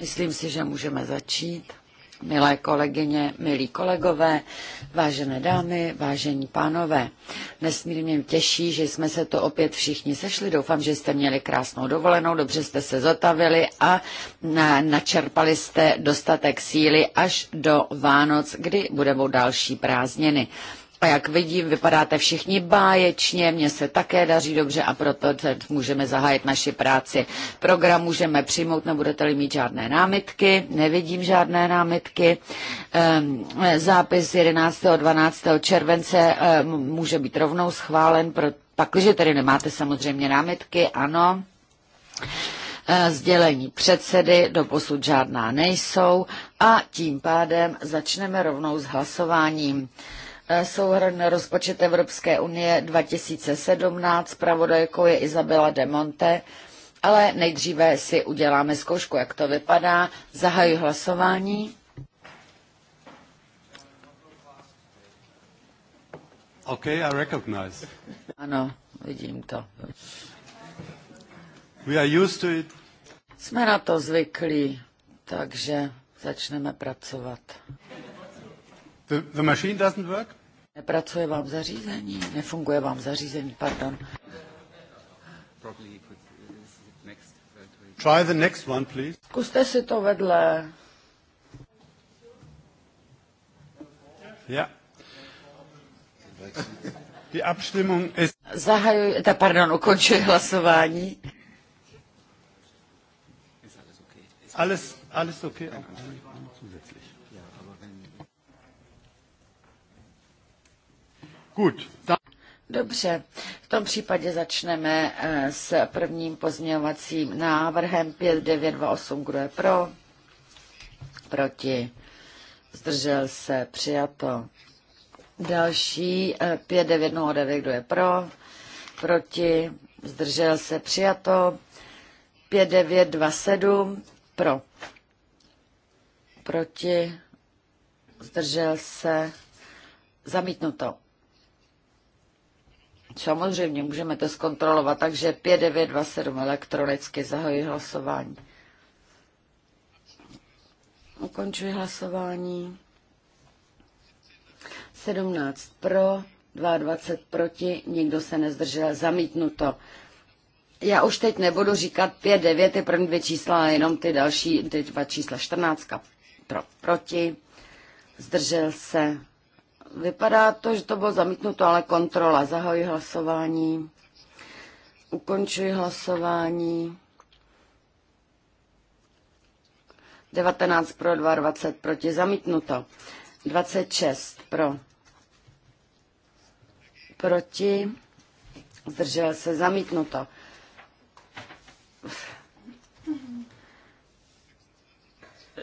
Myslím si, že můžeme začít. Milé kolegyně, milí kolegové, vážené dámy, vážení pánové, nesmírně mě těší, že jsme se to opět všichni sešli. Doufám, že jste měli krásnou dovolenou, dobře jste se zotavili a na, načerpali jste dostatek síly až do Vánoc, kdy budou další prázdniny. A jak vidím, vypadáte všichni báječně, mně se také daří dobře a proto můžeme zahájit naši práci. Program můžeme přijmout, nebudete-li mít žádné námitky, nevidím žádné námitky. Ehm, zápis 11. 12. července ehm, může být rovnou schválen, pakliže tedy nemáte samozřejmě námitky, ano. Ehm, sdělení předsedy do posud žádná nejsou a tím pádem začneme rovnou s hlasováním. Eh, souhrn rozpočet Evropské unie 2017. Pravodajkou je Izabela de Monte. Ale nejdříve si uděláme zkoušku, jak to vypadá. Zahaju hlasování. Okay, I recognize. Ano, vidím to. We are used to it. Jsme na to zvyklí, takže začneme pracovat. The, the machine doesn't work? Nepracuje vám zařízení, nefunguje vám zařízení, pardon. Try the next one, please. Zkuste si to vedle. Yeah. Die Abstimmung ist... Zahajuj, ta, pardon, ukončuji hlasování. Alles, alles okay. Alles okay. Gut. Dobře, v tom případě začneme eh, s prvním pozměňovacím návrhem 5928. Kdo je pro? Proti? Zdržel se? Přijato. Další 5909. Eh, Kdo je pro? Proti? Zdržel se? Přijato. 5927. Pro? Proti? Zdržel se? Zamítnuto. Samozřejmě můžeme to zkontrolovat, takže 5927 elektronicky zahojí hlasování. Ukončuji hlasování. 17 pro, 22 proti, nikdo se nezdržel, zamítnuto. Já už teď nebudu říkat 5, 9, ty první dvě čísla, ale jenom ty další, ty dva čísla, 14 pro, proti, zdržel se, Vypadá to, že to bylo zamítnuto, ale kontrola. Zahoji hlasování. Ukončuji hlasování. 19 pro, 22 proti. Zamítnuto. 26 pro. Proti. Zdržel se. Zamítnuto.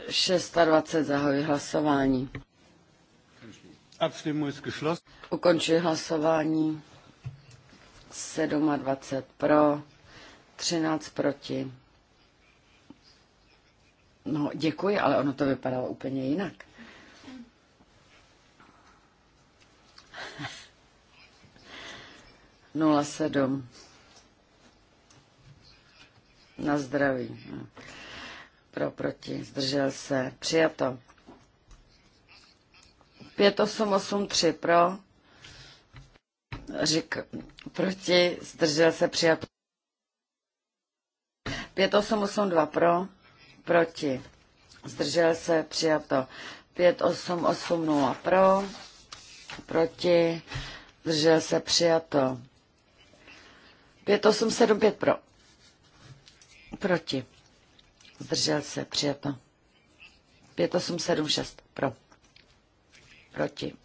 26 zahoji hlasování. Ukončuji hlasování. 27 pro, 13 proti. No, děkuji, ale ono to vypadalo úplně jinak. Nula sedm. Na zdraví. Pro, proti, zdržel se. Přijato. 5883 pro, řík, proti, zdržel se přijat. 5882 pro, proti, zdržel se přijato. 5880 pro, proti, zdržel se přijato. 5875 pro, proti, zdržel se přijato. 5876 pro proti,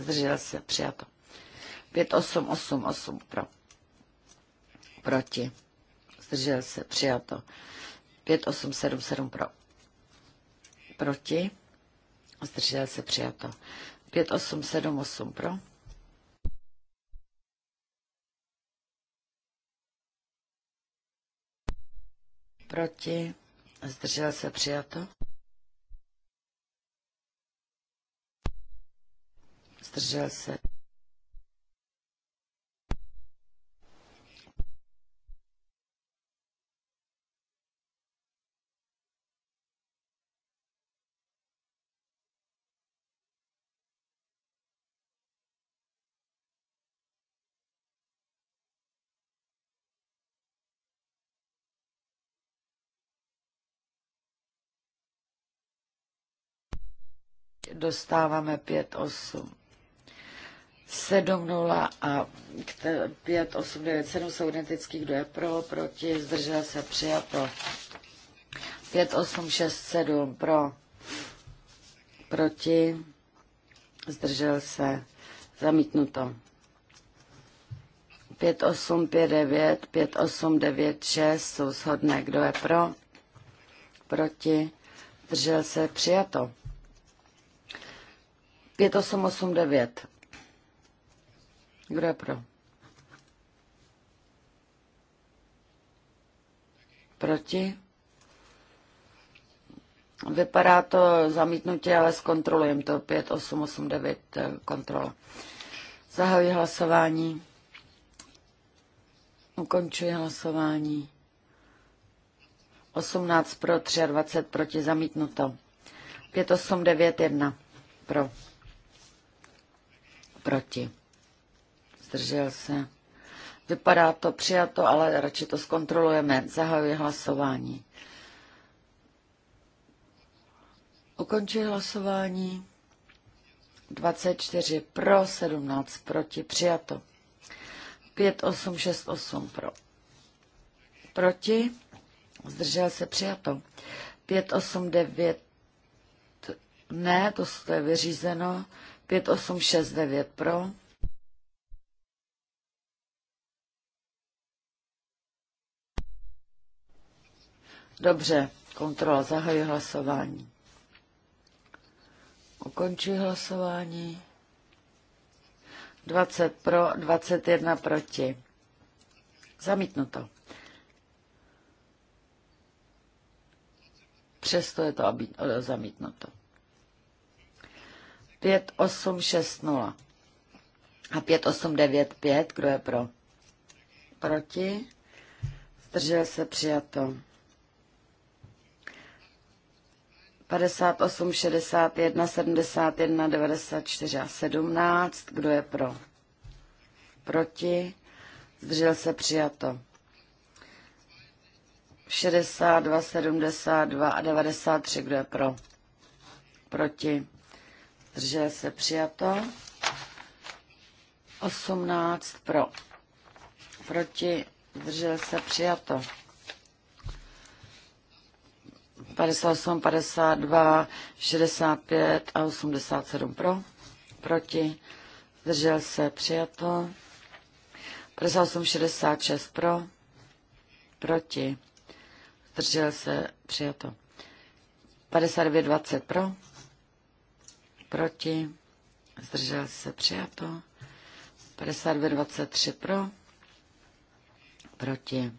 zdržel se, přijato. 8, pro, proti, zdržel se, přijato. 7, pro, proti, zdržel se, přijato. 8, pro, proti, zdržel se, přijato. zdržel se. dostáváme 5-8. 7.0 a 5.8.9.7 jsou identický, kdo je pro, proti, zdržel se, přijato. 5.8.6.7 pro, proti, zdržel se, zamítnuto. 5859, 5896 jsou shodné. Kdo je pro? Proti? zdržel se? Přijato. 5889 kdo je pro? Proti? Vypadá to zamítnutě, ale zkontrolujeme to. 5, 8, 8, 9, kontrola. Zahajuji hlasování. Ukončuji hlasování. 18 pro, 23 proti, zamítnuto. 5, 8, 9, 1 pro. Proti zdržel se. Vypadá to přijato, ale radši to zkontrolujeme. Zahajuji hlasování. Ukončuji hlasování. 24 pro, 17 proti, přijato. 5, 8, 6, 8 pro. Proti, zdržel se, přijato. 5, 8, 9, ne, to je vyřízeno. 5, 8, 6, 9 pro Dobře, kontrola, zahajuji hlasování. Ukončuji hlasování. 20 pro, 21 proti. Zamítnuto. Přesto je to zamítnuto. 5, 8, 6, 0. A 5, 8, 9, 5. Kdo je pro? Proti? Zdržel se přijato. 58, 61, 71, 94 a 17. Kdo je pro? Proti? Zdržel se přijato. 62, 72 a 93. Kdo je pro? Proti? Zdržel se přijato. 18 pro. Proti? Zdržel se přijato. 58, 52, 65 a 87 pro, proti, zdržel se, přijato. 58, 66 pro, proti, zdržel se, přijato. 59, 20 pro, proti, zdržel se, přijato. 52, 23 pro, proti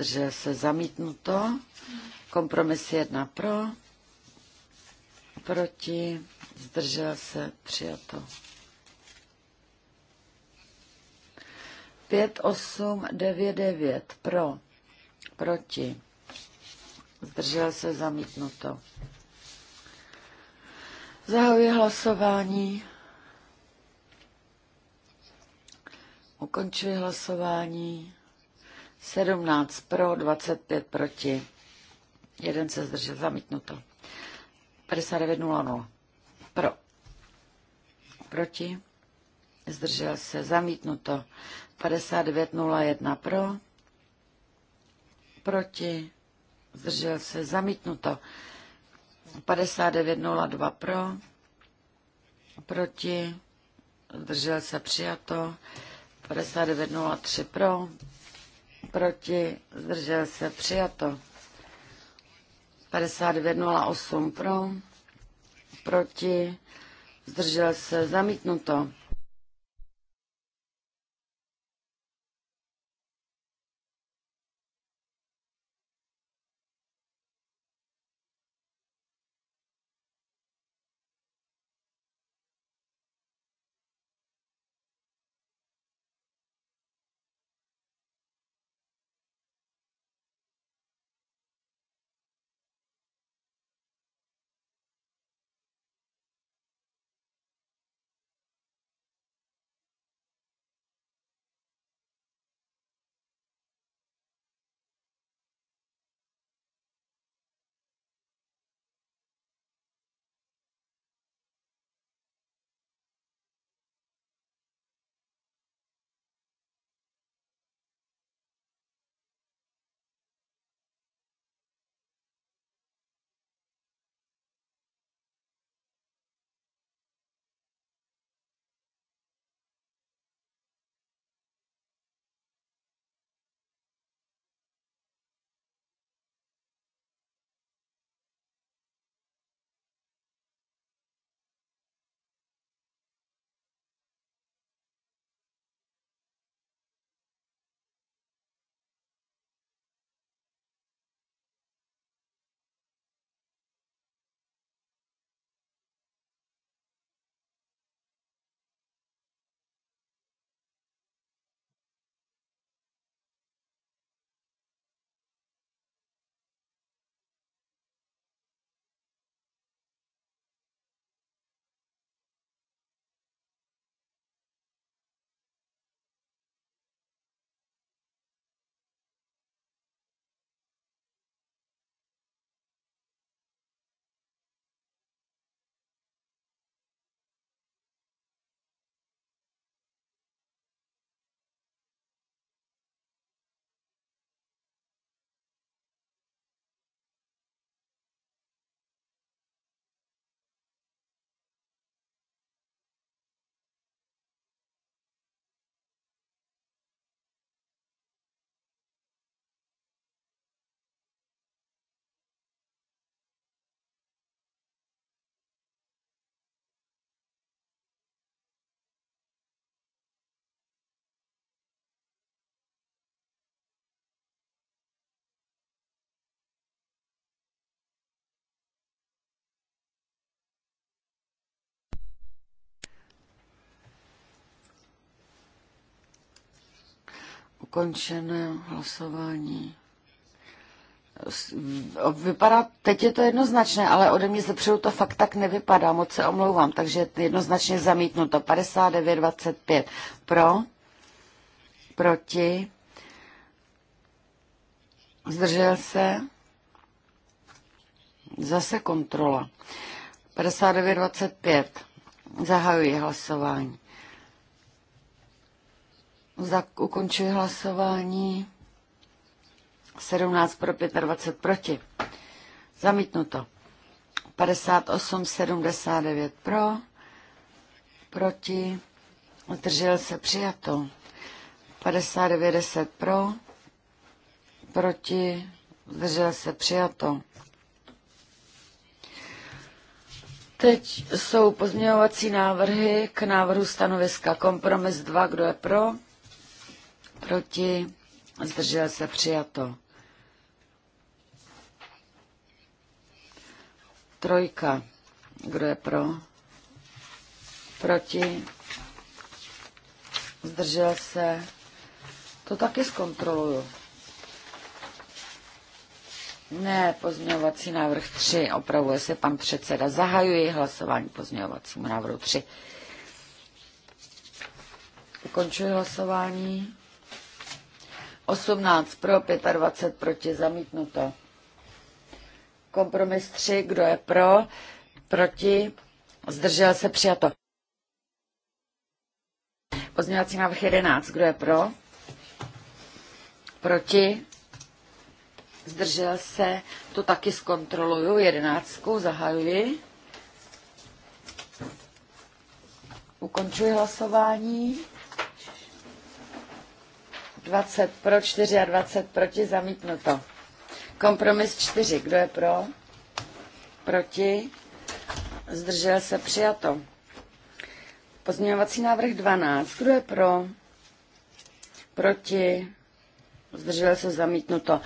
zdržel se zamítnuto. Kompromis 1 pro, proti, zdržel se přijato. 5, 8, 9, 9 pro, proti, zdržel se zamítnuto. Zahajuji hlasování. Ukončuji hlasování. 17 pro, 25 proti. Jeden se zdržel zamítnuto. 59.00 pro. Proti. Zdržel se zamítnuto. 59.01 pro. Proti. Zdržel se zamítnuto. 59.02 pro. Proti. Zdržel se přijato. 59.03 pro proti, zdržel se, přijato. 59.08 pro, proti, zdržel se, zamítnuto. Ukončené hlasování. Vypadá, teď je to jednoznačné, ale ode mě zepředu to fakt tak nevypadá, moc se omlouvám, takže jednoznačně zamítnuto. 59,25 pro, proti, zdržel se, zase kontrola. 59,25, zahajuji hlasování. Zak- ukončuje hlasování. 17 pro 25 proti. Zamítnuto. 58, 79 pro, proti, zdržel se přijato. 59, 10 pro, proti, zdržel se přijato. Teď jsou pozměňovací návrhy k návrhu stanoviska. Kompromis 2, kdo je pro? proti, zdržel se přijato. Trojka, kdo je pro, proti, zdržel se, to taky zkontroluju. Ne, pozměňovací návrh 3, opravuje se pan předseda. Zahajuji hlasování pozměňovacímu návrhu 3. Ukončuji hlasování. 18 pro, 25 proti, zamítnuto. Kompromis 3, kdo je pro, proti, zdržel se, přijato. Pozměňovací návrh 11, kdo je pro, proti, zdržel se, to taky zkontroluju, 11, zahajuji. Ukončuji hlasování. 20 pro, 24 proti, zamítnuto. Kompromis 4. Kdo je pro? Proti? Zdržel se přijato. Pozměňovací návrh 12. Kdo je pro? Proti? Zdržel se zamítnuto.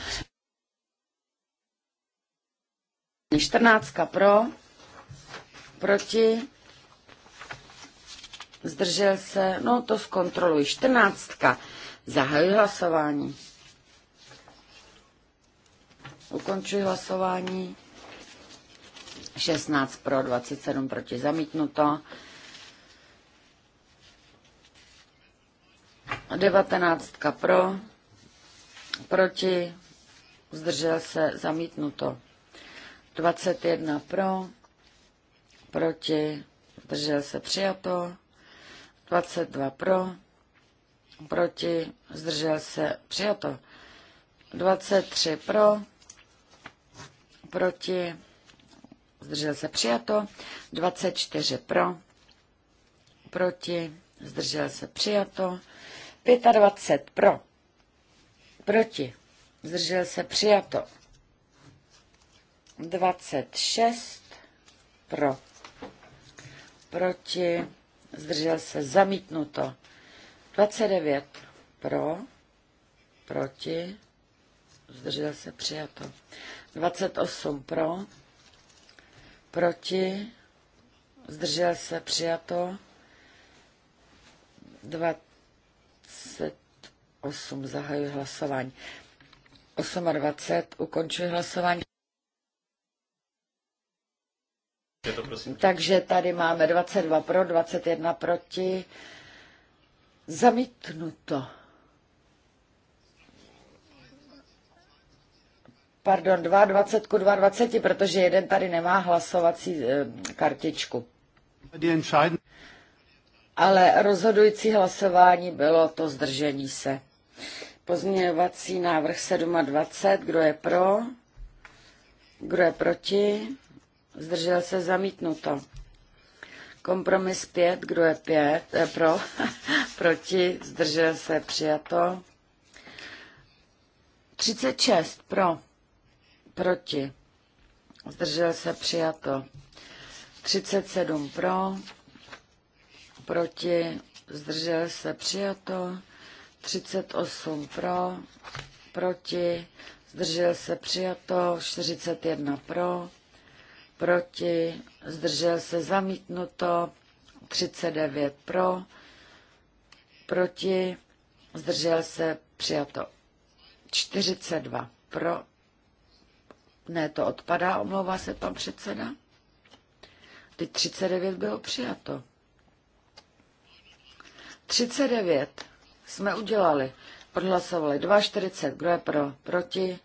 14 pro, proti, zdržel se, no to zkontroluji. 14. Zahajuji hlasování. Ukončuji hlasování. 16 pro, 27 proti zamítnuto. 19 pro, proti, zdržel se, zamítnuto. 21 pro, proti, zdržel se, přijato. 22 pro, proti, zdržel se, přijato. 23 pro, proti, zdržel se, přijato. 24 pro, proti, zdržel se, přijato. 25 pro, proti, zdržel se, přijato. 26 pro, proti, zdržel se, zamítnuto. 29 pro, proti, zdržel se přijato. 28 pro, proti, zdržel se přijato. 28 zahajuji hlasování. 28 ukončuji hlasování. Takže tady máme 22 pro, 21 proti. Zamítnuto. Pardon, 22 ku 22, protože jeden tady nemá hlasovací eh, kartičku. Ale rozhodující hlasování bylo to zdržení se. Pozměňovací návrh 27. Kdo je pro? Kdo je proti? Zdržel se zamítnuto. Kompromis 5, kdo je 5, eh, pro, proti, zdržel se, přijato. 36, pro, proti, zdržel se, přijato. 37 pro, proti, zdržel se, přijato. 38 pro, proti, zdržel se, přijato. 41 pro, proti, zdržel se zamítnuto, 39 pro, proti, zdržel se přijato 42 pro, ne, to odpadá, omlouvá se pan předseda. Teď 39 bylo přijato. 39 jsme udělali. Odhlasovali 2,40. Kdo je pro? Proti?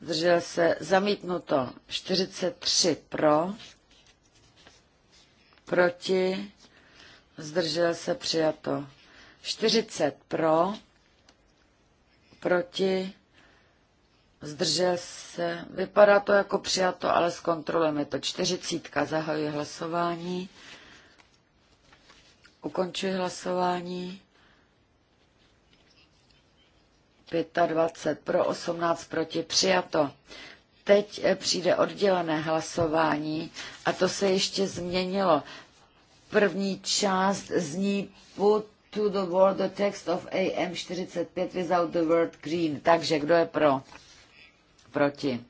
zdržel se, zamítnuto 43 pro, proti, zdržel se, přijato 40 pro, proti, zdržel se, vypadá to jako přijato, ale zkontrolujeme to. 40 zahajuje hlasování, ukončuji hlasování. 25 pro, 18 proti, přijato. Teď eh, přijde oddělené hlasování a to se ještě změnilo. První část zní put to the world the text of AM 45 without the word green. Takže kdo je pro? Proti.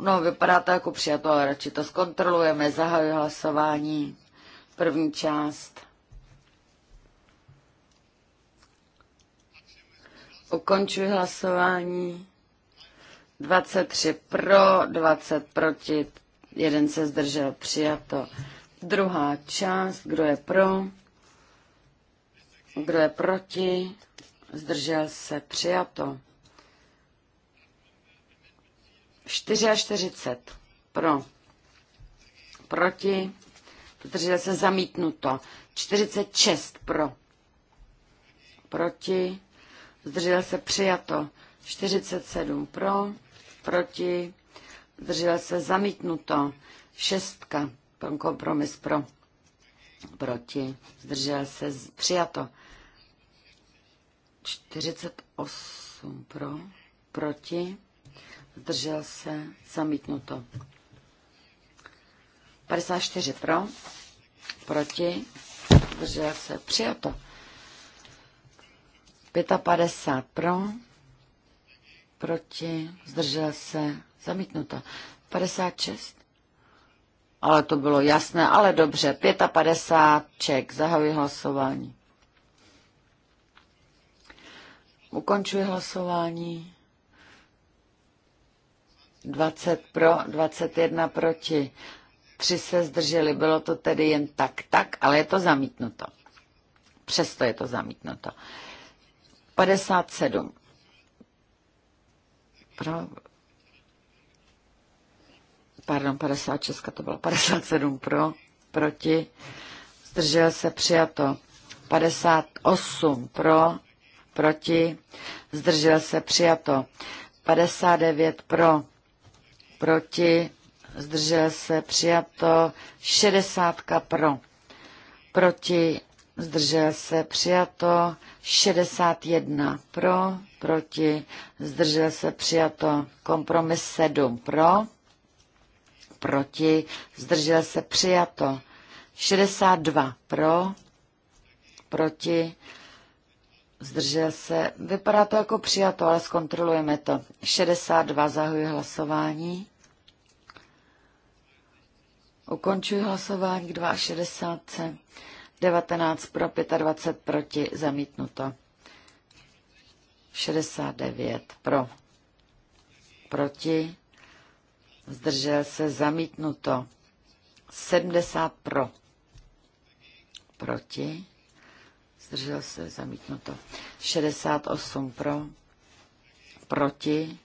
No, vypadá to jako přijato, ale radši to zkontrolujeme. Zahajuji hlasování. První část. Ukončuji hlasování. 23 pro, 20 proti, jeden se zdržel, přijato. Druhá část, kdo je pro, kdo je proti, zdržel se, přijato. 44 pro, proti, zdržel se, zamítnuto. 46 pro, proti, zdržel se přijato 47 pro, proti, zdržel se zamítnuto 6 kompromis pro, proti, zdržel se přijato 48 pro, proti, zdržel se zamítnuto 54 pro, proti, zdržel se přijato 55 pro, proti, zdržel se, zamítnuto. 56. Ale to bylo jasné, ale dobře. 55 ček, zahajuji hlasování. Ukončuji hlasování. 20 pro, 21 proti. Tři se zdrželi, bylo to tedy jen tak, tak, ale je to zamítnuto. Přesto je to zamítnuto. 57. Pro, pardon, 56 to bylo. 57 pro, proti. Zdržel se přijato. 58 pro, proti. Zdržel se přijato. 59 pro, proti. Zdržel se přijato. 60 pro, proti. Zdržel se přijato. 61 pro, proti, zdržel se přijato. Kompromis 7 pro, proti, zdržel se přijato. 62 pro, proti, zdržel se. Vypadá to jako přijato, ale zkontrolujeme to. 62 zahuji hlasování. Ukončuji hlasování k 62. 19 pro, 25 proti, zamítnuto. 69 pro, proti, zdržel se, zamítnuto. 70 pro, proti, zdržel se, zamítnuto. 68 pro, proti,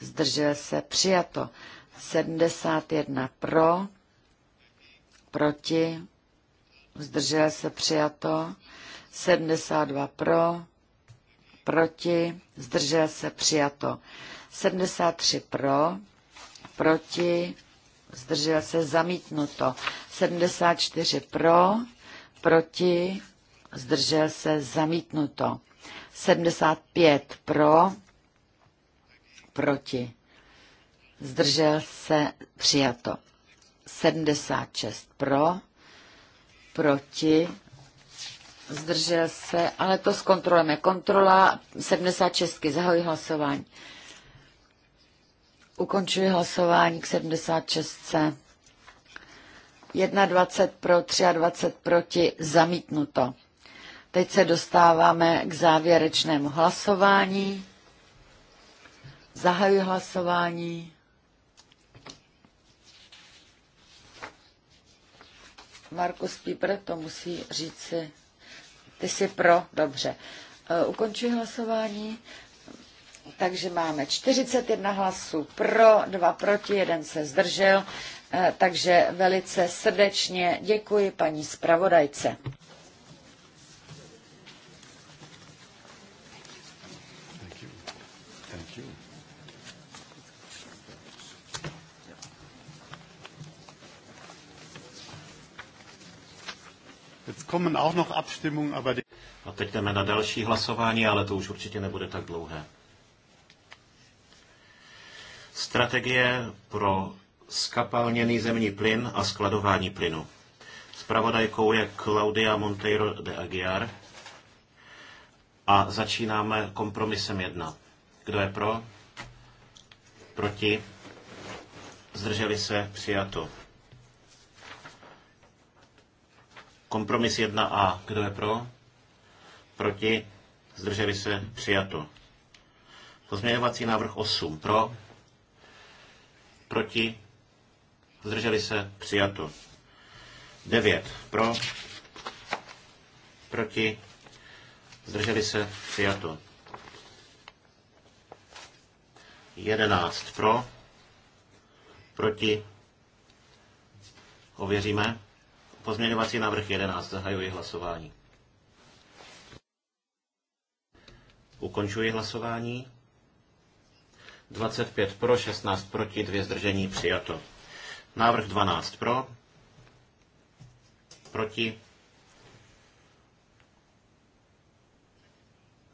zdržel se, přijato. 71 pro, proti, zdržel se přijato, 72 pro, proti, zdržel se přijato, 73 pro, proti, zdržel se zamítnuto, 74 pro, proti, zdržel se zamítnuto, 75 pro, proti, zdržel se přijato, 76 pro, proti, zdržel se, ale to zkontrolujeme. Kontrola 76. Zahoj hlasování. Ukončuji hlasování k 76. 21 pro, 23 proti, zamítnuto. Teď se dostáváme k závěrečnému hlasování. Zahajuji hlasování. Markus Pieper to musí říci. Ty jsi pro? Dobře. E, ukončuji hlasování. Takže máme 41 hlasů pro, 2 proti, jeden se zdržel. E, takže velice srdečně děkuji paní zpravodajce. A no, teď jdeme na další hlasování, ale to už určitě nebude tak dlouhé. Strategie pro skapalněný zemní plyn a skladování plynu. Spravodajkou je Claudia Monteiro de Aguiar a začínáme kompromisem jedna. Kdo je pro? Proti? Zdrželi se? Přijato. Kompromis 1A. Kdo je pro? Proti? Zdrželi se? Přijato. Pozměňovací návrh 8. Pro? Proti? Zdrželi se? Přijato. 9. Pro? Proti? Zdrželi se? Přijato. 11. Pro? Proti? Ověříme. Pozměňovací návrh 11. Zahajuji hlasování. Ukončuji hlasování. 25 pro, 16 proti, 2 zdržení přijato. Návrh 12 pro, proti.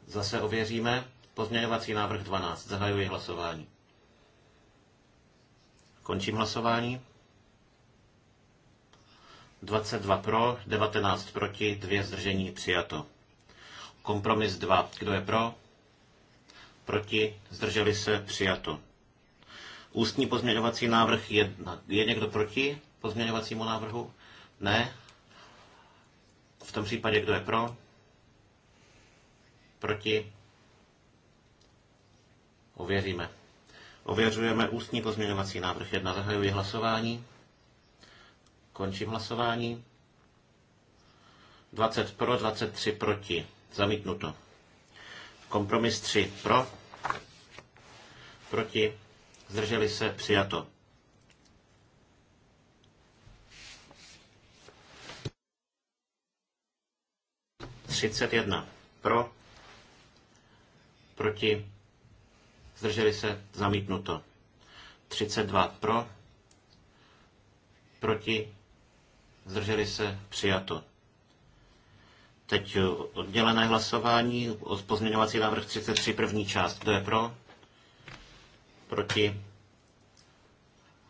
Zase ověříme. Pozměňovací návrh 12. Zahajuji hlasování. Končím hlasování. 22 pro, 19 proti, 2 zdržení přijato. Kompromis 2. Kdo je pro? Proti, zdrželi se, přijato. Ústní pozměňovací návrh 1. Je někdo proti pozměňovacímu návrhu? Ne. V tom případě, kdo je pro? Proti? Ověříme. Ověřujeme ústní pozměňovací návrh 1. Zahajuji hlasování. Končím hlasování. 20 pro, 23 proti. Zamítnuto. Kompromis 3 pro, proti, zdrželi se, přijato. Třicet jedna pro, proti, zdrželi se, zamítnuto. dva pro, proti, zdrželi se, přijato. Teď eh, oddělené hlasování, o pozměňovací návrh 33, první část. Kdo je pro? Proti?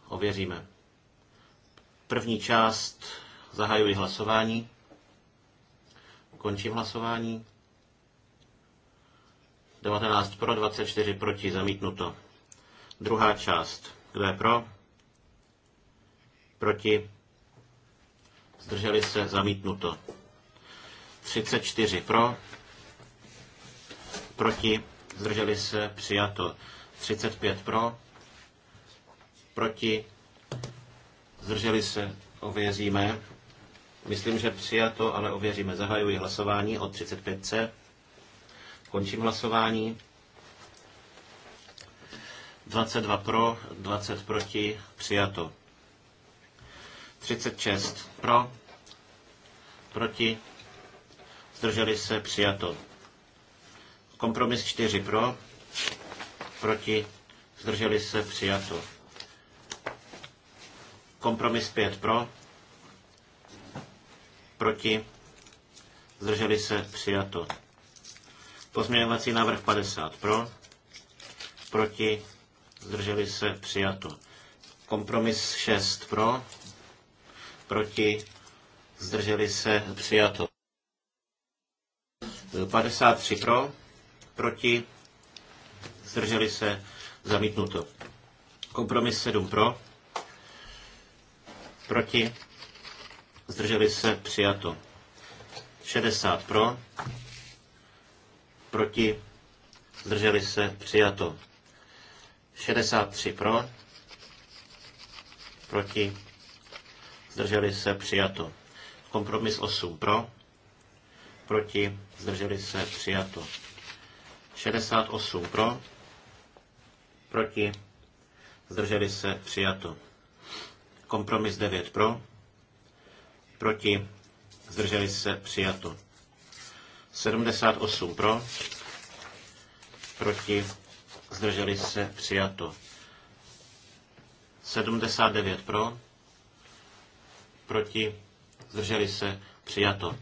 Ověříme. První část, zahajuji hlasování. Končím hlasování. 19 pro, 24 proti, zamítnuto. Druhá část. Kdo je pro? Proti? zdrželi se, zamítnuto. 34 pro, proti, zdrželi se, přijato. 35 pro, proti, zdrželi se, ověříme. Myslím, že přijato, ale ověříme. Zahajuji hlasování o 35C. Končím hlasování. 22 pro, 20 proti, přijato. 36 pro, proti, zdrželi se, přijato. Kompromis 4 pro, proti, zdrželi se, přijato. Kompromis 5 pro, proti, zdrželi se, přijato. Pozměňovací návrh 50 pro, proti, zdrželi se, přijato. Kompromis 6 pro, proti, zdrželi se, přijato. 53 pro, proti, zdrželi se, zamítnuto. Kompromis 7 pro, proti, zdrželi se, přijato. 60 pro, proti, zdrželi se, přijato. 63 pro, proti, zdrželi se, přijato. Kompromis 8 pro, proti, zdrželi se, přijato. 68 pro, proti, zdrželi se, přijato. Kompromis 9 pro, proti, zdrželi se, přijato. 78 pro, proti, zdrželi se, přijato. 79 pro, proti, zdrželi se, přijato.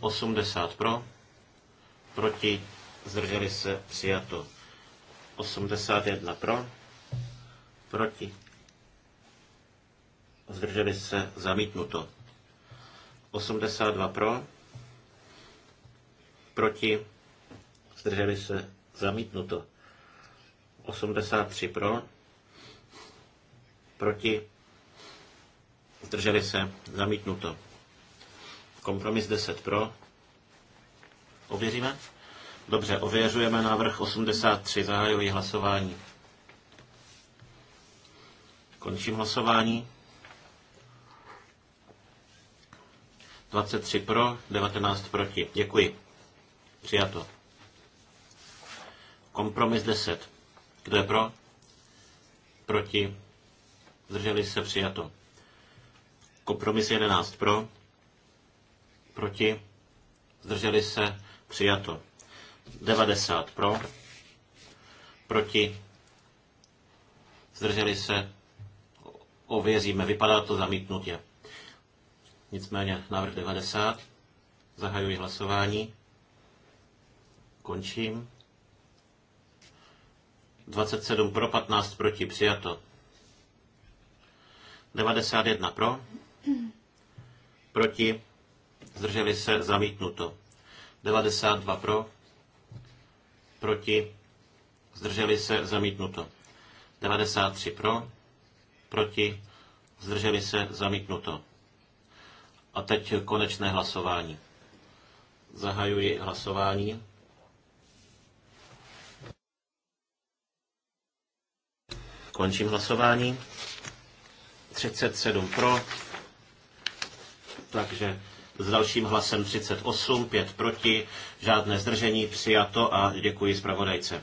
80 pro, proti, zdrželi se, přijato. 81 pro, proti, zdrželi se, zamítnuto. 82 pro, proti, zdrželi se, zamítnuto. 83 pro, proti, zdrželi se, zamítnuto. Kompromis 10 pro. Ověříme? Dobře, ověřujeme návrh 83, zahajuji hlasování. Končím hlasování. 23 pro, 19 proti. Děkuji. Přijato. Kompromis 10. Kdo je pro? Proti. Zdrželi se přijato. Kompromis 11 pro, proti, zdrželi se, přijato. 90 pro, proti, zdrželi se, ověříme, vypadá to zamítnutě. Nicméně návrh 90, zahajuji hlasování, končím. 27 pro, 15 proti, přijato. 91 pro, Proti? Zdrželi se? Zamítnuto. 92 pro? Proti? Zdrželi se? Zamítnuto. 93 pro? Proti? Zdrželi se? Zamítnuto. A teď konečné hlasování. Zahajuji hlasování. Končím hlasování. 37 pro, takže s dalším hlasem 38, 5 proti, žádné zdržení, přijato a děkuji zpravodajce.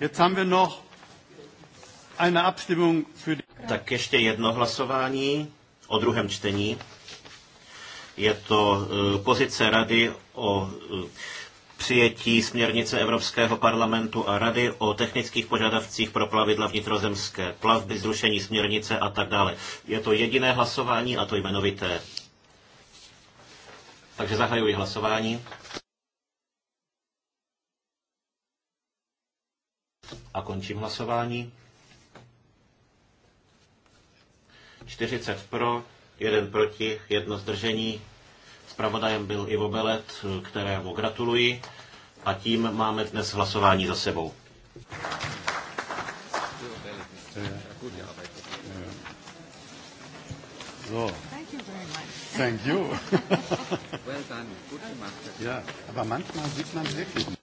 Jetzt haben wir noch eine Abstimmung für die... Tak ještě jedno hlasování o druhém čtení. Je to eh, pozice rady o eh, přijetí směrnice Evropského parlamentu a rady o technických požadavcích pro plavidla vnitrozemské, plavby, zrušení směrnice a tak dále. Je to jediné hlasování a to jmenovité. Takže zahajuji hlasování. A končím hlasování. 40 pro, jeden proti, jedno zdržení. Zpravodajem byl Ivo Belet, kterému gratuluji. A tím máme dnes hlasování za sebou. So. No. Thank you very much. Thank you. well done. Gute Macht. Ja, aber manchmal sieht man wirklich.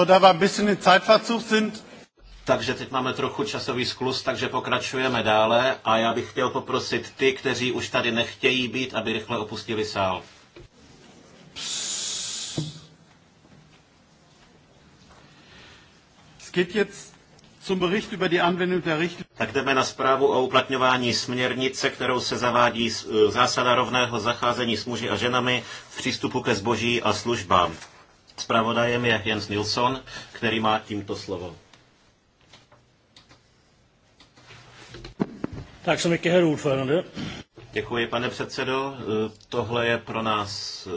So, da war ein bisschen in Zeitverzug sind. Takže teď máme trochu časový sklus, takže pokračujeme dále a já bych chtěl poprosit ty, kteří už tady nechtějí být, aby rychle opustili sál. Es geht jetzt tak jdeme na zprávu o uplatňování směrnice, kterou se zavádí zásada rovného zacházení s muži a ženami v přístupu ke zboží a službám. Spravodajem je Jens Nilsson, který má tímto slovo. Tak se mi Děkuji, pane předsedo. Tohle je pro nás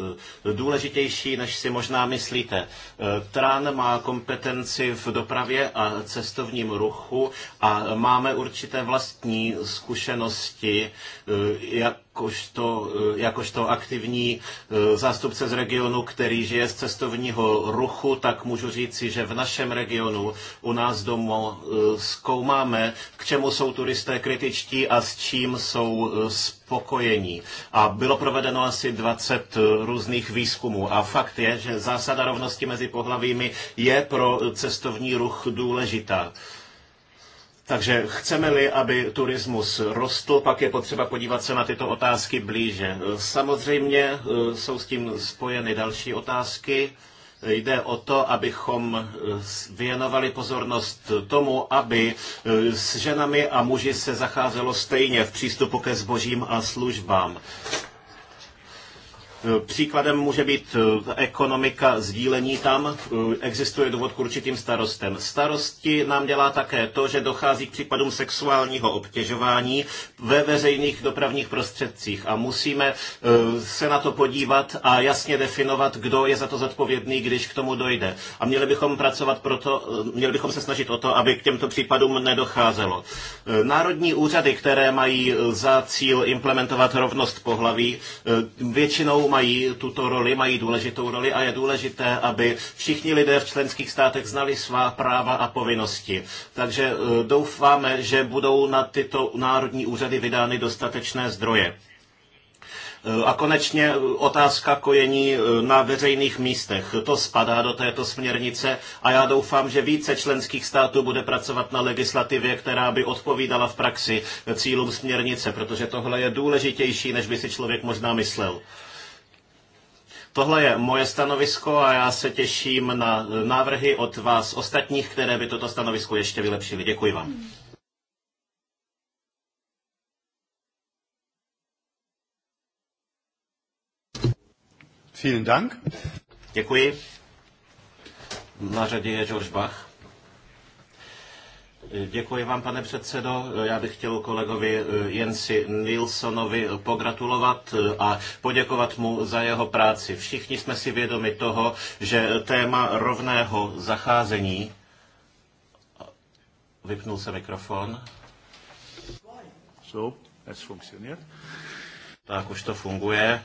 eh, důležitější, než si možná myslíte. Eh, Tran má kompetenci v dopravě a cestovním ruchu a máme určité vlastní zkušenosti, eh, jak jakožto, eh, jakožto aktivní eh, zástupce z regionu, který žije z cestovního ruchu, tak můžu říci, že v našem regionu u nás doma eh, zkoumáme, k čemu jsou turisté kritičtí a s čím jsou spokojení. A bylo provedeno asi 20 různých výzkumů. A fakt je, že zásada rovnosti mezi pohlavími je pro cestovní ruch důležitá. Takže chceme-li, aby turismus rostl, pak je potřeba podívat se na tyto otázky blíže. Samozřejmě eh, jsou s tím spojeny další otázky. Jde o to, abychom eh, věnovali pozornost tomu, aby eh, s ženami a muži se zacházelo stejně v přístupu ke zbožím a službám. Eh, příkladem může být eh, ekonomika sdílení. Tam eh, existuje důvod k určitým starostem. Starosti nám dělá také to, že dochází k případům sexuálního obtěžování ve veřejných dopravních prostředcích a musíme se na to podívat a jasně definovat, kdo je za to zodpovědný, když k tomu dojde. A měli bychom pracovat proto, měli bychom se snažit o to, aby k těmto případům nedocházelo. Národní úřady, které mají za cíl implementovat rovnost pohlaví, většinou mají tuto roli, mají důležitou roli a je důležité, aby všichni lidé v členských státech znali svá práva a povinnosti. Takže eh, doufáme, že budou na tyto národní úřady vydány dostatečné zdroje. Eh, a konečně eh, otázka kojení na veřejných místech. To spadá do této směrnice a já doufám, že více členských států bude pracovat na legislativě, která by odpovídala v praxi cílům směrnice, protože tohle je důležitější, než by si člověk možná myslel. Tohle je moje stanovisko a já se těším na návrhy od vás ostatních, které by toto stanovisko ještě vylepšily. Děkuji vám. Vielen Dank. Děkuji. Na řadě je George Bach. Děkuji vám, pane předsedo. Já bych chtěl kolegovi eh, Jensi Nilsonovi pogratulovat eh, a poděkovat mu za jeho práci. Všichni jsme si vědomi toho, že téma rovného zacházení. Vypnul se mikrofon. So, es funktioniert. Tak už to funguje.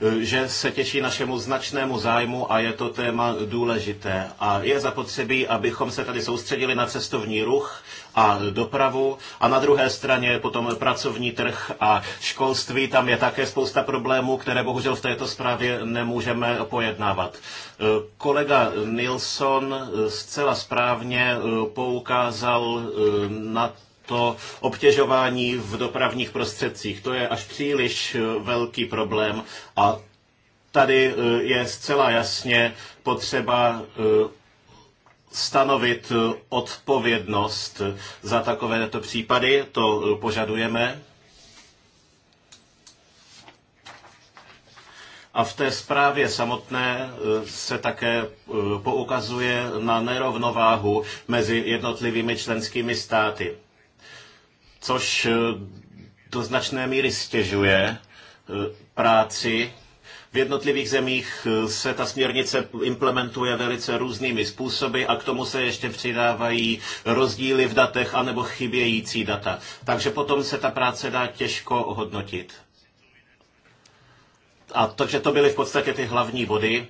E, že se těší našemu značnému zájmu a je to téma důležité. A je zapotřebí, abychom se tady soustředili na cestovní ruch a dopravu a na druhé straně potom pracovní trh a školství. Tam je také spousta problémů, které bohužel v této zprávě nemůžeme pojednávat. E, kolega Nilsson e, zcela správně poukázal na to obtěžování v dopravních prostředcích. To je až příliš eh, velký problém a tady eh, je zcela jasně potřeba eh, stanovit odpovědnost za takovéto případy, to požadujeme. A v té zprávě samotné se také poukazuje na nerovnováhu mezi jednotlivými členskými státy což eh, do značné míry stěžuje eh, práci. V jednotlivých zemích eh, se ta směrnice implementuje velice různými způsoby a k tomu se ještě přidávají rozdíly v datech anebo chybějící data. Takže potom se ta práce dá těžko ohodnotit. A to, že to byly v podstatě ty hlavní body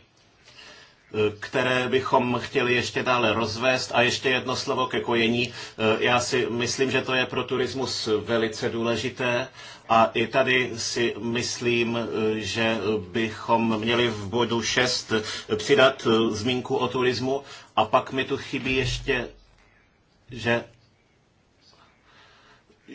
které bychom chtěli ještě dále rozvést. A ještě jedno slovo ke kojení. Eh, já si myslím, že to je pro turismus velice důležité a i tady si myslím, eh, že bychom měli v bodu 6 eh, přidat zmínku o turismu. A pak mi tu chybí ještě, že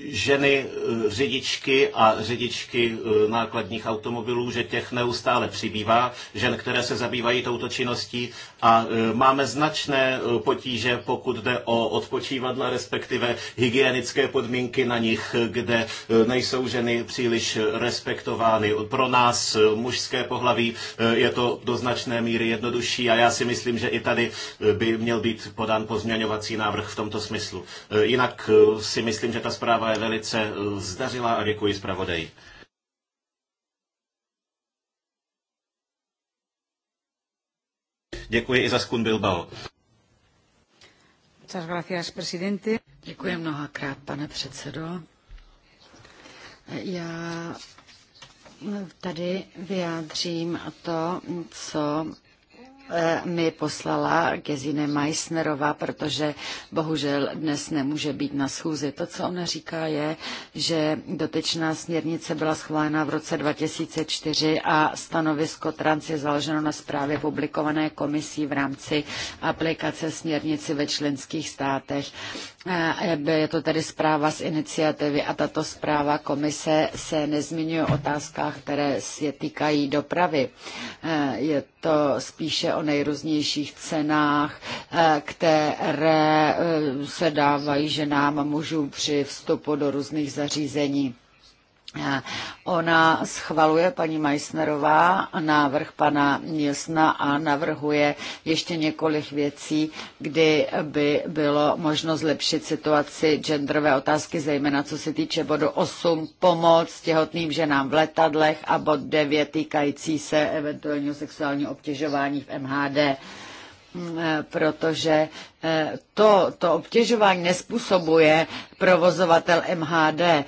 ženy eh, řidičky a řidičky eh, nákladních automobilů, že těch neustále přibývá, žen, které se zabývají touto činností a e, máme značné e, potíže, pokud jde o odpočívadla, respektive hygienické podmínky na nich, kde e, nejsou ženy příliš respektovány. Pro nás mužské pohlaví je to do značné míry jednodušší a já si myslím, že i tady by měl být podán pozměňovací návrh v tomto smyslu. Jinak si myslím, že ta zpráva je velice zdařilá a děkuji zpravodaji. Děkuji i za Skun Bilbao. Děkuji mnohokrát, pane předsedo. Já tady vyjádřím to, co E, mi poslala Gezine Meissnerová, protože bohužel dnes nemůže být na schůzi. To, co ona říká, je, že dotyčná směrnice byla schválena v roce 2004 a stanovisko trans je založeno na zprávě publikované komisí v rámci aplikace směrnici ve členských státech. Eh, je to tedy zpráva z iniciativy a tato zpráva komise se nezmiňuje o otázkách, které se týkají dopravy. Eh, je to spíše o nejrůznějších cenách, eh, které se dávají ženám a mužům při vstupu do různých zařízení. Ona schvaluje paní Meissnerová návrh pana Jesna a navrhuje ještě několik věcí, kdy by bylo možno zlepšit situaci genderové otázky, zejména co se týče bodu 8, pomoc těhotným ženám v letadlech a bod 9 týkající se eventuálního sexuálního obtěžování v MHD protože eh, to, to obtěžování nespůsobuje provozovatel MHD, eh,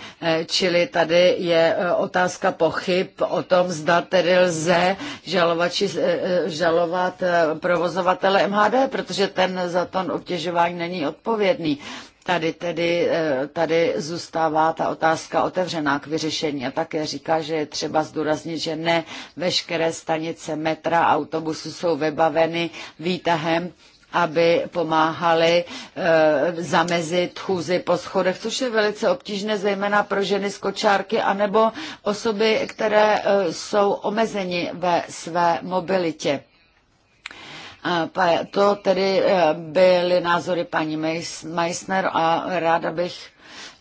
čili tady je eh, otázka pochyb o tom, zda tedy lze žalovat, či, žalovat provozovatele MHD, protože ten za to obtěžování není odpovědný. Tady tedy eh, tady zůstává ta otázka otevřená k vyřešení a také říká, že je třeba zdůraznit, že ne veškeré stanice metra autobusu jsou vybaveny výtahem aby pomáhali e, zamezit chůzi po schodech, což je velice obtížné, zejména pro ženy z kočárky anebo osoby, které e, jsou omezeni ve své mobilitě. To tedy eh, byly názory paní Meissner a ráda bych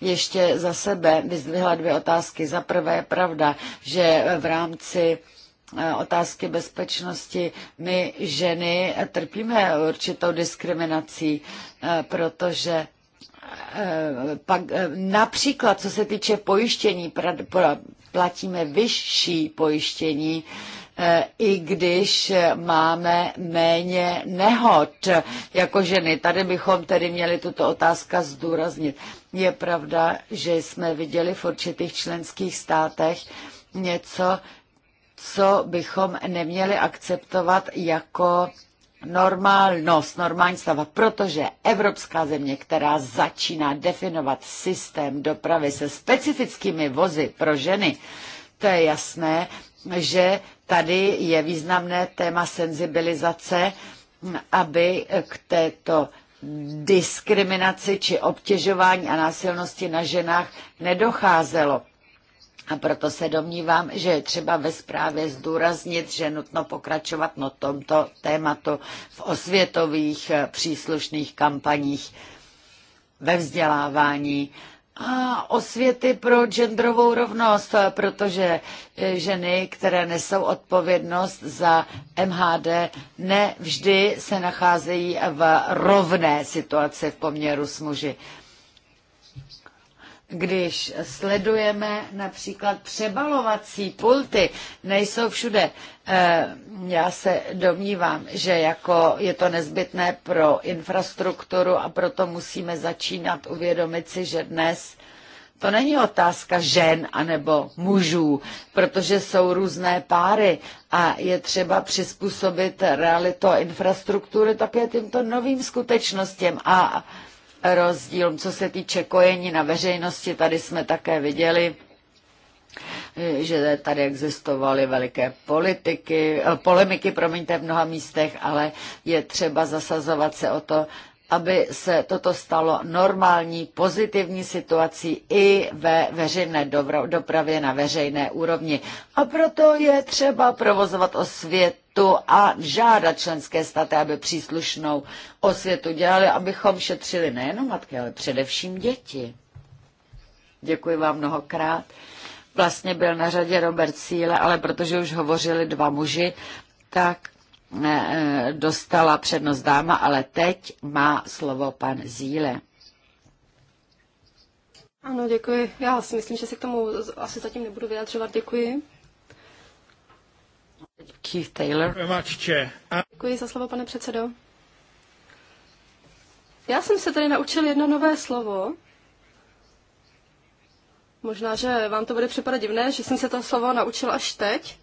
ještě za sebe vyzdvihla dvě otázky. Za prvé je pravda, že v rámci eh, otázky bezpečnosti. My ženy trpíme určitou diskriminací, eh, protože pak například co se týče pojištění, platíme vyšší pojištění E, i když máme méně nehod jako ženy. Tady bychom tedy měli tuto otázka zdůraznit. Je pravda, že jsme viděli v určitých členských státech něco, co bychom neměli akceptovat jako normálnost, normální stava, protože evropská země, která začíná definovat systém dopravy se specifickými vozy pro ženy, to je jasné, že Tady je významné téma senzibilizace, aby k této diskriminaci či obtěžování a násilnosti na ženách nedocházelo. A proto se domnívám, že je třeba ve zprávě zdůraznit, že nutno pokračovat na tomto tématu v osvětových eh, příslušných kampaních, ve vzdělávání a osvěty pro genderovou rovnost, protože eh, ženy, které nesou odpovědnost za MHD, nevždy se nacházejí v rovné situaci v poměru s muži. Když sledujeme například přebalovací pulty, nejsou všude. Eh, já se domnívám, že jako je to nezbytné pro infrastrukturu a proto musíme začínat uvědomit si, že dnes to není otázka žen anebo mužů, protože jsou různé páry a je třeba přizpůsobit realitu a infrastruktury také těmto novým skutečnostem a rozdílům, co se týče kojení na veřejnosti, tady jsme také viděli, že tady existovaly veliké politiky, eh, polemiky, promiňte, v mnoha místech, ale je třeba zasazovat se o to, aby se toto stalo normální, pozitivní situací i ve veřejné dopravě na veřejné úrovni. A proto je třeba provozovat osvětu a žádat členské státy, aby příslušnou osvětu dělali, abychom šetřili nejenom matky, ale především děti. Děkuji vám mnohokrát. Vlastně byl na řadě Robert Síle, ale protože už hovořili dva muži, tak eh, dostala přednost dáma, ale teď má slovo pan Zíle. Ano, děkuji. Já si myslím, že se k tomu asi zatím nebudu vyjadřovat. Děkuji. Keith Taylor. Děkuji za slovo, pane předsedo. Já jsem se tady naučil jedno nové slovo, Možná, že vám to bude připadat divné, že jsem se to slovo naučila až teď.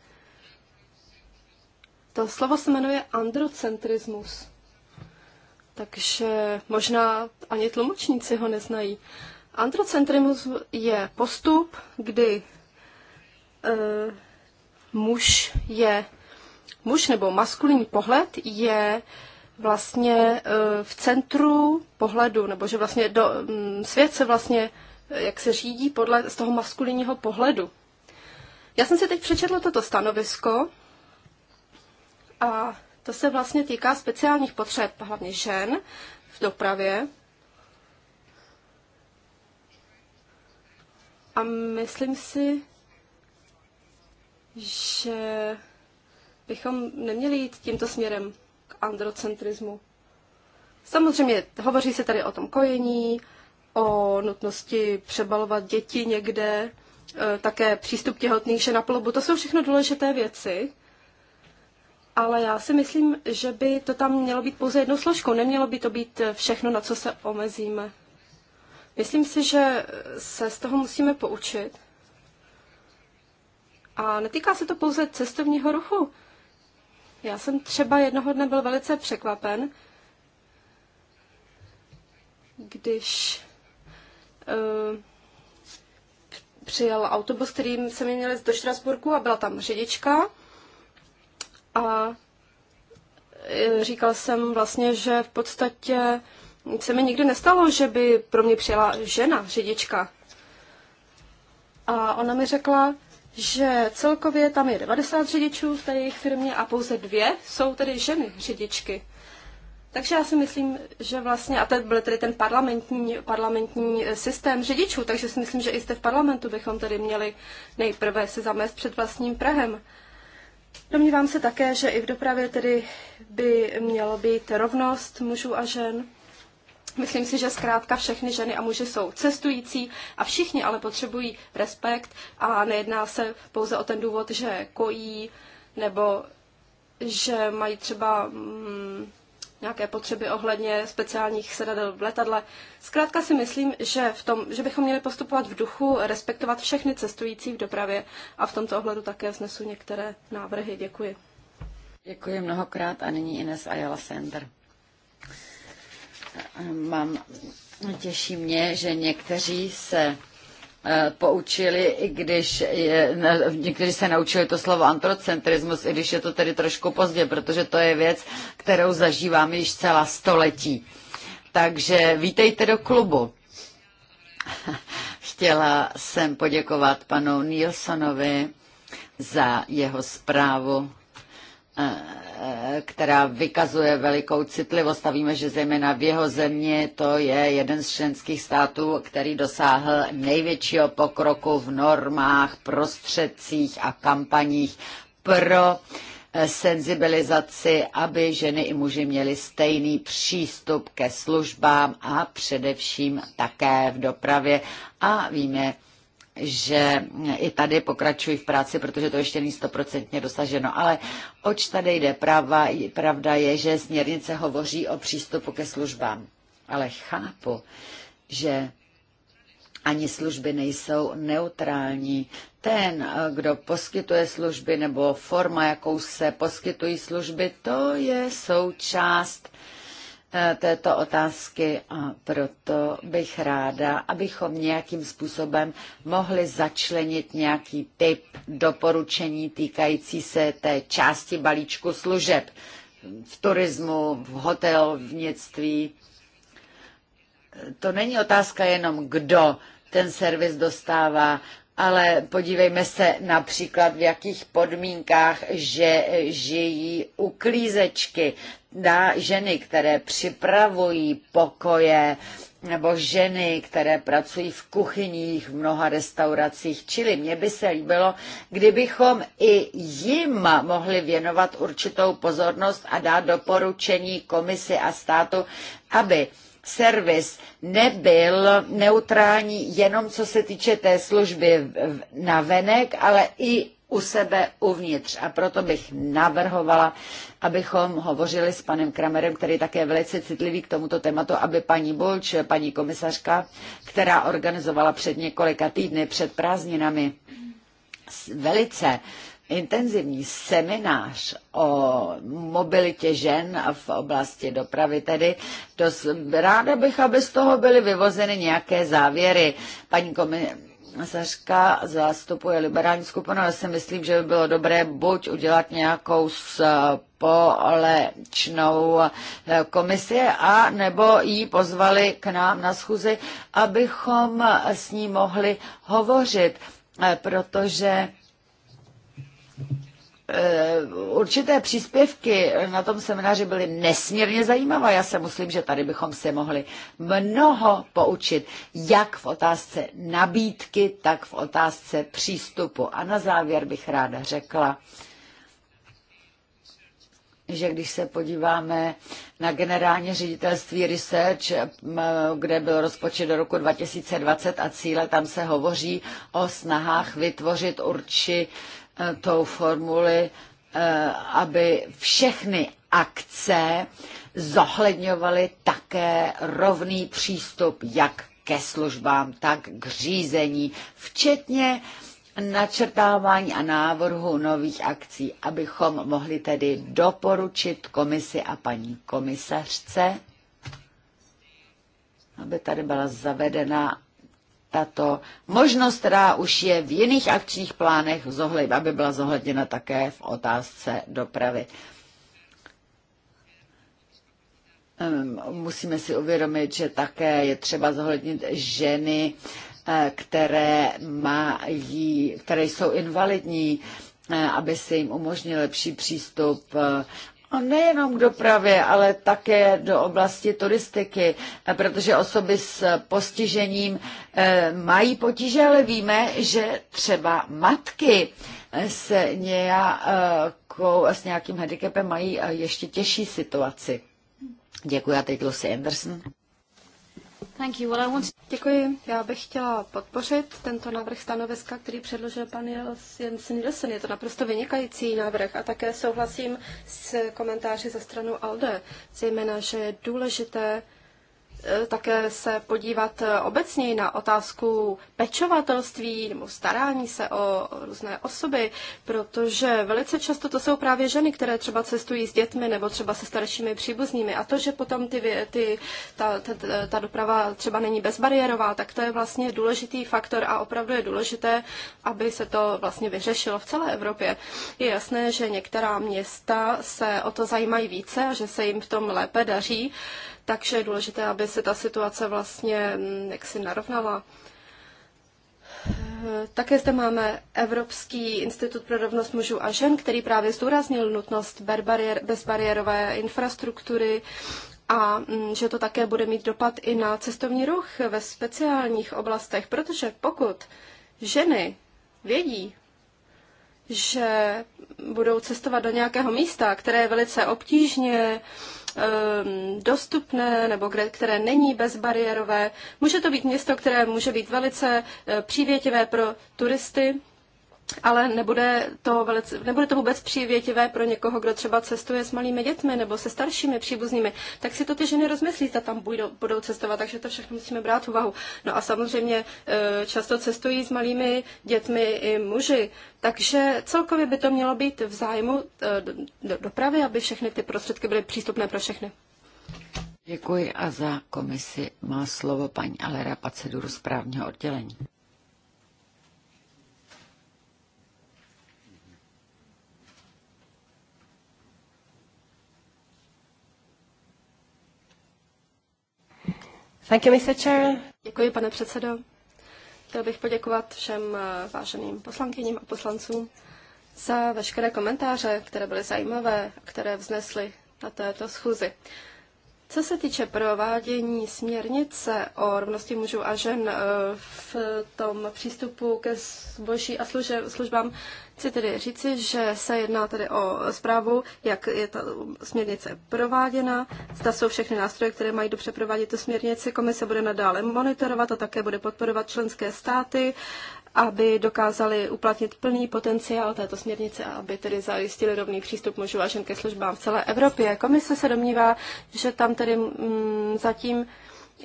To slovo se jmenuje androcentrismus. Takže možná ani tlumočníci ho neznají. Androcentrismus je postup, kdy e, muž je muž nebo maskulinní pohled je vlastně e, v centru pohledu, nebo že vlastně do, m, mm, svět se vlastně jak se řídí podle, z toho maskulinního pohledu. Já jsem si teď přečetla toto stanovisko a to se vlastně týká speciálních potřeb, hlavně žen v dopravě. A myslím si, že bychom neměli jít tímto směrem k androcentrismu. Samozřejmě hovoří se tady o tom kojení, o nutnosti přebalovat děti někde, e, také přístup těhotných žen na polobu. To jsou všechno důležité věci, ale já si myslím, že by to tam mělo být pouze jednou složkou. Nemělo by to být všechno, na co se omezíme. Myslím si, že se z toho musíme poučit. A netýká se to pouze cestovního ruchu. Já jsem třeba jednoho dne byl velice překvapen, když Eh, přijel autobus, kterým se měl do Štrasburku a byla tam řidička. A eh, říkal jsem vlastně, že v podstatě se mi nikdy nestalo, že by pro mě přijela žena, řidička. A ona mi řekla, že celkově tam je 90 řidičů v té jejich firmě a pouze dvě jsou tedy ženy řidičky. Takže já si myslím, že vlastně, a to byl tedy ten parlamentní, parlamentní eh, systém řidičů, takže si myslím, že i zde v parlamentu bychom tedy měli nejprve se zamést před vlastním Prahem. Domnívám se také, že i v dopravě tedy by mělo být rovnost mužů a žen. Myslím si, že zkrátka všechny ženy a muži jsou cestující a všichni ale potřebují respekt a nejedná se pouze o ten důvod, že kojí nebo že mají třeba mm, nějaké potřeby ohledně speciálních sedadel v letadle. Zkrátka si myslím, že, v tom, že bychom měli postupovat v duchu, respektovat všechny cestující v dopravě a v tomto ohledu také vznesu některé návrhy. Děkuji. Děkuji mnohokrát a nyní Ines Ayala Sender. Mám, těší mě, že někteří se Eh, poučili, i když je, někteří se naučili to slovo antrocentrismus, i když je to tedy trošku pozdě, protože to je věc, kterou zažíváme již celá století. Takže vítejte do klubu. Chtěla jsem poděkovat panu Nilsonovi za jeho zprávu eh, která vykazuje velikou citlivost a víme, že zejména v jeho země to je jeden z členských států, který dosáhl největšího pokroku v normách, prostředcích a kampaních pro eh, senzibilizaci, aby ženy i muži měli stejný přístup ke službám a především také v dopravě. A víme, že i tady pokračují v práci, protože to ještě není stoprocentně dosaženo. Ale oč tady jde? Pravda, pravda je, že směrnice hovoří o přístupu ke službám. Ale chápu, že ani služby nejsou neutrální. Ten, kdo poskytuje služby nebo forma, jakou se poskytují služby, to je součást uh, Eh, této otázky a proto bych ráda, abychom nějakým způsobem mohli začlenit nějaký typ doporučení týkající se té části balíčku služeb v turismu, v hotel, v něctví. To není otázka jenom kdo ten servis dostává, ale podívejme se například, v jakých podmínkách že žijí uklízečky, dá ženy, které připravují pokoje, nebo ženy, které pracují v kuchyních, v mnoha restauracích. Čili mně by se líbilo, kdybychom i jim mohli věnovat určitou pozornost a dát doporučení komisi a státu, aby servis nebyl neutrální jenom co se týče té služby na venek, ale i u sebe uvnitř. A proto bych navrhovala, abychom hovořili s panem Kramerem, který také velice citlivý k tomuto tématu, aby paní Bulč, paní komisařka, která organizovala před několika týdny před prázdninami velice intenzivní seminář o mobilitě žen v oblasti dopravy. Tedy dost, ráda bych, aby z toho byly vyvozeny nějaké závěry. Paní komisařka zastupuje liberální skupinu, Já si myslím, že by bylo dobré buď udělat nějakou společnou eh, komisi, a nebo ji pozvali k nám na schůzi, abychom s ní mohli hovořit, eh, protože Eh, určité příspěvky na tom semináři byly nesmírně zajímavé. Já se myslím, že tady bychom se mohli mnoho poučit, jak v otázce nabídky, tak v otázce přístupu. A na závěr bych ráda řekla, že když se podíváme na generální ředitelství Research, kde byl rozpočet do roku 2020 a cíle, tam se hovoří o snahách vytvořit určitě Eh, tou formuli, eh, aby všechny akce zohledňovaly také rovný přístup jak ke službám, tak k řízení, včetně načrtávání a návrhu nových akcí, abychom mohli tedy doporučit komisi a paní komisařce, aby tady byla zavedena tato možnost, která už je v jiných akčních plánech, zohled, aby byla zohledněna také v otázce dopravy. Ehm, musíme si uvědomit, že také je třeba zohlednit ženy, eh, které, mají, které jsou invalidní, eh, aby se jim umožnil lepší přístup eh, nejenom k dopravě, ale také do oblasti turistiky, eh, protože osoby s postižením eh, mají potíže, ale víme, že třeba matky eh, se nějakou, s nějakým handicapem mají ještě těžší situaci. Děkuji a teď Lucy Anderson. Děkuji. Já bych chtěla podpořit tento návrh stanoviska, který předložil pan Jens Nielsen. Je to naprosto vynikající návrh a také souhlasím s komentáři ze stranu ALDE, zejména, že je důležité Eh, také se podívat eh, obecně na otázku pečovatelství nebo starání se o různé osoby, protože velice často to jsou právě ženy, které třeba cestují s dětmi nebo třeba se staršími příbuznými a to, že potom ty, ty, ta, ta, ta doprava třeba není bezbariérová, tak to je vlastně důležitý faktor a opravdu je důležité, aby se to vlastně vyřešilo v celé Evropě. Je jasné, že některá města se o to zajímají více a že se jim v tom lépe daří. Uh, takže je důležité, aby se ta situace vlastně mm, jaksi narovnala. Také zde máme Evropský institut pro rovnost mužů a žen, který právě zdůraznil nutnost bezbariérové infrastruktury a mm, že to také bude mít dopad i na cestovní ruch ve speciálních oblastech, protože pokud ženy vědí, že budou cestovat do nějakého místa, které je velice obtížně Ehm, dostupné nebo které není bezbariérové. Může to být město, které může být velice eh, přívětivé pro turisty ale nebude to, velice, nebude to vůbec přívětivé pro někoho, kdo třeba cestuje s malými dětmi nebo se staršími příbuznými, tak si to ty ženy rozmyslí, zda tam budou, budou cestovat, takže to všechno musíme brát v úvahu. No a samozřejmě e, často cestují s malými dětmi i muži, takže celkově by to mělo být v zájmu e, dopravy, aby všechny ty prostředky byly přístupné pro všechny. Děkuji a za komisi má slovo paní Alera Pacedur z právního oddělení. Thank you, Mr. Chair. Děkuji, pane předsedo. Chtěl bych poděkovat všem eh, váženým poslankyním a poslancům za veškeré komentáře, které byly zajímavé které vznesly na této schůzi. Co se týče provádění směrnice o rovnosti mužů a žen eh, v tom přístupu ke zboží a službám, Chci tedy říci, že se jedná tedy o zprávu, jak je ta směrnice prováděna, zda jsou všechny nástroje, které mají dobře provádět tu směrnici. Komise bude nadále monitorovat a také bude podporovat členské státy, aby dokázali uplatnit plný potenciál této směrnice a aby tedy zajistili rovný přístup mužů a žen ke službám v celé Evropě. Komise se domnívá, že tam tedy mm, zatím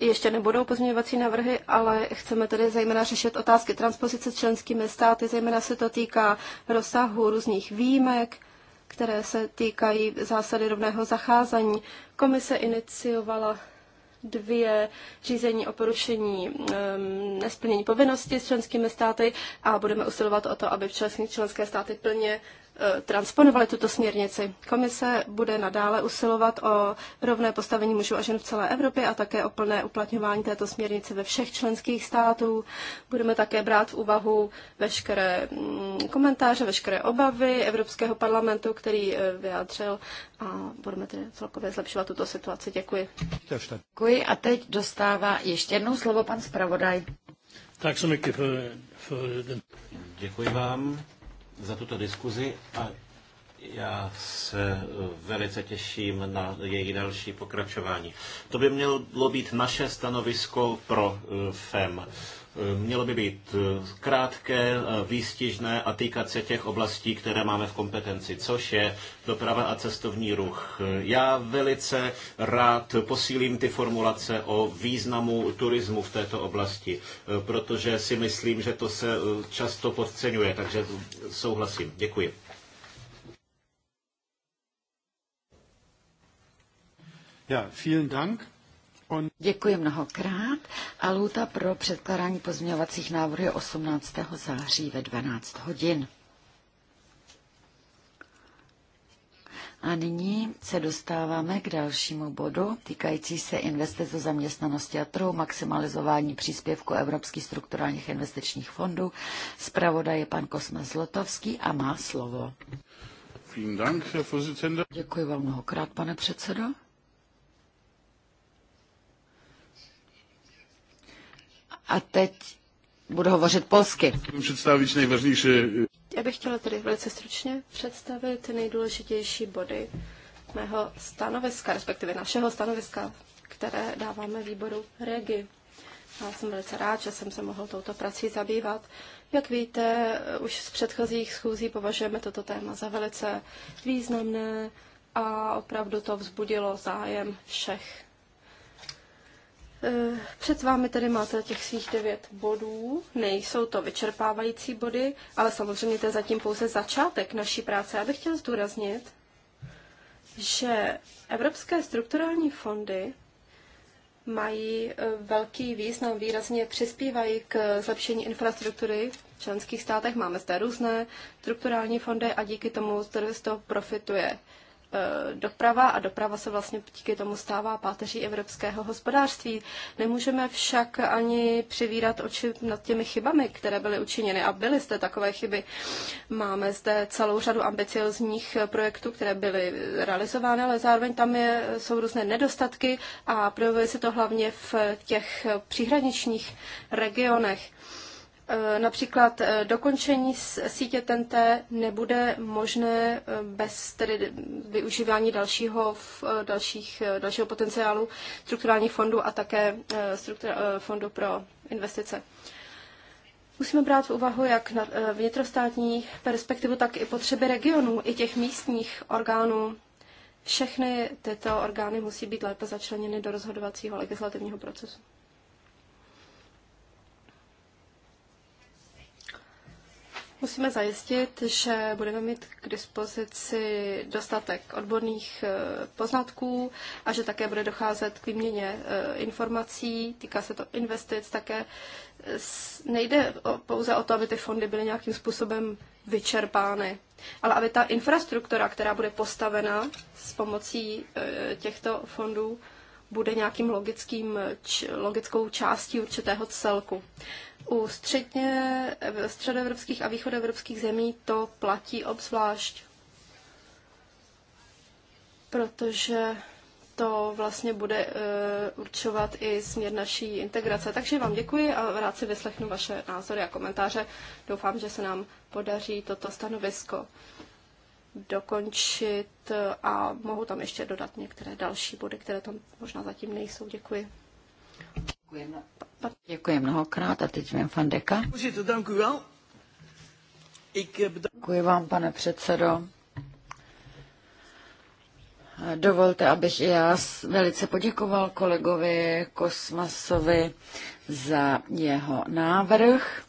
ještě nebudou pozměňovací návrhy, ale chceme tedy zejména řešit otázky transpozice členskými státy, zejména se to týká rozsahu různých výjimek, které se týkají zásady rovného zacházení. Komise iniciovala dvě řízení o porušení um, nesplnění povinnosti s členskými státy a budeme usilovat o to, aby všechny členské státy plně transponovali tuto směrnici. Komise bude nadále usilovat o rovné postavení mužů a žen v celé Evropě a také o plné uplatňování této směrnice ve všech členských států. Budeme také brát v úvahu veškeré mm, komentáře, veškeré obavy Evropského parlamentu, který eh, vyjádřil a budeme tedy celkově zlepšovat tuto situaci. Děkuji. Děkuji a teď dostává ještě jednou slovo pan zpravodaj. Tak Děkuji vám za tuto diskuzi a já se eh, velice těším na její další pokračování. To by mělo být naše stanovisko pro eh, FEM. Eh, mělo by být eh, krátké, eh, výstižné a týkat se těch oblastí, které máme v kompetenci, což je doprava a cestovní ruch. Já velice rád posílím ty formulace o významu turismu v této oblasti, protože si myslím, že to se často podceňuje, takže souhlasím. Děkuji. Ja, vielen Dank. Děkuji mnohokrát a lůta pro předkládání pozměňovacích návrhů je 18. září ve 12 hodin. A nyní se dostáváme k dalšímu bodu týkající se investic do zaměstnanosti a trhu, maximalizování příspěvku Evropských strukturálních investičních fondů. Zpravoda je pan Kosmas Zlotovský a má slovo. Děkuji vám mnohokrát, pane předsedo. A teď budu hovořit polsky. Já bych chtěla tady velice stručně představit ty nejdůležitější body mého stanoviska, respektive našeho stanoviska, které dáváme výboru REGI. Já jsem velice rád, že jsem se mohl touto prací zabývat. Jak víte, už z předchozích schůzí považujeme toto téma za velice významné a opravdu to vzbudilo zájem všech Eh, před vámi tady máte těch svých devět bodů. Nejsou to vyčerpávající body, ale samozřejmě to je zatím pouze začátek naší práce. Já bych chtěla zdůraznit, že evropské strukturální fondy mají eh, velký význam, výrazně přispívají k zlepšení infrastruktury v členských státech. Máme zde různé strukturální fondy a díky tomu z toho profituje E, doprava a doprava se vlastně díky tomu stává páteří evropského hospodářství. Nemůžeme však ani přivírat oči nad těmi chybami, které byly učiněny a byly zde takové chyby. Máme zde celou řadu ambiciozních projektů, které byly realizovány, ale zároveň tam je, jsou různé nedostatky a projevuje se to hlavně v těch příhraničních regionech. Eh, například eh, dokončení sítě TNT nebude možné eh, bez tedy využívání dalšího, dalších, dalšího potenciálu strukturálních fondů a také fondů fondu pro investice. Musíme brát v úvahu jak na vnitrostátní perspektivu, tak i potřeby regionů, i těch místních orgánů. Všechny tyto orgány musí být lépe začleněny do rozhodovacího legislativního procesu. Musíme zajistit, že budeme mít k dispozici dostatek odborných eh, poznatků a že také bude docházet k výměně eh, informací. Týká se to investic také. Eh, nejde pouze o to, aby ty fondy byly nějakým způsobem vyčerpány, ale aby ta infrastruktura, která bude postavena s pomocí těchto fondů, bude nějakým logickým, č, logickou částí určitého celku. U středně, středoevropských a východoevropských zemí to platí obzvlášť, protože to vlastně bude uh, určovat i směr naší integrace. Takže vám děkuji a rád si vyslechnu vaše názory a komentáře. Doufám, že se nám podaří toto stanovisko dokončit a mohu tam ještě dodat některé další body, které tam možná zatím nejsou. Děkuji. Děkuji mnohokrát a teď vím Fandeka. Děkuji vám, pane předsedo. Dovolte, abych i já velice poděkoval kolegovi Kosmasovi za jeho návrh.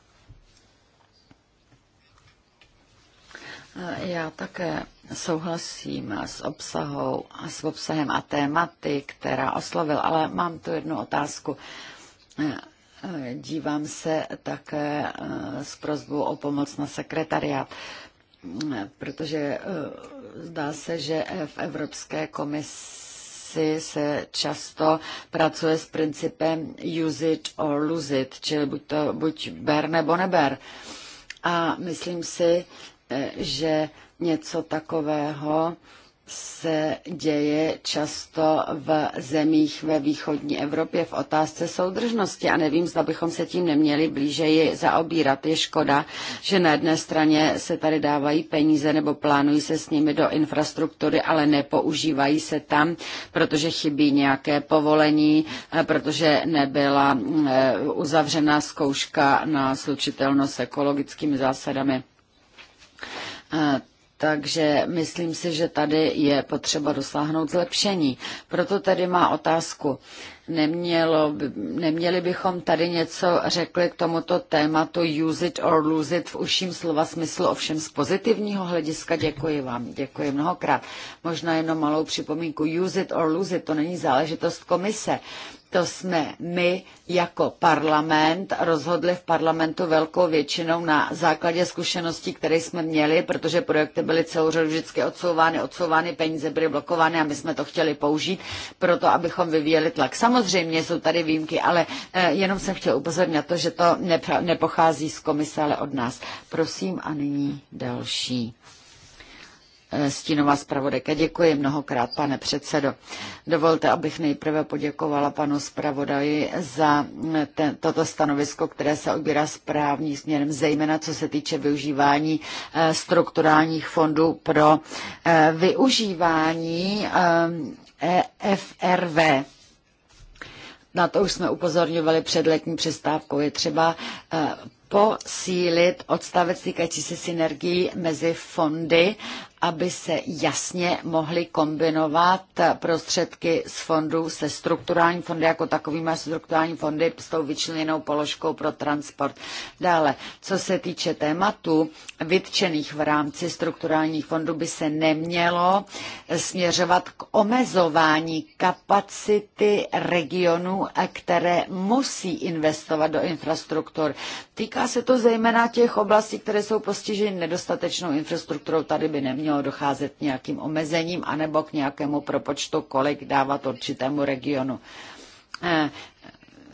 Já také souhlasím s, obsahou, s obsahem a tématy, která oslovil, ale mám tu jednu otázku. Dívám se také eh, s prozbou o pomoc na sekretariát, protože eh, zdá se, že v Evropské komisi se často pracuje s principem use it or lose it, čili buď to buď ber nebo neber. A myslím si, že něco takového se děje často v zemích ve východní Evropě v otázce soudržnosti a nevím, zda bychom se tím neměli blížeji zaobírat. Je škoda, že na jedné straně se tady dávají peníze nebo plánují se s nimi do infrastruktury, ale nepoužívají se tam, protože chybí nějaké povolení, eh, protože nebyla eh, uzavřená zkouška na slučitelnost s ekologickými zásadami. Takže myslím si, že tady je potřeba dosáhnout zlepšení. Proto tady má otázku. Nemělo, neměli bychom tady něco řekli k tomuto tématu use it or lose it v užším slova smyslu, ovšem z pozitivního hlediska. Děkuji vám, děkuji mnohokrát. Možná jenom malou připomínku. Use it or lose it, to není záležitost komise. To jsme my jako parlament rozhodli v parlamentu velkou většinou na základě zkušeností, které jsme měli, protože projekty byly celou řadu vždycky odsouvány, odsouvány, peníze byly blokovány a my jsme to chtěli použít proto, abychom vyvíjeli tlak. Samozřejmě Samozřejmě jsou tady výjimky, ale eh, jenom jsem chtěl upozornit na to, že to nepochází z komise, ale od nás. Prosím a nyní další. Eh, stínová zpravodajka. Děkuji mnohokrát, pane předsedo. Dovolte, abych nejprve poděkovala panu zpravodaji za mm, ten, toto stanovisko, které se odbírá správným směrem, zejména co se týče využívání eh, strukturálních fondů pro využívání ehm, e FRV na to už jsme upozorňovali před letní přestávkou, je třeba eh, posílit odstavec týkající se synergií mezi fondy aby se jasně mohly kombinovat prostředky z fondů se strukturální fondy jako takovými strukturální fondy s tou vyčleněnou položkou pro transport. Dále, co se týče tématu vytčených v rámci strukturálních fondů, by se nemělo směřovat k omezování kapacity regionů, které musí investovat do infrastruktur. Týká se to zejména těch oblastí, které jsou postiženy nedostatečnou infrastrukturou. Tady by nemělo mělo docházet k nějakým omezením anebo k nějakému propočtu, kolik dávat určitému regionu eh,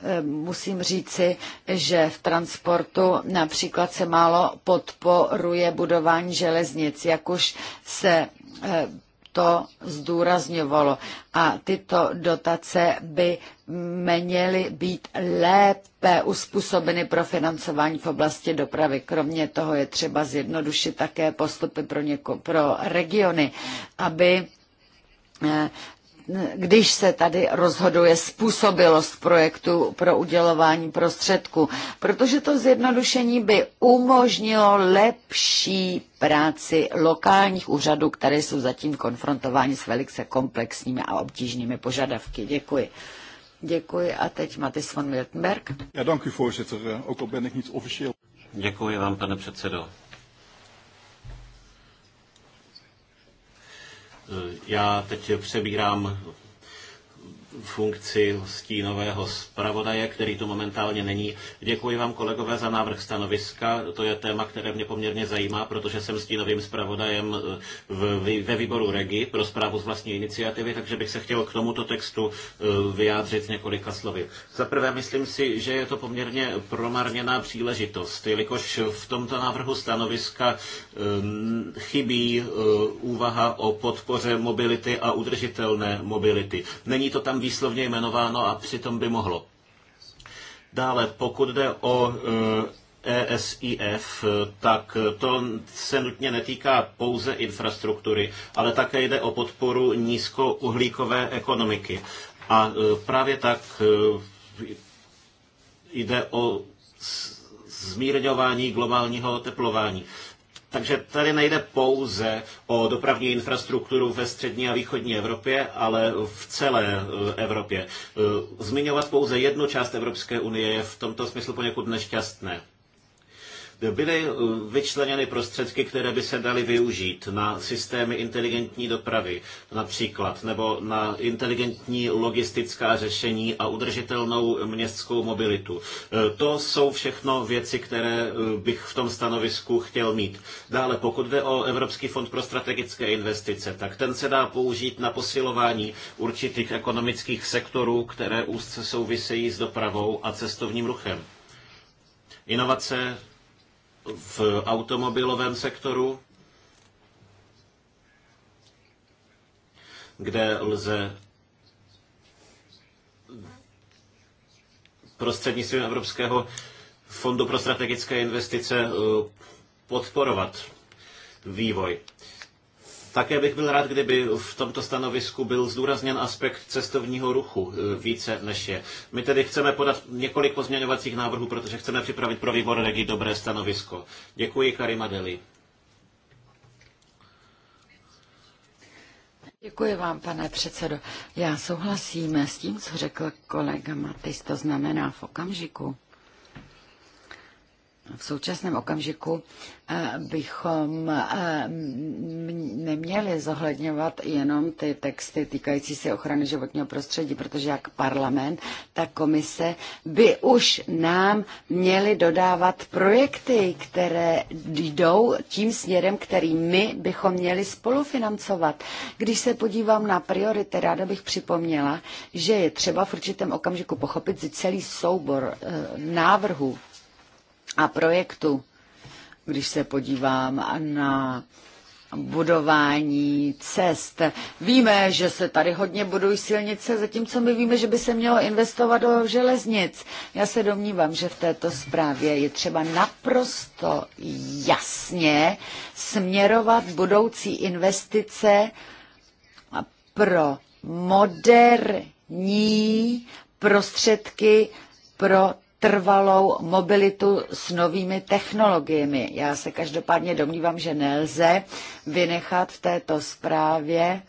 eh, musím říci, že v transportu například se málo podporuje budování železnic, jak už se eh, to zdůrazňovalo. A tyto dotace by měly být lépe uspůsobeny pro financování v oblasti dopravy. Kromě toho je třeba zjednodušit také postupy pro, něko, pro regiony, aby eh, když se tady rozhoduje způsobilost projektu pro udělování prostředků, protože to zjednodušení by umožnilo lepší práci lokálních úřadů, které jsou zatím konfrontovány s velice komplexními a obtížnými požadavky. Děkuji. Děkuji a teď Matis von Miltenberg. Eh, Děkuji vám, pane předsedo. Eh, já teď přebírám funkci stínového zpravodaje, který tu momentálně není. Děkuji vám, kolegové, za návrh stanoviska. To je téma, které mě poměrně zajímá, protože jsem stínovým zpravodajem eh, ve výboru REGI pro zprávu z vlastní iniciativy, takže bych se chtěl k tomuto textu eh, vyjádřit několika slovy. Za prvé, myslím si, že je to poměrně promarněná příležitost, jelikož v tomto návrhu stanoviska eh, chybí úvaha o podpoře mobility a udržitelné mobility. Není to tam výslovně jmenováno a přitom by mohlo. Dále, pokud jde o ESIF, eh, e tak to se nutně netýká pouze infrastruktury, ale také jde o podporu nízkouhlíkové ekonomiky. A eh, právě tak eh, jde o zmírňování globálního oteplování. Takže tady nejde pouze o dopravní infrastrukturu ve střední a východní Evropě, ale v celé eh, Evropě. Eh, zmiňovat pouze jednu část Evropské unie je v tomto smyslu poněkud nešťastné byly eh, vyčleněny prostředky, které by se daly využít na systémy inteligentní dopravy například, nebo na inteligentní logistická řešení a udržitelnou městskou mobilitu. Eh, to jsou všechno věci, které eh, bych v tom stanovisku chtěl mít. Dále, pokud jde o Evropský fond pro strategické investice, tak ten se dá použít na posilování určitých ekonomických sektorů, které úzce souvisejí s dopravou a cestovním ruchem. Inovace, v automobilovém sektoru, kde lze prostřednictvím Evropského fondu pro strategické investice eh, podporovat vývoj. Také bych byl rád, kdyby v tomto stanovisku byl zdůrazněn aspekt cestovního ruchu e, více než je. My tedy chceme podat několik pozměňovacích návrhů, protože chceme připravit pro výbor regi dobré stanovisko. Děkuji, Karima Deli. Děkuji vám, pane předsedo. Já souhlasím s tím, co řekl kolega Matys, to znamená v okamžiku, v současném okamžiku eh, bychom eh, neměli zohledňovat jenom ty texty týkající se ochrany životního prostředí, protože jak parlament, tak komise by už nám měly dodávat projekty, které jdou tím směrem, který my bychom měli spolufinancovat. Když se podívám na priority, ráda bych připomněla, že je třeba v určitém okamžiku pochopit že celý soubor eh, návrhů a projektu. Když se podívám na budování cest. Víme, že se tady hodně budují silnice, zatímco my víme, že by se mělo investovat do železnic. Já se domnívám, že v této zprávě je třeba naprosto jasně směrovat budoucí investice pro moderní prostředky pro trvalou mobilitu s novými technologiemi. Já se každopádně domnívám, že nelze vynechat v této zprávě e,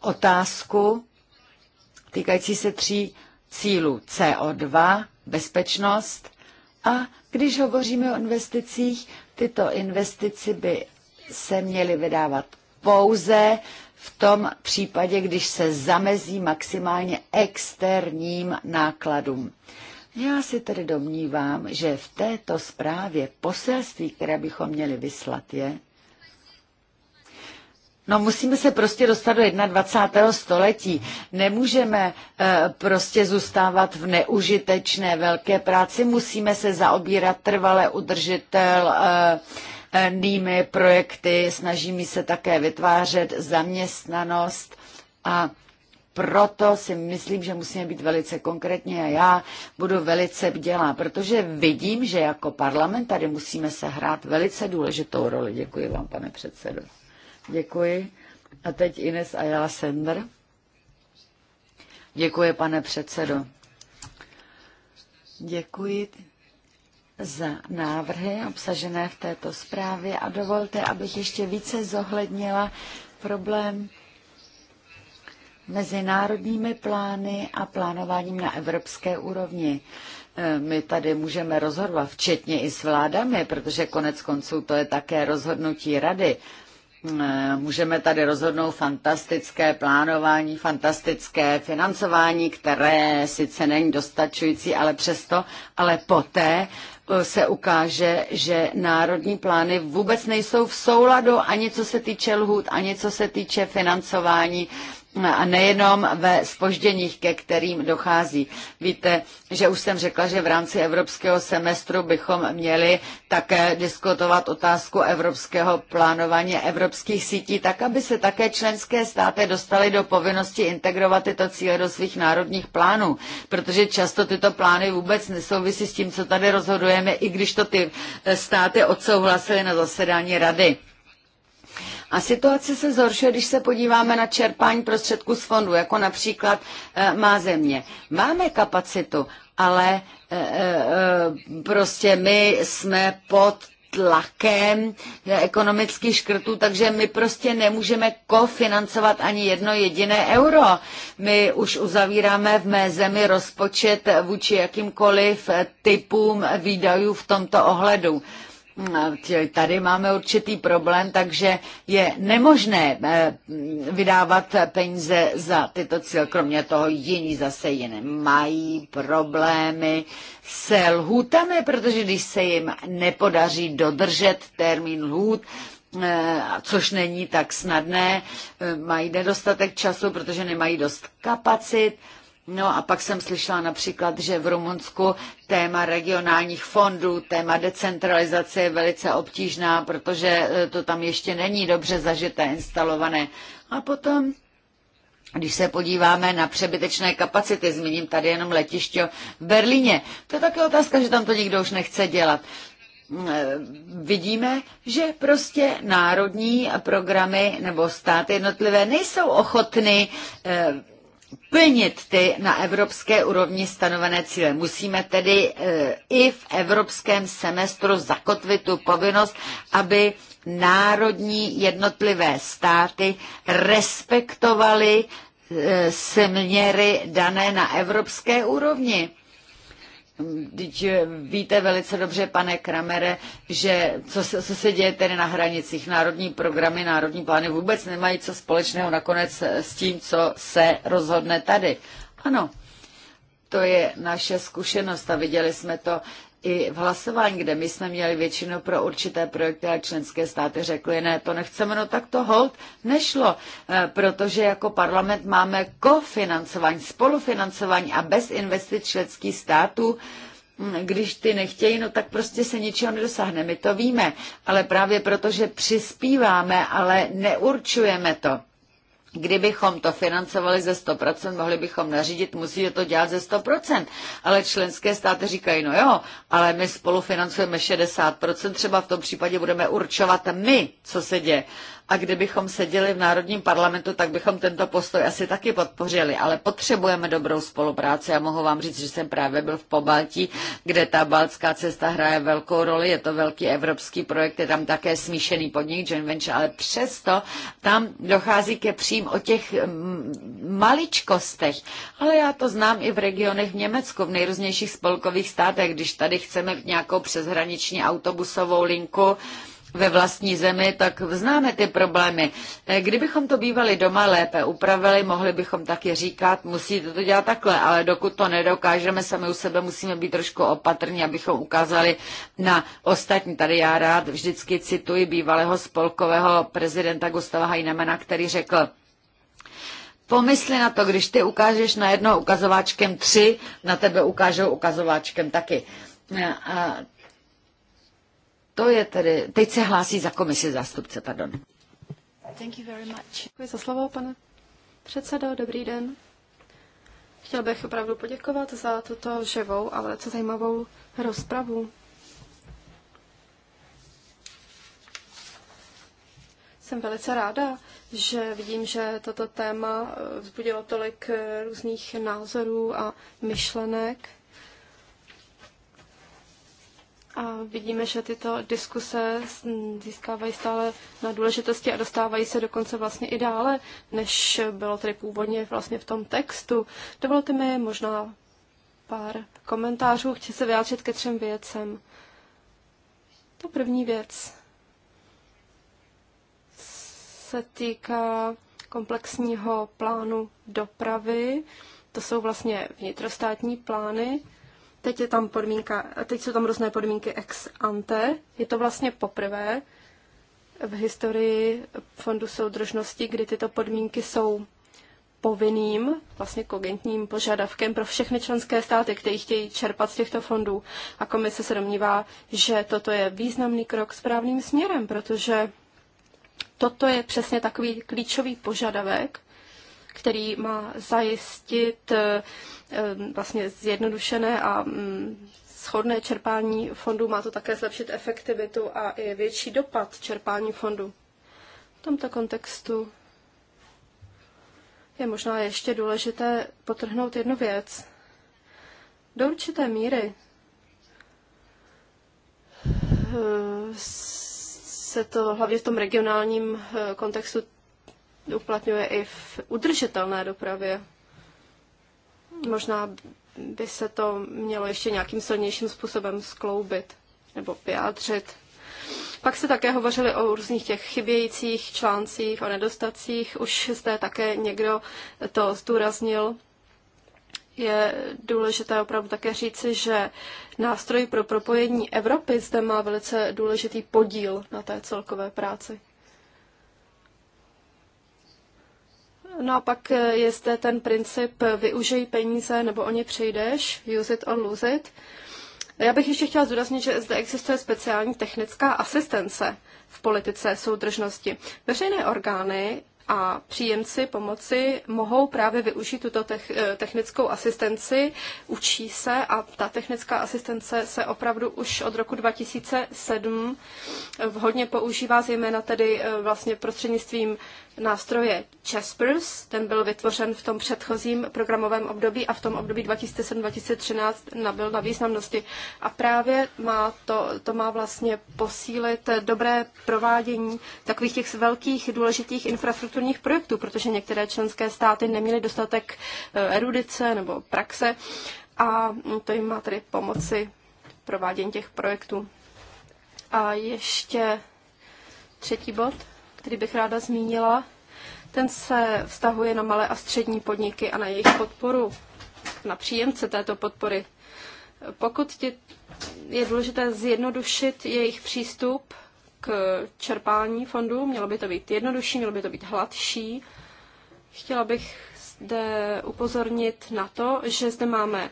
otázku týkající se tří cílů CO2, bezpečnost a když hovoříme o investicích, tyto investici by se měly vydávat pouze v tom případě, když se zamezí maximálně externím nákladům. Já si tedy domnívám, že v této zprávě poselství, které bychom měli vyslat, je, No musíme se prostě dostat do 21. století. Nemůžeme e, prostě zůstávat v neužitečné velké práci, musíme se zaobírat trvale udržitel e, nými projekty, snažíme se také vytvářet zaměstnanost a proto si myslím, že musíme být velice konkrétní a já budu velice bdělá, protože vidím, že jako parlament tady musíme se hrát velice důležitou roli. Děkuji vám, pane předsedo. Děkuji. A teď Ines Ayala Sender. Děkuji, pane předsedo. Děkuji za návrhy obsažené v této zprávě a dovolte, abych ještě více zohlednila problém mezi národními plány a plánováním na evropské úrovni. E, my tady můžeme rozhodovat, včetně i s vládami, protože konec konců to je také rozhodnutí rady. E, můžeme tady rozhodnout fantastické plánování, fantastické financování, které sice není dostačující, ale přesto, ale poté e, se ukáže, že národní plány vůbec nejsou v souladu ani co se týče lhůt, ani co se týče financování, a nejenom ve spožděních, ke kterým dochází. Víte, že už jsem řekla, že v rámci evropského semestru bychom měli také diskutovat otázku evropského plánování evropských sítí, tak aby se také členské státy dostaly do povinnosti integrovat tyto cíle do svých národních plánů, protože často tyto plány vůbec nesouvisí s tím, co tady rozhodujeme, i když to ty státy odsouhlasily na zasedání rady. A situace se zhoršuje, když se podíváme na čerpání prostředků z fondu, jako například eh, má země. Máme kapacitu, ale eh, eh, prostě my jsme pod tlakem ekonomických škrtů, takže my prostě nemůžeme kofinancovat ani jedno jediné euro. My už uzavíráme v mé zemi rozpočet vůči jakýmkoliv typům výdajů v tomto ohledu tady máme určitý problém, takže je nemožné eh, vydávat peníze za tyto cíle. Kromě toho jiní zase jiné mají problémy se lhůtami, protože když se jim nepodaří dodržet termín lhůt, eh, což není tak snadné, eh, mají nedostatek času, protože nemají dost kapacit, No a pak jsem slyšela například, že v Rumunsku téma regionálních fondů, téma decentralizace je velice obtížná, protože e, to tam ještě není dobře zažité, instalované. A potom když se podíváme na přebytečné kapacity, zmíním tady jenom letiště v Berlíně, to je také otázka, že tam to nikdo už nechce dělat. Mm, e, vidíme, že prostě národní programy nebo státy jednotlivé nejsou ochotny e, plnit ty na evropské úrovni stanovené cíle. Musíme tedy e, i v evropském semestru zakotvit tu povinnost, aby národní jednotlivé státy respektovaly e, směry dané na evropské úrovni. Eh, víte velice dobře, pane Kramere, že co se, co se děje tedy na hranicích. Národní programy, národní plány vůbec nemají co společného nakonec s tím, co se rozhodne tady. Ano, to je naše zkušenost a viděli jsme to i v hlasování, kde my jsme měli většinu pro určité projekty a členské státy řekly, ne, to nechceme, no tak to hold nešlo, eh, protože jako parlament máme kofinancování, spolufinancování a bez investic členských států hm, když ty nechtějí, no tak prostě se ničeho nedosáhne. My to víme, ale právě proto, že přispíváme, ale neurčujeme to. Kdybychom to financovali ze 100%, mohli bychom nařídit, musíte to dělat ze 100%. Ale členské státy říkají, no jo, ale my spolufinancujeme 60%, třeba v tom případě budeme určovat my, co se děje a kdybychom seděli v Národním parlamentu, tak bychom tento postoj asi taky podpořili, ale potřebujeme dobrou spolupráci. Já mohu vám říct, že jsem právě byl v Pobaltí, kde ta baltská cesta hraje velkou roli, je to velký evropský projekt, je tam také smíšený podnik joint venture, ale přesto tam dochází ke přím o těch mm, maličkostech. Ale já to znám i v regionech v Německu, v nejrůznějších spolkových státech, když tady chceme nějakou přeshraniční autobusovou linku, ve vlastní zemi, tak známe ty problémy. Eh, kdybychom to bývali doma lépe upravili, mohli bychom taky říkat, musíte to dělat takhle, ale dokud to nedokážeme sami u sebe, musíme být trošku opatrní, abychom ukázali na ostatní. Tady já rád vždycky cituji bývalého spolkového prezidenta Gustava Heinemana, který řekl, Pomysli na to, když ty ukážeš na jedno ukazováčkem tři, na tebe ukážou ukazováčkem taky. Eh, a to je tedy, teď se hlásí za komisi zástupce, pardon. Thank you very much. Děkuji za slovo, pane předsedo, dobrý den. Chtěl bych opravdu poděkovat za tuto živou a velice zajímavou rozpravu. Jsem velice ráda, že vidím, že toto téma vzbudilo tolik různých názorů a myšlenek. A vidíme, že tyto diskuse získávají stále na důležitosti a dostávají se dokonce vlastně i dále, než bylo tedy původně vlastně v tom textu. Dovolte mi možná pár komentářů. Chci se vyjádřit ke třem věcem. To první věc se týká komplexního plánu dopravy. To jsou vlastně vnitrostátní plány, Teď, je tam podmínka, teď jsou tam různé podmínky ex ante. Je to vlastně poprvé v historii Fondu soudržnosti, kdy tyto podmínky jsou povinným, vlastně kogentním požadavkem pro všechny členské státy, kteří chtějí čerpat z těchto fondů. A komise se domnívá, že toto je významný krok správným směrem, protože toto je přesně takový klíčový požadavek, který má zajistit eh, eh, vlastně zjednodušené a mm, shodné čerpání fondů. Má to také zlepšit efektivitu a i větší dopad čerpání fondů. V tomto kontextu je možná ještě důležité potrhnout jednu věc. Do určité míry eh, se to hlavně v tom regionálním kontextu uplatňuje i v udržitelné dopravě. Možná by se to mělo ještě nějakým silnějším způsobem skloubit nebo vyjádřit. Pak se také hovořili o různých těch chybějících článcích, o nedostacích. Už jste také někdo to zdůraznil. Je důležité opravdu také říci, že nástroj pro propojení Evropy zde má velice důležitý podíl na té celkové práci. No a pak eh, je zde ten princip eh, využij peníze nebo o ně přejdeš, use it or lose it. Já bych ještě chtěla zdůraznit, že zde existuje speciální technická asistence v politice soudržnosti. Veřejné orgány a příjemci pomoci mohou právě využít tuto eh, technickou asistenci, učí se a ta technická asistence se opravdu už od roku 2007 eh, hodně používá, zejména tedy eh, vlastně prostřednictvím nástroje Chespers, ten byl vytvořen v tom předchozím programovém období a v tom období 2007-2013 nabyl na významnosti. A právě má to, to má vlastně posílit dobré provádění takových těch velkých důležitých infrastruktur infrastrukturních projektů, protože některé členské státy neměly dostatek eh, erudice nebo praxe a mm, to jim má tedy pomoci provádění těch projektů. A ještě třetí bod, který bych ráda zmínila, ten se vztahuje na malé a střední podniky a na jejich podporu, na příjemce této podpory. Pokud ti je důležité zjednodušit jejich přístup k čerpání fondů. Mělo by to být jednodušší, mělo by to být hladší. Chtěla bych zde upozornit na to, že zde máme,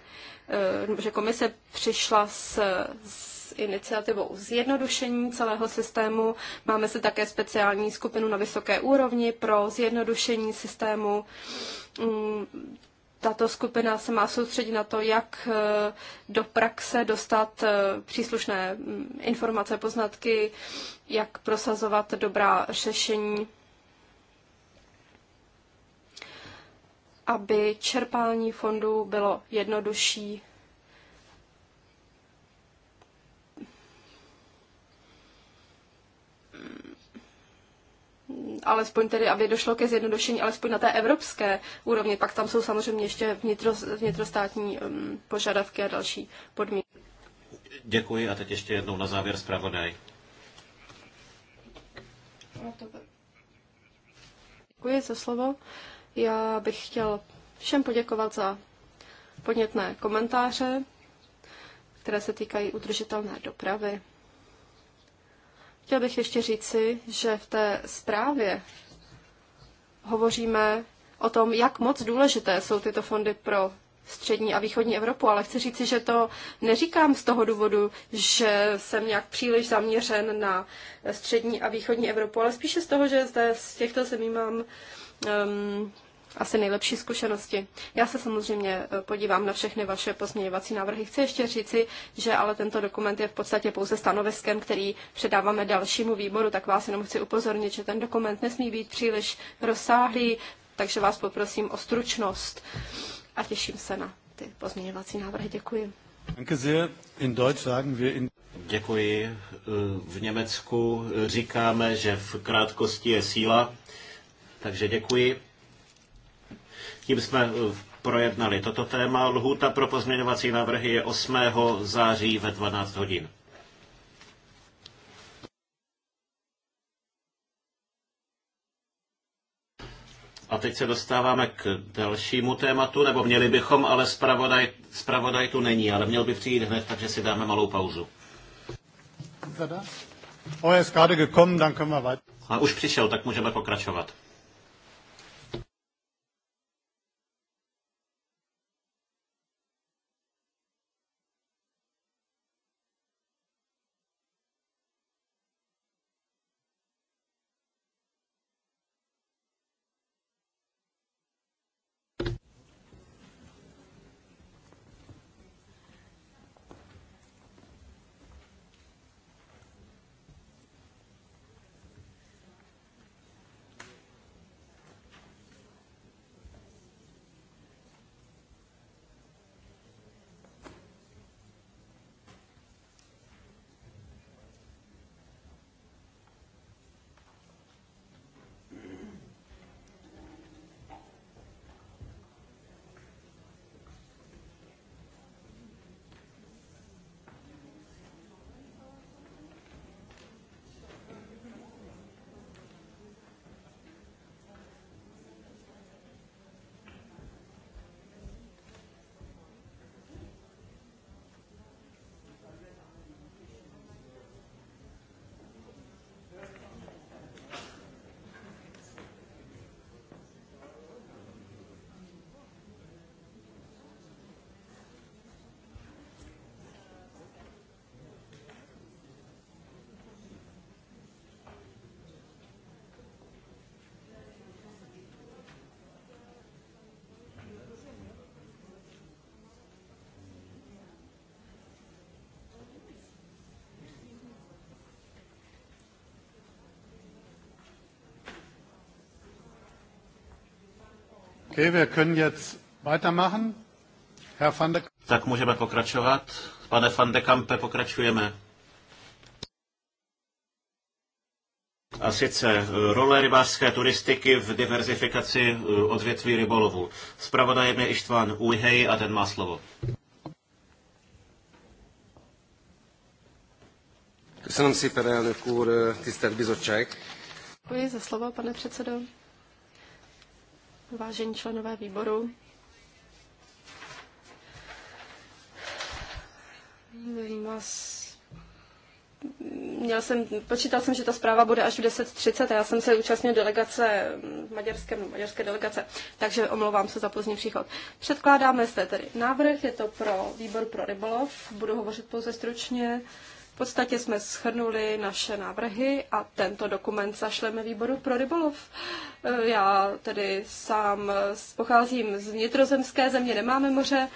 eh, že komise přišla s, s iniciativou zjednodušení celého systému. Máme se také speciální skupinu na vysoké úrovni pro zjednodušení systému mm, tato skupina se má soustředit na to, jak eh, do praxe dostat eh, příslušné mm, informace, poznatky, jak prosazovat dobrá řešení, aby čerpání fondů bylo jednodušší alespoň tedy, aby došlo ke zjednodušení, alespoň na té evropské úrovni. Pak tam jsou samozřejmě ještě vnitro, vnitrostátní um, požadavky a další podmínky. Děkuji a teď ještě jednou na závěr zpravodaj. Děkuji za slovo. Já bych chtěl všem poděkovat za podnětné komentáře, které se týkají udržitelné dopravy. Chtěl bych ještě říci, že v té zprávě hovoříme o tom, jak moc důležité jsou tyto fondy pro střední a východní Evropu, ale chci říci, že to neříkám z toho důvodu, že jsem nějak příliš zaměřen na střední a východní Evropu, ale spíše z toho, že zde z těchto zemí mám um, asi nejlepší zkušenosti. Já se samozřejmě eh, podívám na všechny vaše pozměňovací návrhy. Chci ještě říci, že ale tento dokument je v podstatě pouze stanoviskem, který předáváme dalšímu výboru, tak vás jenom chci upozornit, že ten dokument nesmí být příliš rozsáhlý, takže vás poprosím o stručnost a těším se na ty pozměňovací návrhy. Děkuji. Děkuji. Eh, v Německu eh, říkáme, že v krátkosti je síla, takže děkuji. Tím jsme eh, projednali toto téma. Lhůta pro pozměňovací návrhy je 8. září ve 12 hodin. A teď se dostáváme k dalšímu tématu, nebo měli bychom, ale zpravodaj, zpravodaj tu není, ale měl by přijít hned, takže si dáme malou pauzu. A už přišel, tak můžeme pokračovat. Okay, wir können jetzt weitermachen. Herr van de... Tak můžeme pokračovat. Pane van de Kampe, pokračujeme. A sice eh, role rybářské turistiky v diverzifikaci eh, odvětví rybolovu. Spravodajem je Ištván Ujhej a ten má slovo. Eh, Děkuji za slovo, pane předsedo vážení členové výboru. Měl jsem, počítal jsem, že ta zpráva bude až v 10.30 a já jsem se účastnil delegace mm, maďarské, maďarské delegace, takže omlouvám se za pozdní příchod. Předkládáme se tedy návrh, je to pro výbor pro rybolov, budu hovořit pouze stručně. Uh, v podstatě jsme schrnuli naše návrhy a tento dokument zašleme výboru pro rybolov. E, já tedy sám pocházím z vnitrozemské země, nemáme moře,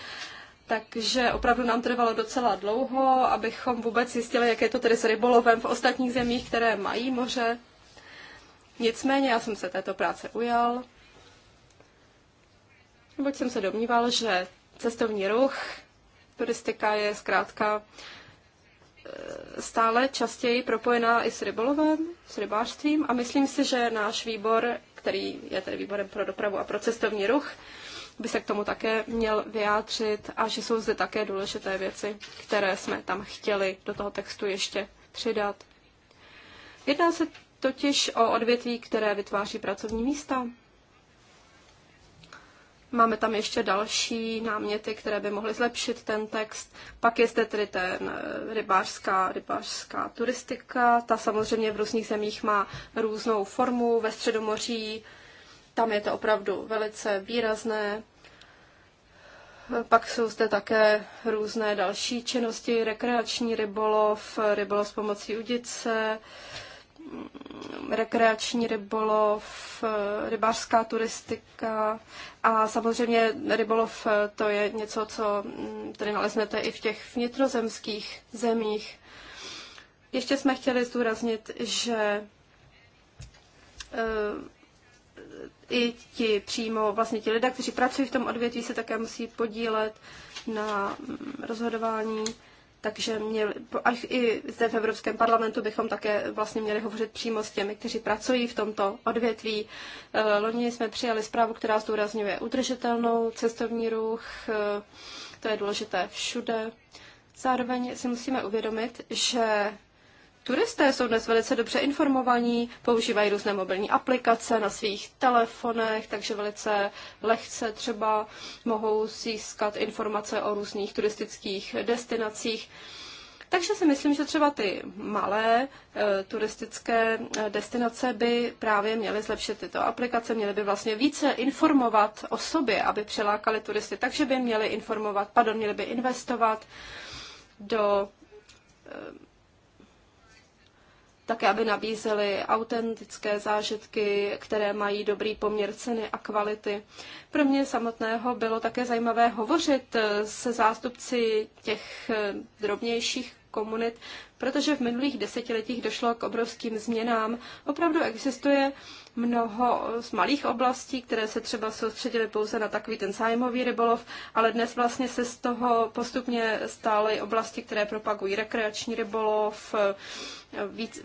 takže opravdu nám trvalo docela dlouho, abychom vůbec zjistili, jak je to tedy s rybolovem v ostatních zemích, které mají moře. Nicméně já jsem se této práce ujal, neboť jsem se domníval, že cestovní ruch, turistika je zkrátka stále častěji propojená i s rybolovem, s rybářstvím a myslím si, že náš výbor, který je tedy výborem pro dopravu a pro cestovní ruch, by se k tomu také měl vyjádřit a že jsou zde také důležité věci, které jsme tam chtěli do toho textu ještě přidat. Jedná se totiž o odvětví, které vytváří pracovní místa. Máme tam ještě další náměty, které by mohly zlepšit ten text. Pak je zde tedy ten eh, rybářská, rybářská turistika. Ta samozřejmě v různých zemích má různou formu. Ve Středomoří tam je to opravdu velice výrazné. Pak jsou zde také různé další činnosti, rekreační rybolov, rybolov s pomocí udice, rekreační rybolov, eh, rybářská turistika a samozřejmě rybolov eh, to je něco, co mm, tady naleznete i v těch vnitrozemských zemích. Ještě jsme chtěli zdůraznit, že eh, i ti přímo, vlastně ti lidé, kteří pracují v tom odvětví, se také musí podílet na mm, rozhodování takže měli, až i zde v Evropském parlamentu bychom také vlastně měli hovořit přímo s těmi, kteří pracují v tomto odvětví. Eh, loni jsme přijali zprávu, která zdůrazňuje udržitelnou cestovní ruch, eh, to je důležité všude. Zároveň si musíme uvědomit, že Turisté jsou dnes velice dobře informovaní, používají různé mobilní aplikace na svých telefonech, takže velice lehce třeba mohou získat informace o různých turistických destinacích. Takže si myslím, že třeba ty malé e, turistické e, destinace by právě měly zlepšit tyto aplikace, měly by vlastně více informovat o sobě, aby přilákali turisty, takže by měly informovat, pardon, měly by investovat do e, také aby nabízely autentické zážitky, které mají dobrý poměr ceny a kvality. Pro mě samotného bylo také zajímavé hovořit se zástupci těch drobnějších komunit, protože v minulých desetiletích došlo k obrovským změnám. Opravdu existuje mnoho z malých oblastí, které se třeba soustředily pouze na takový ten zájmový rybolov, ale dnes vlastně se z toho postupně stály oblasti, které propagují rekreační rybolov, víc,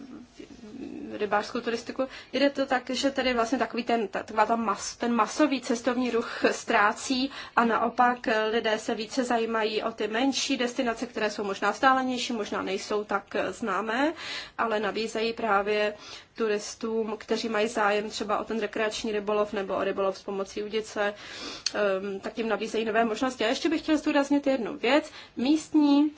rybářskou turistiku. Jde to tak, že tady vlastně takový ten, taková ta mas, ten masový cestovní ruch ztrácí a naopak eh, lidé se více zajímají o ty menší destinace, které jsou možná stálenější, možná nejsou tak eh, známé, ale nabízejí právě turistům, kteří mají zájem třeba o ten rekreační rybolov nebo o rybolov s pomocí udice, ehm, tak jim nabízejí nové možnosti. A ještě bych chtěl zdůraznit jednu věc. Místní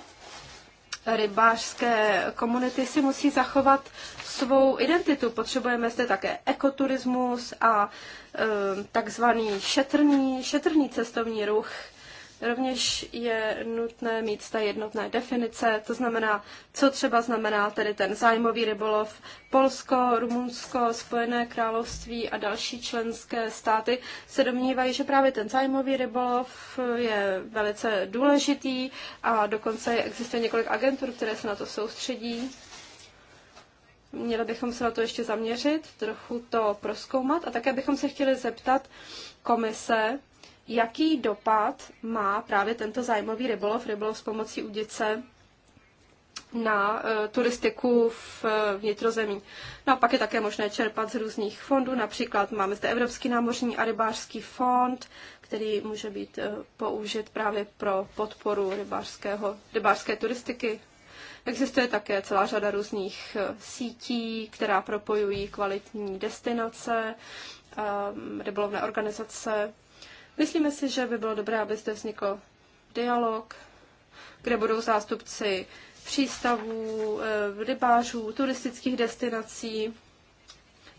rybářské komunity si musí zachovat svou identitu. Potřebujeme zde také ekoturismus a eh, takzvaný šetrný, šetrný cestovní ruch, Rovněž je nutné mít ta jednotné definice, to znamená, co třeba znamená tedy ten zájmový rybolov. Polsko, Rumunsko, Spojené království a další členské státy se domnívají, že právě ten zájmový rybolov je velice důležitý a dokonce existuje několik agentur, které se na to soustředí. Měli bychom se na to ještě zaměřit, trochu to proskoumat a také bychom se chtěli zeptat komise, jaký dopad má právě tento zájmový rybolov, rybolov s pomocí udice na e, turistiku v e, vnitrozemí. No a pak je také možné čerpat z různých fondů, například máme zde Evropský námořní a rybářský fond, který může být e, použit právě pro podporu rybářského, rybářské turistiky. Existuje také celá řada různých sítí, která propojují kvalitní destinace, rybolovné organizace Myslíme si, že by bylo dobré, aby zde vznikl dialog, kde budou zástupci přístavů, eh, rybářů, turistických destinací.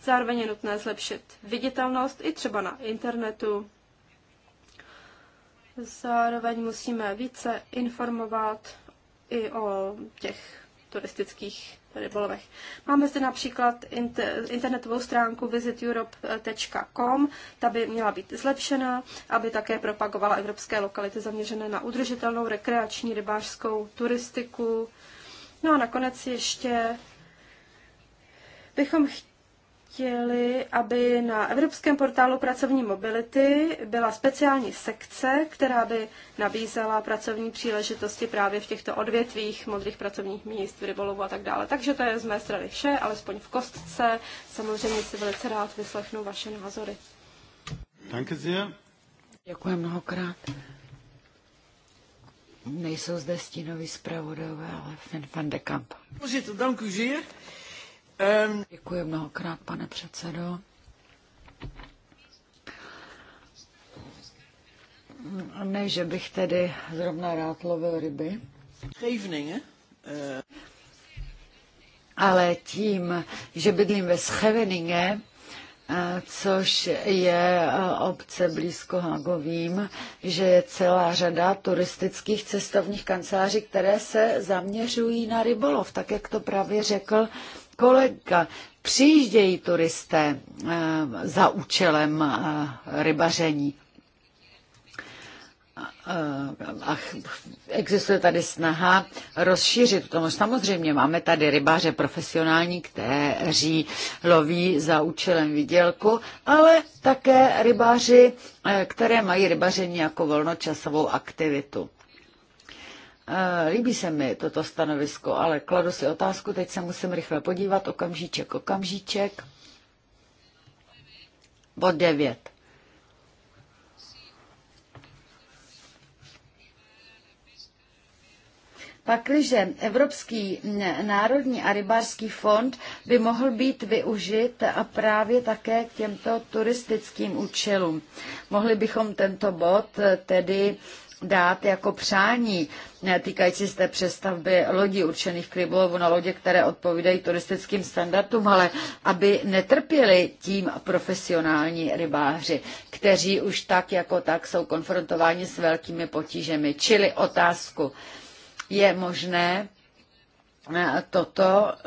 Zároveň je nutné zlepšit viditelnost i třeba na internetu. Zároveň musíme více informovat i o těch turistických rybolovech. Máme zde například internetovou stránku visiteurope.com, ta by měla být zlepšena, aby také propagovala evropské lokality zaměřené na udržitelnou rekreační rybářskou turistiku. No a nakonec ještě bychom chtěli chtěli, aby na Evropském portálu pracovní mobility byla speciální sekce, která by nabízela pracovní příležitosti právě v těchto odvětvích modrých pracovních míst, v rybolovu a tak dále. Takže to je z mé strany vše, alespoň v kostce. Samozřejmě si velice rád vyslechnu vaše názory. Děkuji mnohokrát. Nejsou zde stínoví zpravodové, ale fin van de Kamp. Voorzitter, děkuji u Um... Děkuji mnohokrát, pane předsedo. Ne, že bych tedy zrovna rád lovil ryby. Scheveningen. Eh, Ale tím, že bydlím ve Scheveningen, eh, což je eh, obce blízko Hagovým, že je celá řada turistických cestovních kanceláří, které se zaměřují na rybolov, tak jak to právě řekl kolega, přijíždějí turisté eh, za účelem eh, rybaření. Eh, A existuje tady snaha rozšířit to. No, samozřejmě máme tady rybáře profesionální, kteří loví za účelem vidělku, ale také rybáři, které mají rybaření jako volnočasovou aktivitu. Eh, líbí se mi toto stanovisko, ale kladu si otázku, teď se musím rychle podívat, okamžíček, okamžíček. Bod 9. Pakliže Evropský národní a rybářský fond by mohl být využit a právě také k těmto turistickým účelům. Mohli bychom tento bod tedy dát jako přání týkající se té přestavby lodí určených k rybolovu na lodě, které odpovídají turistickým standardům, ale aby netrpěli tím profesionální rybáři, kteří už tak jako tak jsou konfrontováni s velkými potížemi. Čili otázku, je možné eh, toto eh,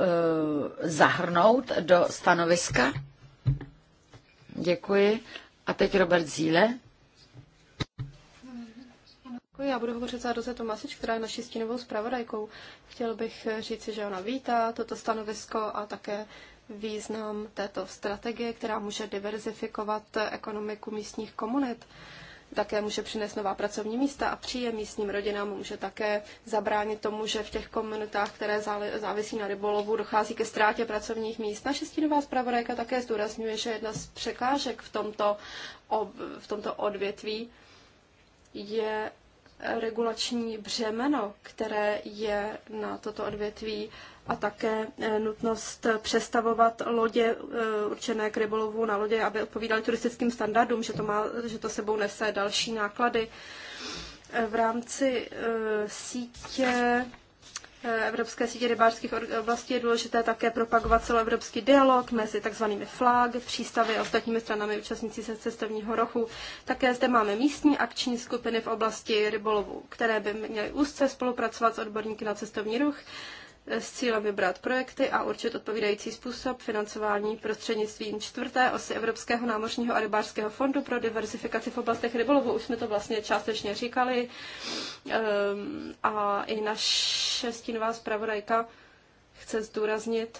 zahrnout do stanoviska? Děkuji. A teď Robert Zíle. Děkuji. Já budu hovořit za Rozetu Masič, která je naší stínovou zpravodajkou. Chtěl bych eh, říci, že ona vítá toto stanovisko a také význam této strategie, která může diverzifikovat eh, ekonomiku místních komunit. Také může přinést nová pracovní místa a příjem místním rodinám může také zabránit tomu, že v těch komunitách, které závisí na rybolovu, dochází ke ztrátě pracovních míst. Naše stínová zpravodajka také zdůrazňuje, že jedna z překážek v tomto, ob, v tomto odvětví je regulační břemeno, které je na toto odvětví a také eh, nutnost přestavovat lodě eh, určené k rybolovu na lodě, aby odpovídaly turistickým standardům, že to, má, že to sebou nese další náklady. Eh, v rámci sítě Eh, Evropské sítě rybářských oblastí je důležité také propagovat celoevropský dialog mezi tzv. flag, přístavy a ostatními stranami účastníci se cestovního rochu. Také zde máme místní akční skupiny v oblasti rybolovu, které by měly úzce spolupracovat s odborníky na cestovní ruch s cílem vybrat projekty a určit odpovídající způsob financování prostřednictvím čtvrté osy Evropského námořního a rybářského fondu pro diversifikaci v oblastech rybolovu. Už jsme to vlastně částečně říkali ehm, a i naše stínová zpravodajka chce zdůraznit,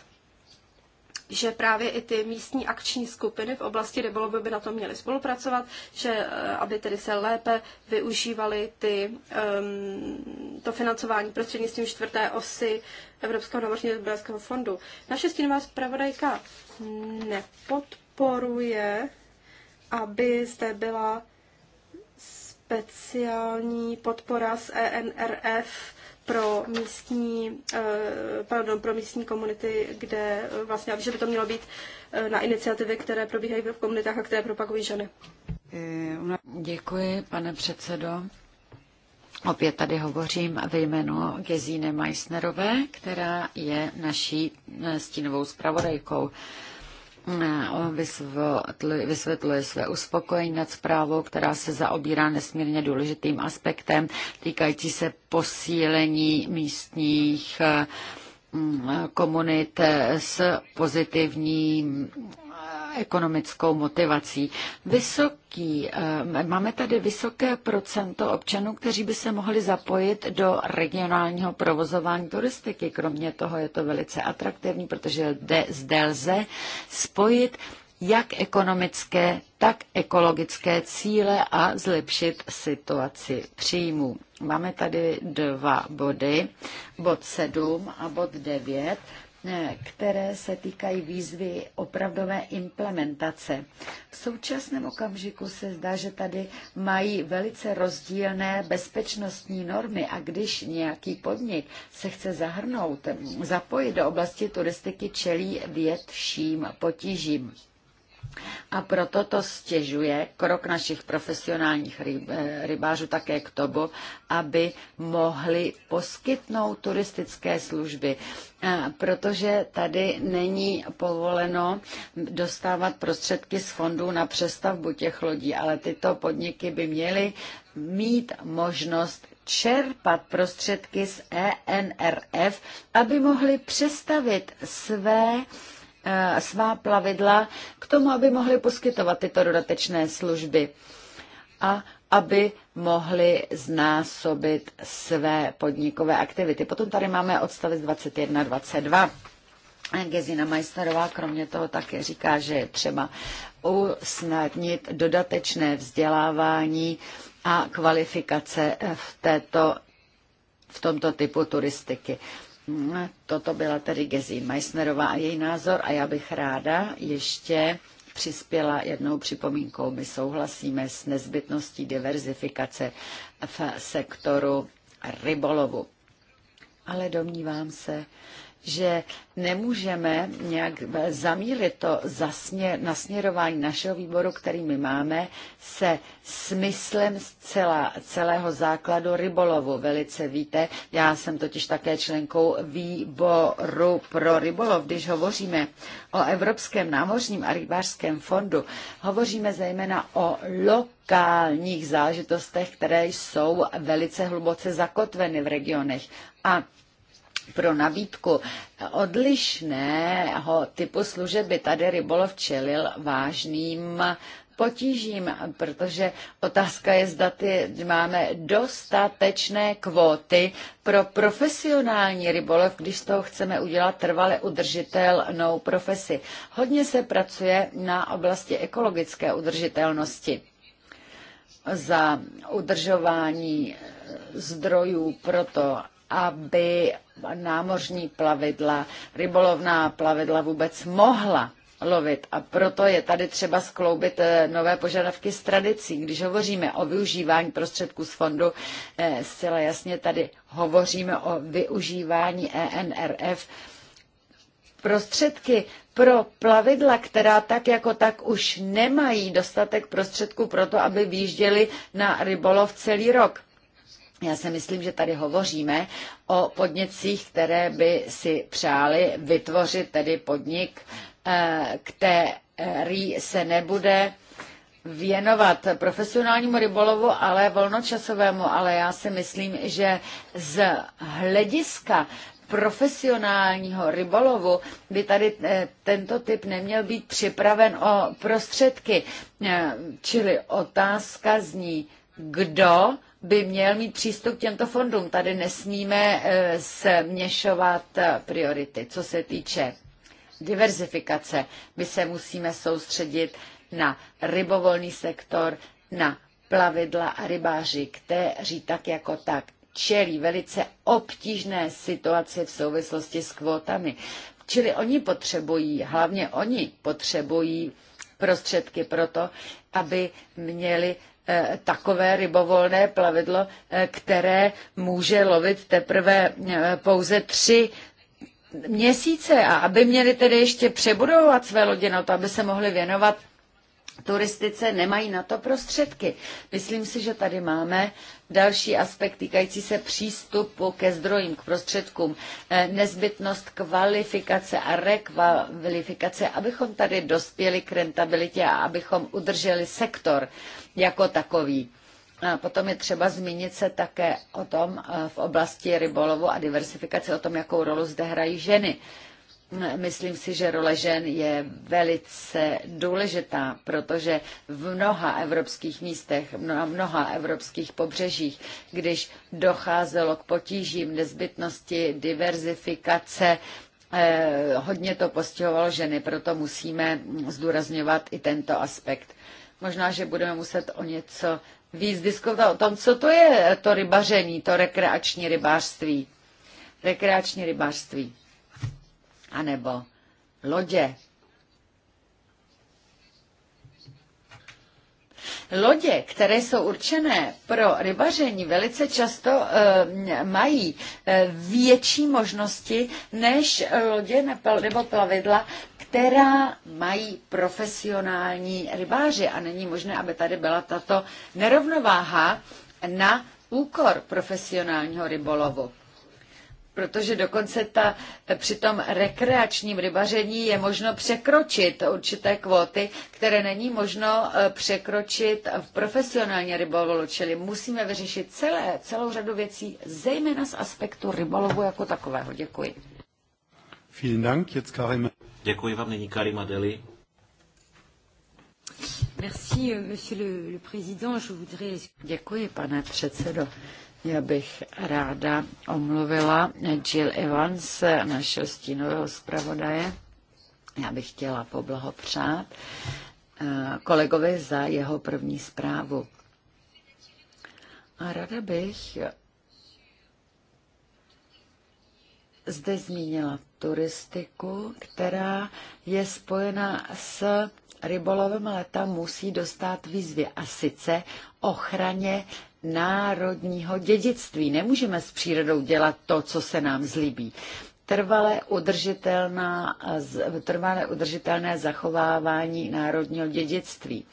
že právě i ty místní akční skupiny v oblasti rybolovu by na to měly spolupracovat, že eh, aby tedy se lépe využívaly ty, um, to financování prostřednictvím čtvrté osy Evropského námořního rybářského fondu. Naše stínová zpravodajka nepodporuje, aby zde byla speciální podpora z ENRF pro místní, eh, pardon, pro místní komunity, kde eh, vlastně, že by to mělo být eh, na iniciativy, které probíhají v komunitách a které propagují ženy. Děkuji, pane předsedo. Opět tady hovořím ve jménu Gezíne Meissnerové, která je naší stínovou zpravodajkou vysvětluje své uspokojení nad zprávou, která se zaobírá nesmírně důležitým aspektem týkající se posílení místních mm, komunit s pozitivním ekonomickou motivací. Vysoký, eh, máme tady vysoké procento občanů, kteří by se mohli zapojit do regionálního provozování turistiky. Kromě toho je to velice atraktivní, protože zde lze spojit jak ekonomické, tak ekologické cíle a zlepšit situaci příjmů. Máme tady dva body, bod 7 a bod 9. Eh, které se týkají výzvy opravdové implementace. V současném okamžiku se zdá, že tady mají velice rozdílné bezpečnostní normy a když nějaký podnik se chce zahrnout, zapojit do oblasti turistiky, čelí větším potížím. A proto to stěžuje krok našich profesionálních ryb, eh, rybářů také k tomu, aby mohli poskytnout turistické služby. Protože tady není povoleno dostávat prostředky z fondů na přestavbu těch lodí, ale tyto podniky by měly mít možnost čerpat prostředky z ENRF, aby mohli přestavit své Eh, svá plavidla k tomu, aby mohli poskytovat tyto dodatečné služby a aby mohli znásobit své podnikové aktivity. Potom tady máme odstavec 21-22. Gezina Majsterová kromě toho také říká, že je třeba usnadnit dodatečné vzdělávání a kvalifikace v, této, v tomto typu turistiky. Toto byla tedy Gezi Meissnerová a její názor a já bych ráda ještě přispěla jednou připomínkou. My souhlasíme s nezbytností diverzifikace v sektoru rybolovu. Ale domnívám se, že nemůžeme nějak eh, zamílit to zasměr, nasměrování našeho výboru, který my máme, se smyslem celá, celého základu rybolovu. Velice víte, já jsem totiž také členkou výboru pro rybolov. Když hovoříme o Evropském námořním a rybářském fondu, hovoříme zejména o lokálních záležitostech, které jsou velice hluboce zakotveny v regionech. A pro nabídku odlišného typu služeby. Tady rybolov čelil vážným potížím, protože otázka je, zda ty máme dostatečné kvóty pro profesionální rybolov, když z toho chceme udělat trvale udržitelnou profesi. Hodně se pracuje na oblasti ekologické udržitelnosti za udržování zdrojů pro to, aby námořní plavidla, rybolovná plavidla vůbec mohla lovit. A proto je tady třeba skloubit eh, nové požadavky s tradicí. Když hovoříme o využívání prostředků z fondu, eh, zcela jasně tady hovoříme o využívání ENRF prostředky pro plavidla, která tak jako tak už nemají dostatek prostředků pro to, aby výjížděli na rybolov celý rok. Já si myslím, že tady hovoříme o podnicích, které by si přáli vytvořit tedy podnik, eh, který se nebude věnovat profesionálnímu rybolovu, ale volnočasovému, ale já si myslím, že z hlediska profesionálního rybolovu by tady eh, tento typ neměl být připraven o prostředky. Eh, čili otázka zní, kdo by měl mít přístup k těmto fondům. Tady nesmíme eh, směšovat eh, priority. Co se týče diverzifikace, my se musíme soustředit na rybovolný sektor, na plavidla a rybáři, kteří tak jako tak čelí velice obtížné situaci v souvislosti s kvótami. Čili oni potřebují, hlavně oni potřebují prostředky pro to, aby měli Eh, takové rybovolné plavidlo, eh, které může lovit teprve eh, pouze tři měsíce a aby měli tedy ještě přebudovat své lodě na to, aby se mohli věnovat turistice nemají na to prostředky. Myslím si, že tady máme další aspekt týkající se přístupu ke zdrojím, k prostředkům, eh, nezbytnost kvalifikace a rekvalifikace, abychom tady dospěli k rentabilitě a abychom udrželi sektor jako takový. A potom je třeba zmínit se také o tom eh, v oblasti rybolovu a diversifikace, o tom, jakou rolu zde hrají ženy Myslím si, že role žen je velice důležitá, protože v mnoha evropských místech, na mnoha evropských pobřežích, když docházelo k potížím nezbytnosti diverzifikace, eh, hodně to postihovalo ženy, proto musíme zdůrazňovat i tento aspekt. Možná, že budeme muset o něco víc diskutovat o tom, co to je to rybaření, to rekreační rybářství. Rekreační rybářství anebo lodě. Lodě, které jsou určené pro rybaření, velice často e, mají e, větší možnosti než lodě nebo plavidla, která mají profesionální rybáři. A není možné, aby tady byla tato nerovnováha na úkor profesionálního rybolovu protože dokonce ta, při tom rekreačním rybaření je možno překročit určité kvóty, které není možno eh, překročit v profesionálně rybolovu, čili musíme vyřešit celé, celou řadu věcí, zejména z aspektu rybolovu jako takového. Děkuji. Vielen Dank, jetzt Karim. Děkuji vám, nyní Karim Adeli. Merci, euh, monsieur le, le président. Je voudrais... Děkuji, pane předsedo. Já bych ráda omluvila Jill Evans, našeho stínového zpravodaje. Já bych chtěla poblahopřát eh, kolegovi za jeho první zprávu. A ráda bych zde zmínila turistiku, která je spojena s rybolovem, ale tam musí dostat výzvy a sice ochraně národního dědictví. Nemůžeme s přírodou dělat to, co se nám zlíbí. Trvalé, udržitelná, trvalé udržitelné zachovávání národního dědictví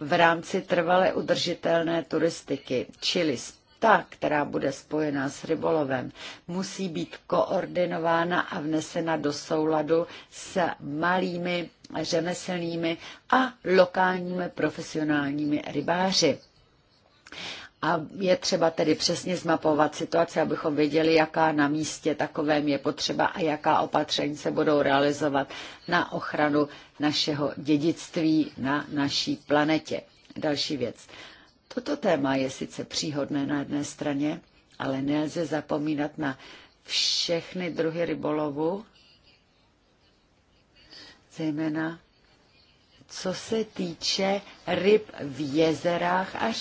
v rámci trvalé udržitelné turistiky, čili ta, která bude spojená s rybolovem, musí být koordinována a vnesena do souladu s malými řemeslnými a lokálními profesionálními rybáři. A je třeba tedy přesně zmapovat situaci, abychom věděli, jaká na místě takovém je potřeba a jaká opatření se budou realizovat na ochranu našeho dědictví na naší planetě. Další věc. Toto téma je sice příhodné na jedné straně, ale nelze zapomínat na všechny druhy rybolovu, zejména co se týče ryb v jezerách a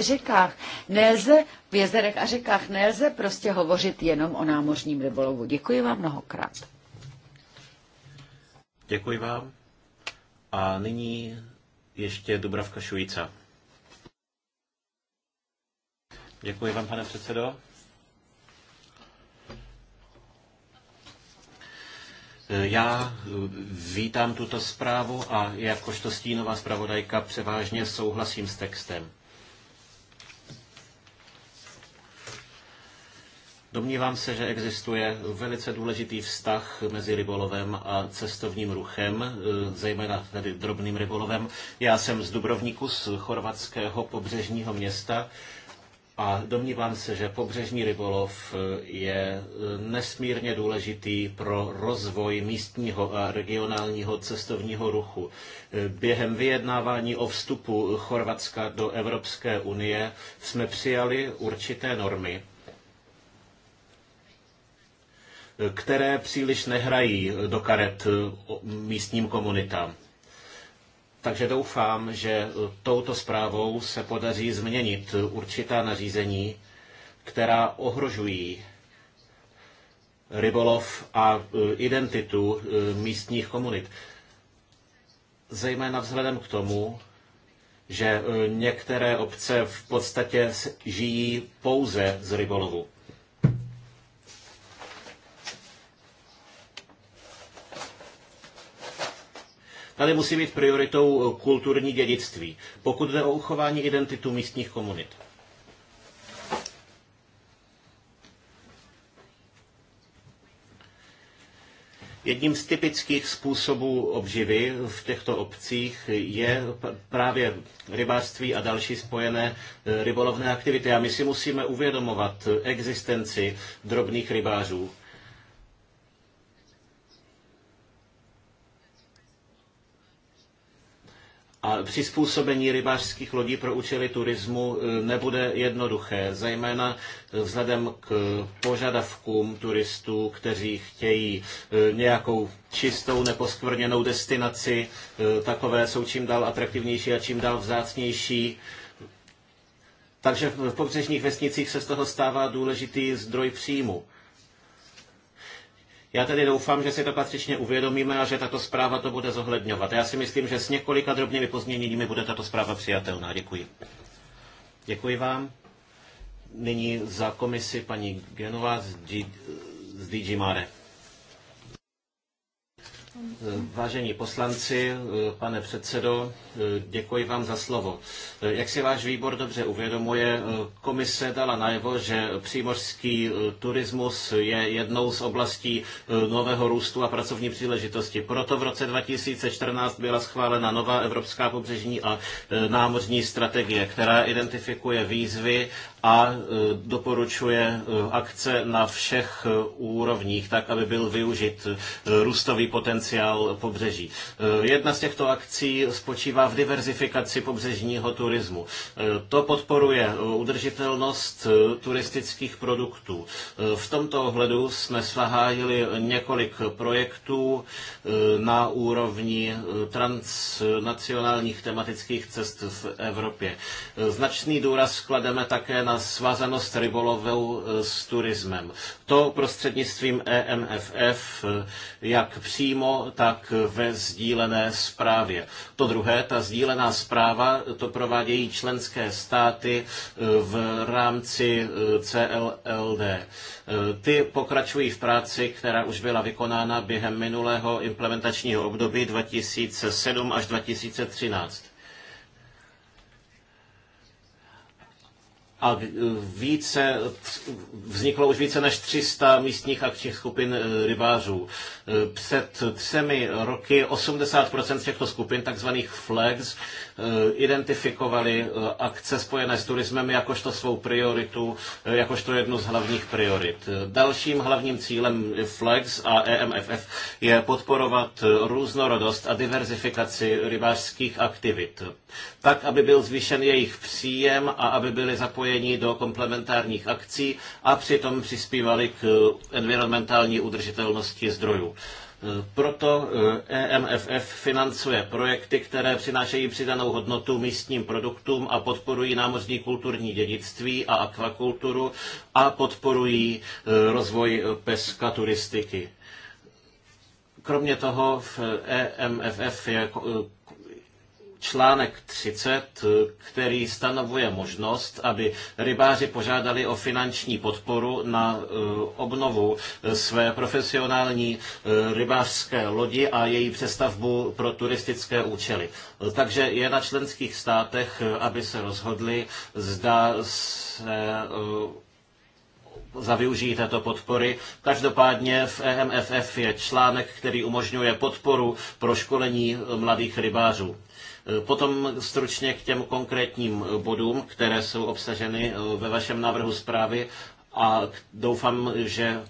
řekách. Nelze v jezerech a řekách nelze prostě hovořit jenom o námořním rybolovu. Děkuji vám mnohokrát. Děkuji vám. A nyní ještě Dubravka Šujica. Děkuji vám, pane předsedo. Já eh, vítám tuto zprávu a jakožto stínová zpravodajka převážně souhlasím s textem. Domnívám se, že existuje velice důležitý vztah mezi rybolovem a cestovním ruchem, eh, zejména tedy drobným rybolovem. Já jsem z Dubrovníku, z chorvatského pobřežního města, a domnívám se, že pobřežní rybolov eh, je eh, nesmírně důležitý pro rozvoj místního a regionálního cestovního ruchu. Eh, během vyjednávání o vstupu Chorvatska do Evropské unie jsme přijali určité normy, které příliš nehrají do karet místním komunitám. Takže doufám, že touto zprávou se podaří změnit určitá nařízení, která ohrožují rybolov a e, identitu e, místních komunit. Zejména vzhledem k tomu, že e, některé obce v podstatě žijí pouze z rybolovu. Tady musí být prioritou eh, kulturní dědictví, pokud jde o uchování identitu místních komunit. Jedním z typických způsobů obživy v těchto obcích je právě rybářství a další spojené eh, rybolovné aktivity. A my si musíme uvědomovat eh, existenci drobných rybářů, A přizpůsobení rybářských lodí pro účely turismu e, nebude jednoduché, zejména e, vzhledem k požadavkům turistů, kteří chtějí e, nějakou čistou, neposkvrněnou destinaci. Takové jsou čím dál atraktivnější a čím dál vzácnější. Takže v pobřežních vesnicích se z toho stává důležitý zdroj příjmu. Já tedy doufám, že si to patřičně uvědomíme a že tato zpráva to bude zohledňovat. Já si myslím, že s několika drobnými pozměněními bude tato zpráva přijatelná. Děkuji. Děkuji vám. Nyní za komisi paní Genová z, DG Mare. Vážení poslanci, pane předsedo, děkuji vám za slovo. Jak si váš výbor dobře uvědomuje, komise dala najevo, že přímořský turismus je jednou z oblastí nového růstu a pracovní příležitosti. Proto v roce 2014 byla schválena nová Evropská pobřežní a námořní strategie, která identifikuje výzvy a e, doporučuje e, akce na všech e, úrovních, tak aby byl využit růstový potenciál pobřeží. Jedna z těchto akcí spočívá v diverzifikaci pobřežního turismu. To podporuje udržitelnost turistických produktů. V tomto ohledu jsme svahájili několik projektů na úrovni transnacionálních tematických cest v Evropě. Značný důraz klademe také na na svazanost rybolovou e, s turismem. To prostřednictvím EMFF, e, jak přímo, tak ve sdílené zprávě. To druhé, ta sdílená zpráva, e, to provádějí členské státy v rámci CLLD. Ty pokračují v práci, která už byla vykonána během minulého implementačního období 2007 až 2013. a více, vzniklo už více než 300 místních akčních skupin e, rybářů. E, před třemi roky 80% těchto skupin, takzvaných flags, Eh, identifikovali eh, akce spojené s turismem jakožto svou prioritu, eh, jakožto jednu z hlavních priorit. Dalším hlavním cílem FLEX a EMFF je podporovat různorodost a diverzifikaci rybářských aktivit, tak, aby byl zvýšen jejich příjem a aby byli zapojeni do komplementárních akcí a přitom přispívali k environmentální udržitelnosti zdrojů. Eh, proto EMFF eh, e financuje projekty, které přinášejí přidanou hodnotu místním produktům a podporují námořní kulturní dědictví a akvakulturu a podporují eh, rozvoj turistiky. Kromě toho v EMFF e je článek 30, který stanovuje možnost, aby rybáři požádali o finanční podporu na e, obnovu e, své profesionální e, rybářské lodi a její přestavbu pro turistické účely. Takže je na členských státech, aby se rozhodli, zda se za využití této podpory. Každopádně v EMFF je článek, který umožňuje podporu pro školení mladých rybářů. Eh, potom stručně k těm konkrétním eh, bodům, které jsou obsaženy eh, ve vašem návrhu zprávy a doufám, že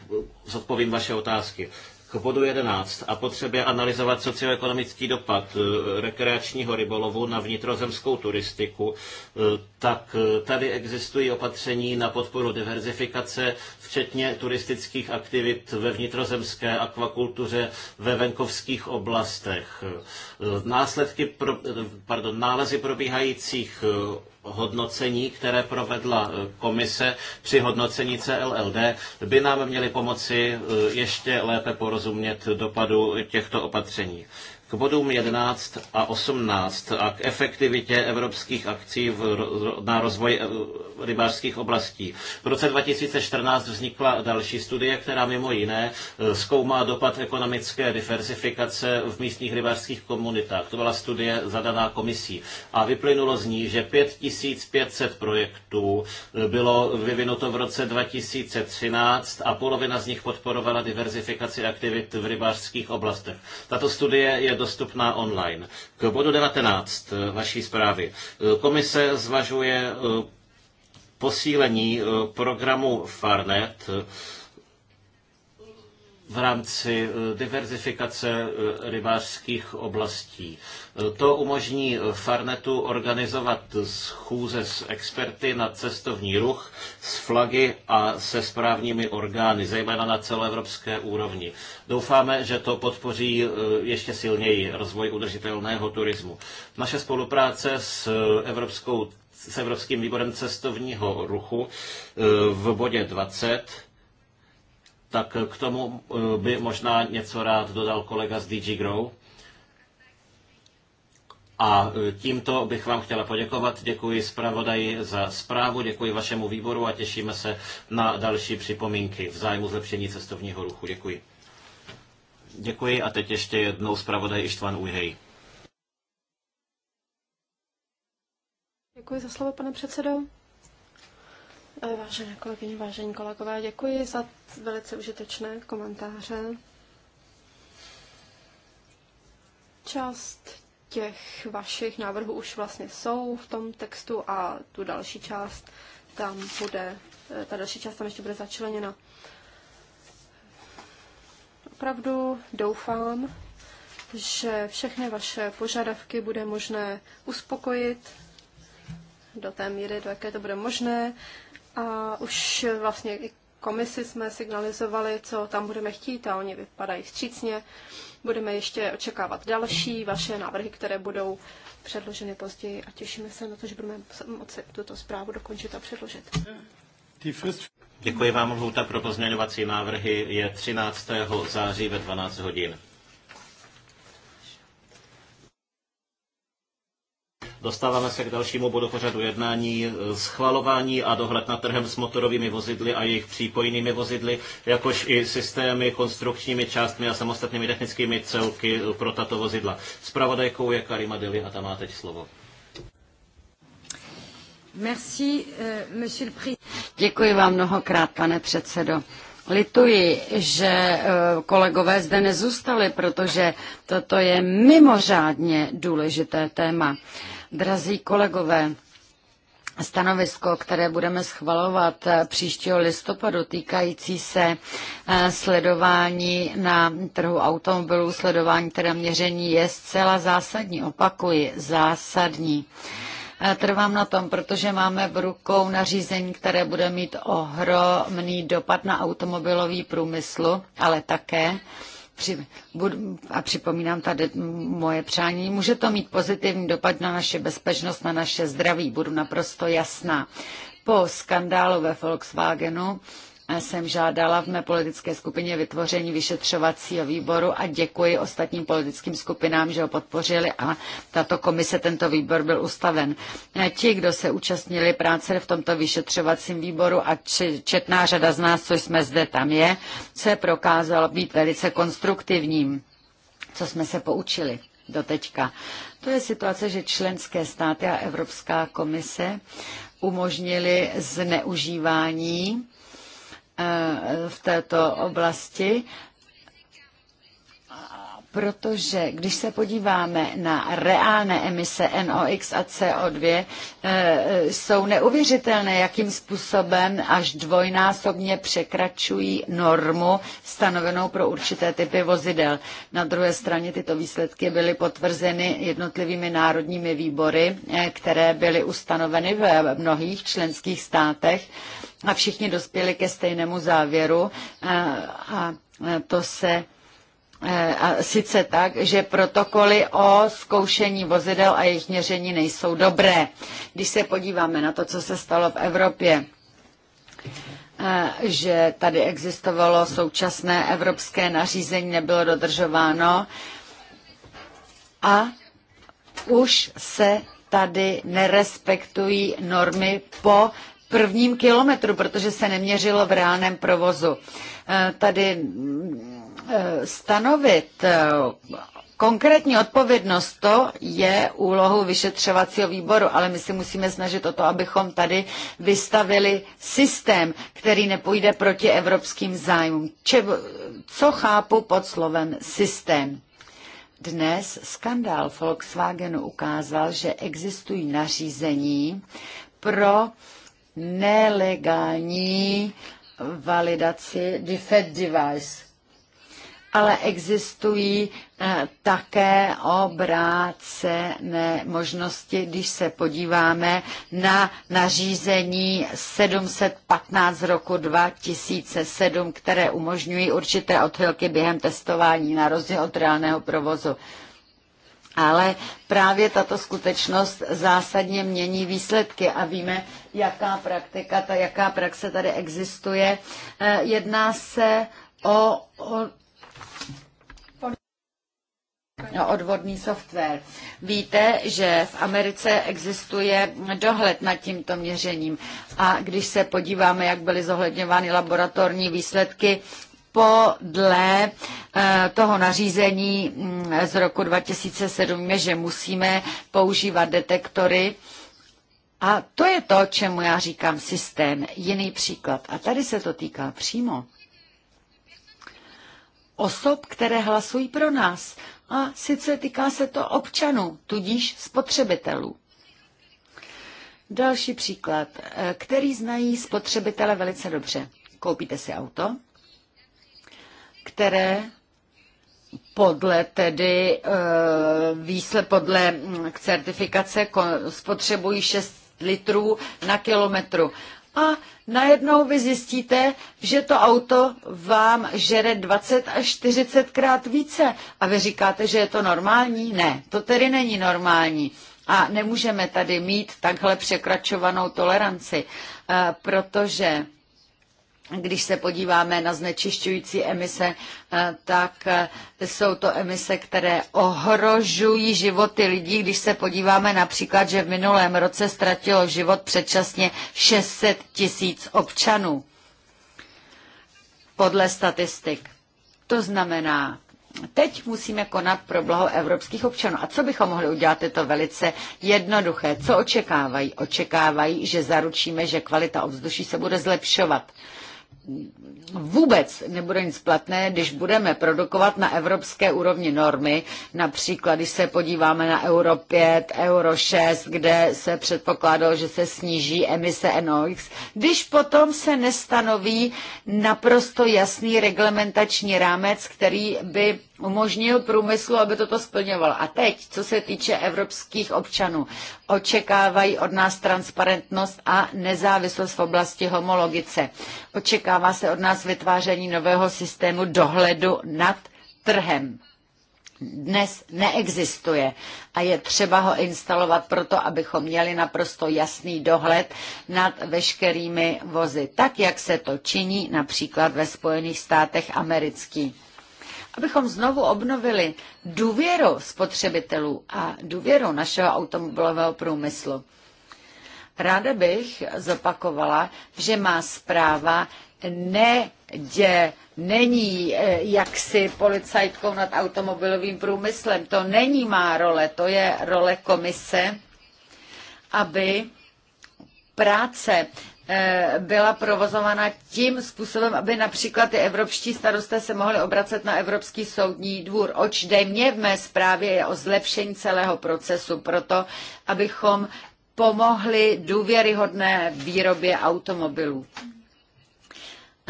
zodpovím vaše otázky. K bodu 11 a potřebě analyzovat socioekonomický dopad eh, rekreačního rybolovu na vnitrozemskou turistiku, eh, tak eh, tady existují opatření na podporu diverzifikace, včetně turistických aktivit ve vnitrozemské akvakultuře ve venkovských oblastech. Následky pro, pardon, nálezy probíhajících hodnocení, které provedla e, komise při hodnocení CLLD, by nám měly pomoci e, ještě lépe porozumět dopadu těchto opatření k bodům 11 a 18 a k efektivitě evropských akcí v, na rozvoj eh, rybářských oblastí. V roce 2014 vznikla další studie, která mimo jiné eh, zkoumá dopad ekonomické diversifikace v místních rybářských komunitách. To byla studie zadaná komisí a vyplynulo z ní, že 5500 projektů eh, bylo vyvinuto v roce 2013 a polovina z nich podporovala diversifikaci aktivit v rybářských oblastech. Tato studie je dostupná online. K bodu 19 eh, vaší zprávy. Eh, komise zvažuje eh, posílení programu Farnet v rámci eh, diverzifikace eh, rybářských oblastí. Eh, to umožní Farnetu organizovat schůze s experty na cestovní ruch, s flagy a se správními orgány, zejména na celoevropské úrovni. Doufáme, že to podpoří ještě silněji rozvoj udržitelného turismu. Naše spolupráce s Evropskou s Evropským výborem cestovního ruchu v bodě 20 tak k tomu eh, by možná něco rád dodal kolega z DG Grow. A eh, tímto bych vám chtěla poděkovat. Děkuji zpravodaji za zprávu, děkuji vašemu výboru a těšíme se na další připomínky v zájmu zlepšení cestovního ruchu. Děkuji. Děkuji a teď ještě jednou zpravodaj Ištvan Ujhej. Děkuji za slovo, pane předsedo. Eh, vážené kolegyně, vážení kolegové, děkuji za velice užitečné komentáře. Část těch vašich návrhů už vlastně jsou v tom textu a tu další část tam bude, eh, ta další část tam ještě bude začleněna. Opravdu doufám, že všechny vaše požadavky bude možné uspokojit do té míry, do jaké to bude možné. A už vlastně i komisi jsme signalizovali, co tam budeme chtít a oni vypadají vstřícně. Budeme ještě očekávat další vaše návrhy, které budou předloženy později a těšíme se na to, že budeme moci tuto zprávu dokončit a předložit. Děkuji vám. Lhůta pro pozměňovací návrhy je 13. září ve 12 hodin. Dostáváme se k dalšímu bodu pořadu jednání, e, schvalování a dohled nad trhem s motorovými vozidly a jejich přípojnými vozidly, jakož i systémy, konstrukčními částmi a samostatnými technickými celky pro tato vozidla. Spravodajkou je Karima Dili a ta má teď slovo. Merci, e, monsieur le Děkuji vám mnohokrát, pane předsedo. Lituji, že e, kolegové zde nezůstali, protože toto je mimořádně důležité téma. Drazí kolegové, Stanovisko, které budeme schvalovat eh, příštího listopadu týkající se eh, sledování na trhu automobilů, sledování teda měření je zcela zásadní, opakuji, zásadní. Eh, trvám na tom, protože máme v rukou nařízení, které bude mít ohromný dopad na automobilový průmysl, ale také při, budu, a připomínám tady moje přání, může to mít pozitivní dopad na naše bezpečnost, na naše zdraví, budu naprosto jasná. Po skandálu ve Volkswagenu jsem žádala v mé politické skupině vytvoření vyšetřovacího výboru a děkuji ostatním politickým skupinám, že ho podpořili a tato komise, tento výbor byl ustaven. Ti, kdo se účastnili práce v tomto vyšetřovacím výboru a četná řada z nás, co jsme zde, tam je, se prokázalo být velice konstruktivním, co jsme se poučili do To je situace, že členské státy a Evropská komise umožnili zneužívání Eh, v této oblasti, protože když se podíváme na reálné emise NOx a CO2, eh, jsou neuvěřitelné, jakým způsobem až dvojnásobně překračují normu stanovenou pro určité typy vozidel. Na druhé straně tyto výsledky byly potvrzeny jednotlivými národními výbory, eh, které byly ustanoveny v mnohých členských státech a všichni dospěli ke stejnému závěru a to se e, a sice tak, že protokoly o zkoušení vozidel a jejich měření nejsou dobré. Když se podíváme na to, co se stalo v Evropě, e, že tady existovalo současné evropské nařízení, nebylo dodržováno a už se tady nerespektují normy po prvním kilometru, protože se neměřilo v reálném provozu. Eh, tady mm, eh, stanovit eh, Konkrétní odpovědnost to je úlohou vyšetřovacího výboru, ale my si musíme snažit o to, abychom tady vystavili systém, který nepůjde proti evropským zájmům. co chápu pod slovem systém? Dnes skandál Volkswagenu ukázal, že existují nařízení pro uh, nelegální validaci defect device. Ale existují eh, také obrácené možnosti, když se podíváme na nařízení 715 roku 2007, které umožňují určité odchylky během testování na rozdíl od reálného provozu. Ale právě tato skutečnost zásadně mění výsledky a víme, jaká praktika, ta, jaká praxe tady existuje. Eh, jedná se o, o odvodný software. Víte, že v Americe existuje dohled nad tímto měřením a když se podíváme, jak byly zohledňovány laboratorní výsledky podle eh, toho nařízení mm, z roku 2007 že musíme používat detektory. A to je to, čemu já říkám systém. Jiný příklad. A tady se to týká přímo osob, které hlasují pro nás. A sice týká se to občanů, tudíž spotřebitelů. Další příklad, eh, který znají spotřebitele velice dobře. Koupíte si auto, které podle tedy eh, výsle, podle hm, certifikace spotřebují 6 litrů na kilometru. A najednou vy zjistíte, že to auto vám žere 20 až 40 krát více. A vy říkáte, že je to normální? Ne, to tedy není normální. A nemůžeme tady mít takhle překračovanou toleranci, eh, protože když se podíváme na znečišťující emise, eh, tak eh, jsou to emise, které ohrožují životy lidí. Když se podíváme například, že v minulém roce ztratilo život předčasně 600 tisíc občanů podle statistik. To znamená, teď musíme konat pro blaho evropských občanů. A co bychom mohli udělat? Je to velice jednoduché. Co očekávají? Očekávají, že zaručíme, že kvalita ovzduší se bude zlepšovat vůbec nebude nic platné, když budeme produkovat na evropské úrovni normy, například když se podíváme na Euro 5, Euro 6, kde se předpokládalo, že se sníží emise NOx, když potom se nestanoví naprosto jasný reglementační rámec, který by umožnil průmyslu, aby toto splňoval. A teď, co se týče evropských občanů, očekávají od nás transparentnost a nezávislost v oblasti homologice. Očekává se od nás vytváření nového systému dohledu nad trhem dnes neexistuje a je třeba ho instalovat proto, abychom měli naprosto jasný dohled nad veškerými vozy, tak jak se to činí například ve Spojených státech amerických abychom znovu obnovili důvěru spotřebitelů a důvěru našeho automobilového průmyslu. Ráda bych zopakovala, že má zpráva dě, není eh, jaksi policajtkou nad automobilovým průmyslem. To není má role, to je role komise, aby práce Eh, byla provozována tím způsobem, aby například ty evropští starosté se mohli obracet na Evropský soudní dvůr. Oč jde mě v mé zprávě je o zlepšení celého procesu, proto abychom pomohli důvěryhodné výrobě automobilů.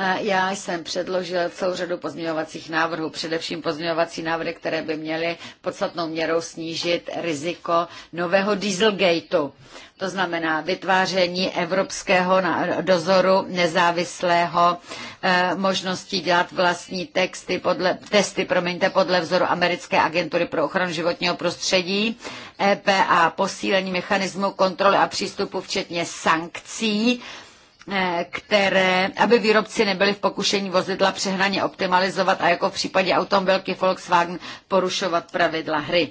Eh, já jsem předložil celou řadu pozměňovacích návrhů, především pozměňovací návrhy, které by měly podstatnou měrou snížit riziko nového dieselgateu to znamená vytváření evropského dozoru nezávislého, eh, možnosti dělat vlastní texty podle, testy promiňte, podle vzoru americké agentury pro ochranu životního prostředí, EPA, posílení mechanismu kontroly a přístupu včetně sankcí, eh, které, aby výrobci nebyli v pokušení vozidla přehnaně optimalizovat a jako v případě automobilky Volkswagen porušovat pravidla hry.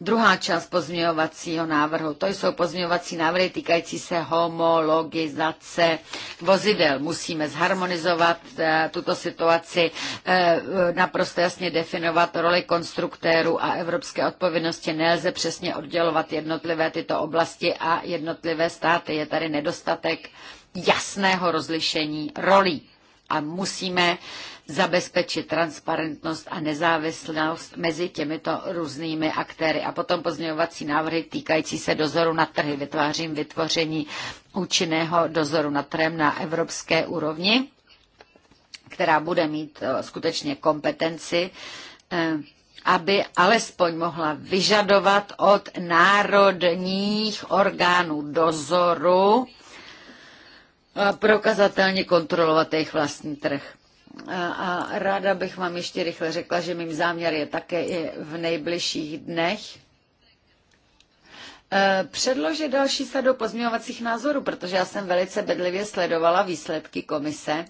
Druhá část pozměňovacího návrhu, to jsou pozměňovací návrhy týkající se homologizace vozidel. Musíme zharmonizovat eh, tuto situaci, eh, naprosto jasně definovat roli konstruktérů a evropské odpovědnosti. Nelze přesně oddělovat jednotlivé tyto oblasti a jednotlivé státy. Je tady nedostatek jasného rozlišení rolí. A musíme uh, zabezpečit transparentnost a nezávislost mezi těmito různými aktéry. A potom pozměňovací návrhy týkající se dozoru na trhy. Vytvářím vytvoření účinného dozoru na trhem na evropské úrovni, která bude mít eh, skutečně kompetenci eh, aby alespoň mohla vyžadovat od národních orgánů dozoru eh, prokazatelně kontrolovat jejich vlastní trh. A ráda bych vám ještě rychle řekla, že mým záměr je také i v nejbližších dnech e, předložit další sadu pozměňovacích názorů, protože já jsem velice bedlivě sledovala výsledky komise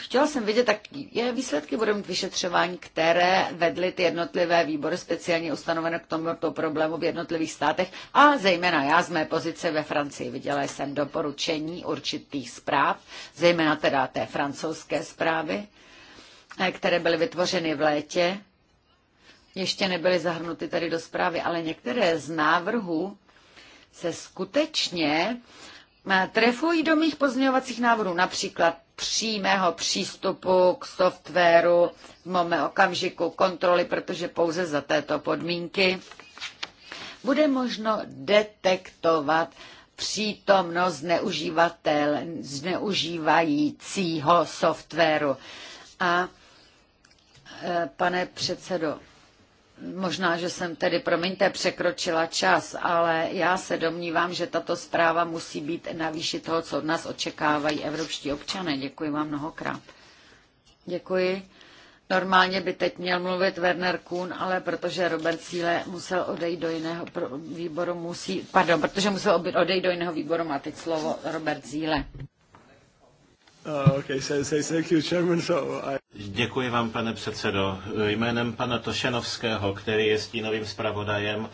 chtěla jsem vidět, tak je výsledky budou mít vyšetřování, které vedly ty jednotlivé výbory speciálně ustanovené k tomuto problému v jednotlivých státech a zejména já z mé pozice ve Francii viděla jsem doporučení určitých zpráv, zejména teda té francouzské zprávy, eh, které byly vytvořeny v létě. Ještě nebyly zahrnuty tady do zprávy, ale některé z návrhů se skutečně Eh, trefují do mých pozměňovacích návrhů, například přímého přístupu k softwaru v mome okamžiku kontroly, protože pouze za této podmínky bude možno detektovat přítomnost zneužívatel, zneužívajícího softwaru. A eh, pane předsedo, Možná, že jsem tedy, promiňte, překročila čas, ale já se domnívám, že tato zpráva musí být na výši toho, co od nás očekávají evropští občané. Děkuji vám mnohokrát. Děkuji. Normálně by teď měl mluvit Werner Kuhn, ale protože Robert Cíle musel odejít do jiného výboru, musí, pardon, protože musel odejít do jiného výboru, má teď slovo Robert Zíle. Ah, Děkuji vám, pane předsedo. Jménem pana Tošenovského, který je stínovým zpravodajem,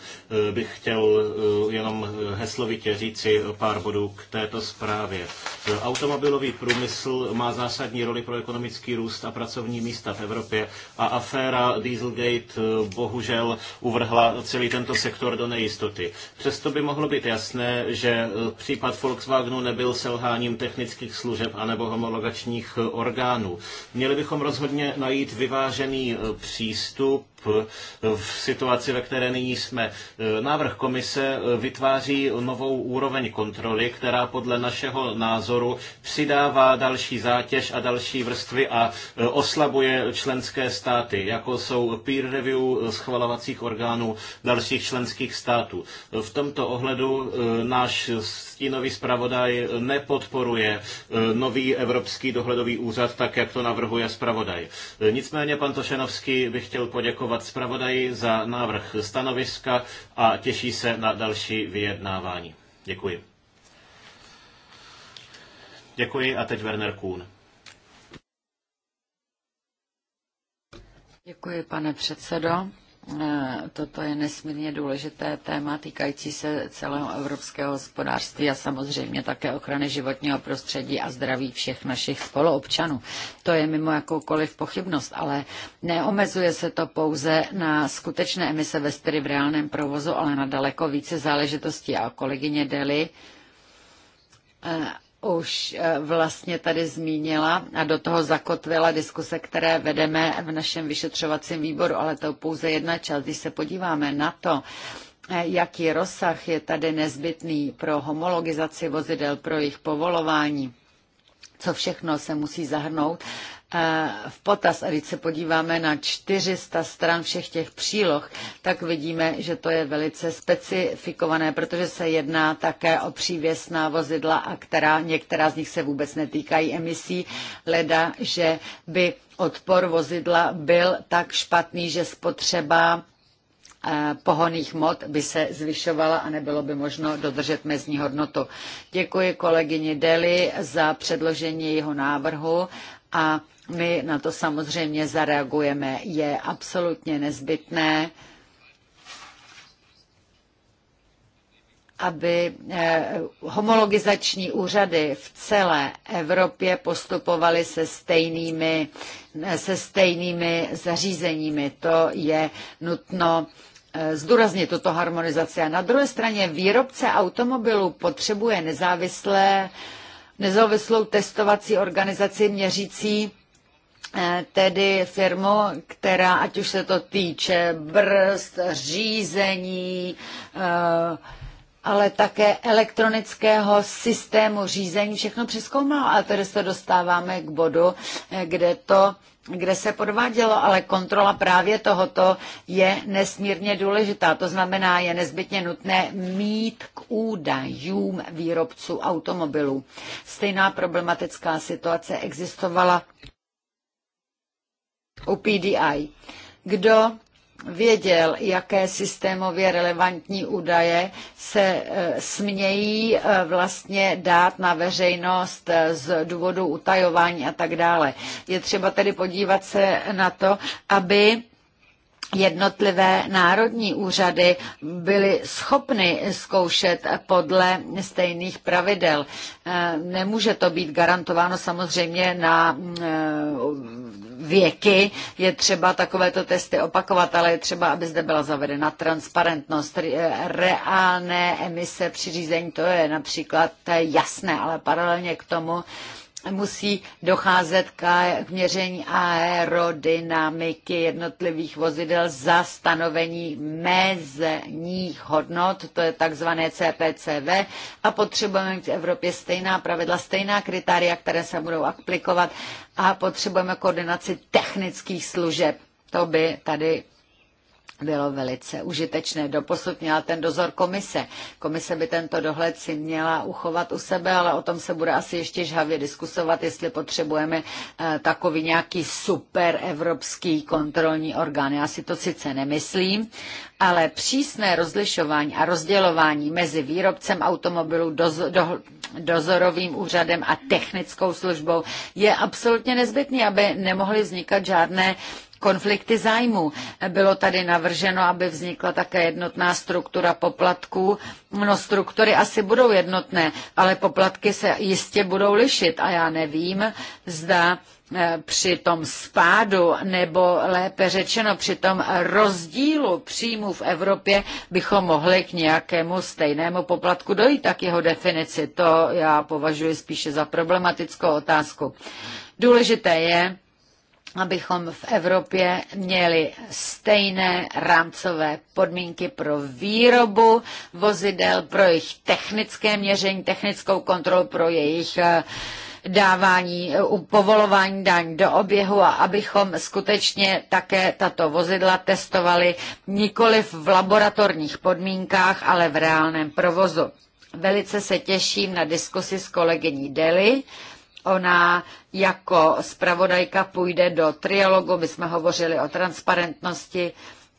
eh, bych chtěl eh, jenom heslovitě říci pár bodů k této zprávě. Eh, automobilový průmysl má zásadní roli pro ekonomický růst a pracovní místa v Evropě a aféra Dieselgate bohužel uvrhla celý tento sektor do nejistoty. Přesto by mohlo být jasné, že případ Volkswagenu nebyl selháním technických služeb anebo homo homologačních orgánů. Měli bychom rozhodně najít vyvážený e, přístup v situaci, ve které nyní jsme. Návrh komise vytváří novou úroveň kontroly, která podle našeho názoru přidává další zátěž a další vrstvy a oslabuje členské státy, jako jsou peer review schvalovacích orgánů dalších členských států. V tomto ohledu e, náš stínový zpravodaj nepodporuje e, nový Evropský dohledový úřad, tak jak to navrhuje zpravodaj. E, nicméně pan Tošenovský bych chtěl poděkovat poděkovat zpravodaji za návrh stanoviska a těší se na další vyjednávání. Děkuji. Děkuji a teď Werner Kuhn. Děkuji, pane předsedo. Eh, toto je nesmírně důležité téma týkající se celého evropského hospodářství a samozřejmě také ochrany životního prostředí a zdraví všech našich spoluobčanů. To je mimo jakoukoliv pochybnost, ale neomezuje se to pouze na skutečné emise vestery v reálném provozu, ale na daleko více záležitostí. A kolegyně Deli eh, už eh, vlastně tady zmínila a do toho zakotvila diskuse, které vedeme v našem vyšetřovacím výboru, ale to pouze jedna část. Když se podíváme na to, eh, jaký rozsah je tady nezbytný pro homologizaci vozidel, pro jejich povolování, co všechno se musí zahrnout, v potaz, a když se podíváme na 400 stran všech těch příloh, tak vidíme, že to je velice specifikované, protože se jedná také o přívěsná vozidla, a která, některá z nich se vůbec netýkají emisí, leda, že by odpor vozidla byl tak špatný, že spotřeba eh, pohoných mod by se zvyšovala a nebylo by možno dodržet mezní hodnotu. Děkuji kolegyni Deli za předložení jeho návrhu a my na to samozřejmě zareagujeme. Je absolutně nezbytné, aby eh, homologizační úřady v celé Evropě postupovaly se stejnými, eh, se stejnými zařízeními. To je nutno eh, zdůraznit tuto harmonizaci. A na druhé straně výrobce automobilů potřebuje nezávislé, nezávislou testovací organizaci měřící Eh, tedy firmu, která, ať už se to týče brzd, řízení, eh, ale také elektronického systému řízení, všechno přeskoumalo. A tady se dostáváme k bodu, eh, kde to kde se podvádělo, ale kontrola právě tohoto je nesmírně důležitá. To znamená, je nezbytně nutné mít k údajům výrobců automobilů. Stejná problematická situace existovala u PDI. Kdo věděl, jaké systémově relevantní údaje se e, smějí e, vlastně dát na veřejnost e, z důvodu utajování a tak dále. Je třeba tedy podívat se na to, aby jednotlivé národní úřady byly schopny zkoušet podle stejných pravidel. Nemůže to být garantováno samozřejmě na věky je třeba takovéto testy opakovat, ale je třeba, aby zde byla zavedena transparentnost, reálné emise při řízení, to je například jasné, ale paralelně k tomu musí docházet k měření aerodynamiky jednotlivých vozidel za stanovení mezních hodnot, to je takzvané CPCV, a potřebujeme mít v Evropě stejná pravidla, stejná kritéria, které se budou aplikovat a potřebujeme koordinaci technických služeb. To by tady bylo velice užitečné. Doposud měla ten dozor komise. Komise by tento dohled si měla uchovat u sebe, ale o tom se bude asi ještě žhavě diskusovat, jestli potřebujeme eh, takový nějaký super evropský kontrolní orgán. Já si to sice nemyslím, ale přísné rozlišování a rozdělování mezi výrobcem automobilů, do, dozorovým úřadem a technickou službou je absolutně nezbytný, aby nemohly vznikat žádné konflikty zájmu. Bylo tady navrženo, aby vznikla také jednotná struktura poplatků. No, struktury asi budou jednotné, ale poplatky se jistě budou lišit a já nevím, zda eh, při tom spádu, nebo lépe řečeno při tom rozdílu příjmů v Evropě, bychom mohli k nějakému stejnému poplatku dojít, tak jeho definici. To já považuji spíše za problematickou otázku. Důležité je, abychom v Evropě měli stejné rámcové podmínky pro výrobu vozidel, pro jejich technické měření, technickou kontrolu, pro jejich eh, dávání, eh, povolování daň do oběhu a abychom skutečně také tato vozidla testovali nikoli v laboratorních podmínkách, ale v reálném provozu. Velice se těším na diskusi s kolegyní Deli Ona jako zpravodajka půjde do trialogu, my jsme hovořili o transparentnosti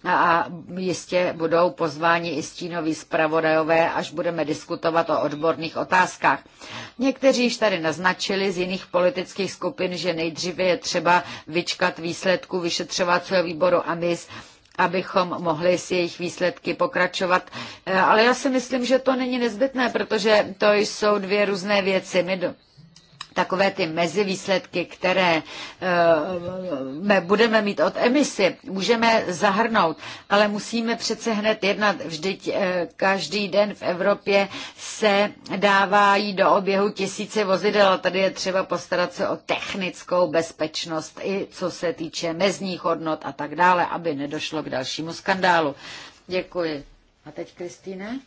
a jistě budou pozváni i stínoví zpravodajové, až budeme diskutovat o odborných otázkách. Někteří již tady naznačili z jiných politických skupin, že nejdříve je třeba vyčkat výsledku vyšetřovacího výboru AMIS, abychom mohli s jejich výsledky pokračovat. E, ale já si myslím, že to není nezbytné, protože to jsou dvě různé věci. My do takové ty mezivýsledky, které uh, budeme mít od emisy, můžeme zahrnout, ale musíme přece hned jednat. Vždyť uh, každý den v Evropě se dávají do oběhu tisíce vozidel a tady je třeba postarat se o technickou bezpečnost i co se týče mezních hodnot a tak dále, aby nedošlo k dalšímu skandálu. Děkuji. A teď Kristýne?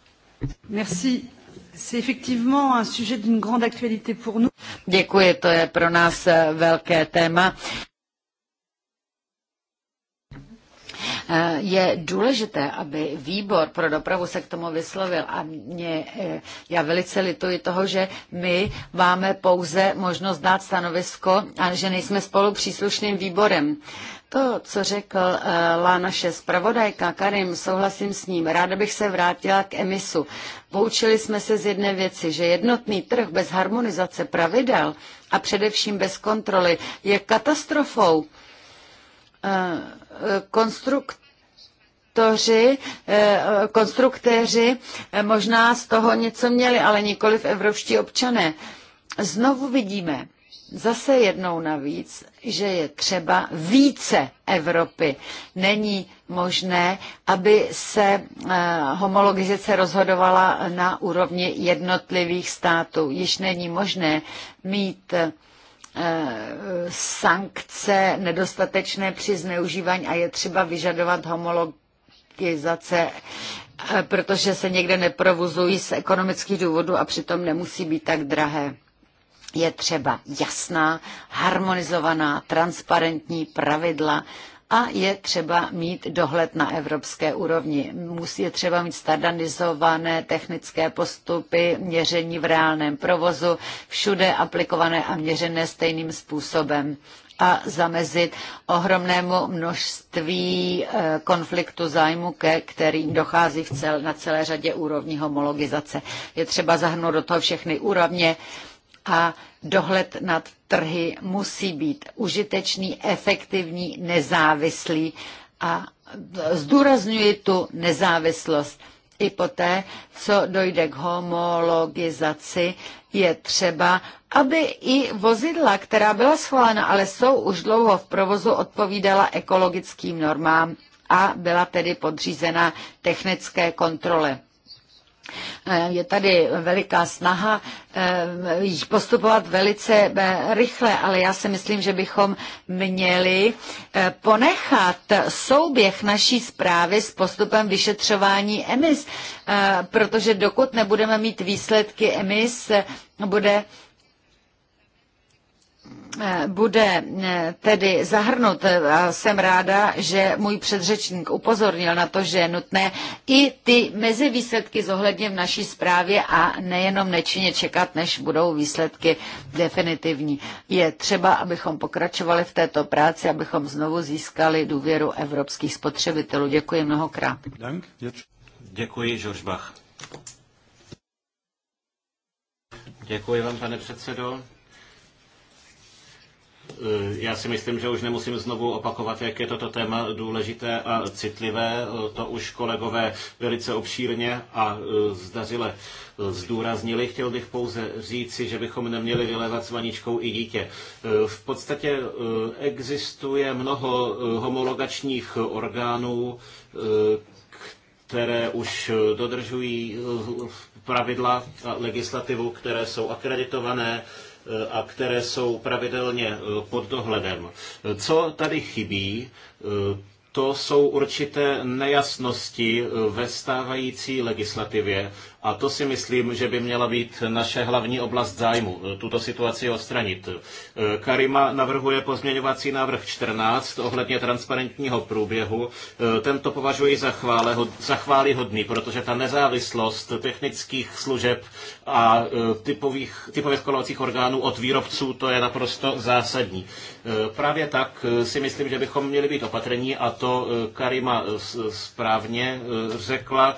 Merci. Děkuji, to je pro nás eh, velké téma. Eh, je důležité, aby výbor pro dopravu se k tomu vyslovil a mě, eh, já velice lituji toho, že my máme pouze možnost dát stanovisko a že nejsme spolu příslušným výborem. To, co řekl uh, naše zpravodajka Karim, souhlasím s ním. Ráda bych se vrátila k emisu. Poučili jsme se z jedné věci, že jednotný trh bez harmonizace pravidel a především bez kontroly je katastrofou. Uh, eh, eh, konstrukt konstruktéři možná z toho něco měli, ale nikoli v evropští občané. Znovu vidíme, zase jednou navíc, že je třeba více Evropy. Není možné, aby se eh, homologizace rozhodovala na úrovni jednotlivých států. Již není možné mít eh, sankce nedostatečné při zneužívání a je třeba vyžadovat homologizace eh, protože se někde neprovozují z ekonomických důvodů a přitom nemusí být tak drahé je třeba jasná, harmonizovaná, transparentní pravidla a je třeba mít dohled na evropské úrovni. Musí je třeba mít standardizované technické postupy, měření v reálném provozu, všude aplikované a měřené stejným způsobem a zamezit ohromnému množství eh, konfliktu zájmu, ke kterým dochází v cel, na celé řadě úrovní homologizace. Je třeba zahrnout do toho všechny úrovně a Dohled nad trhy musí být užitečný, efektivní, nezávislý a zdůrazňuji tu nezávislost. I poté, co dojde k homologizaci, je třeba, aby i vozidla, která byla schválena, ale jsou už dlouho v provozu, odpovídala ekologickým normám a byla tedy podřízena technické kontrole. Je tady veliká snaha eh, postupovat velice eh, rychle, ale já si myslím, že bychom měli eh, ponechat souběh naší zprávy s postupem vyšetřování emis, protože dokud nebudeme mít výsledky emis, bude bude eh, tedy zahrnut. Eh, jsem ráda, že můj předřečník upozornil na to, že je nutné i ty mezi výsledky zohledně v naší zprávě a nejenom nečině čekat, než budou výsledky definitivní. Je třeba, abychom pokračovali v této práci, abychom znovu získali důvěru evropských spotřebitelů. Děkuji mnohokrát. Děkuji, George Bach. Děkuji vám, pane předsedo. Eh, já si myslím, že už nemusím znovu opakovat, jak je toto téma důležité a citlivé. Eh, to už kolegové velice obšírně a eh, zdařile zdůraznili. Chtěl bych pouze říci, že bychom neměli vylévat s vaničkou i dítě. V podstatě existuje mnoho homologačních orgánů, které už dodržují pravidla a legislativu, které jsou akreditované, Eh, a které jsou pravidelně eh, pod dohledem. Co tady chybí, eh, to jsou určité nejasnosti ve stávající legislativě, a to si myslím, že by měla být naše hlavní oblast zájmu, eh, tuto situaci odstranit. Eh, Karima navrhuje pozměňovací návrh 14 ohledně transparentního průběhu. Eh, tento považuji za, chvále, za chválihodný, protože ta nezávislost technických služeb a typových, typově schvalovacích orgánů od výrobců, to je naprosto zásadní. Právě tak si myslím, že bychom měli být opatrní a to Karima správně řekla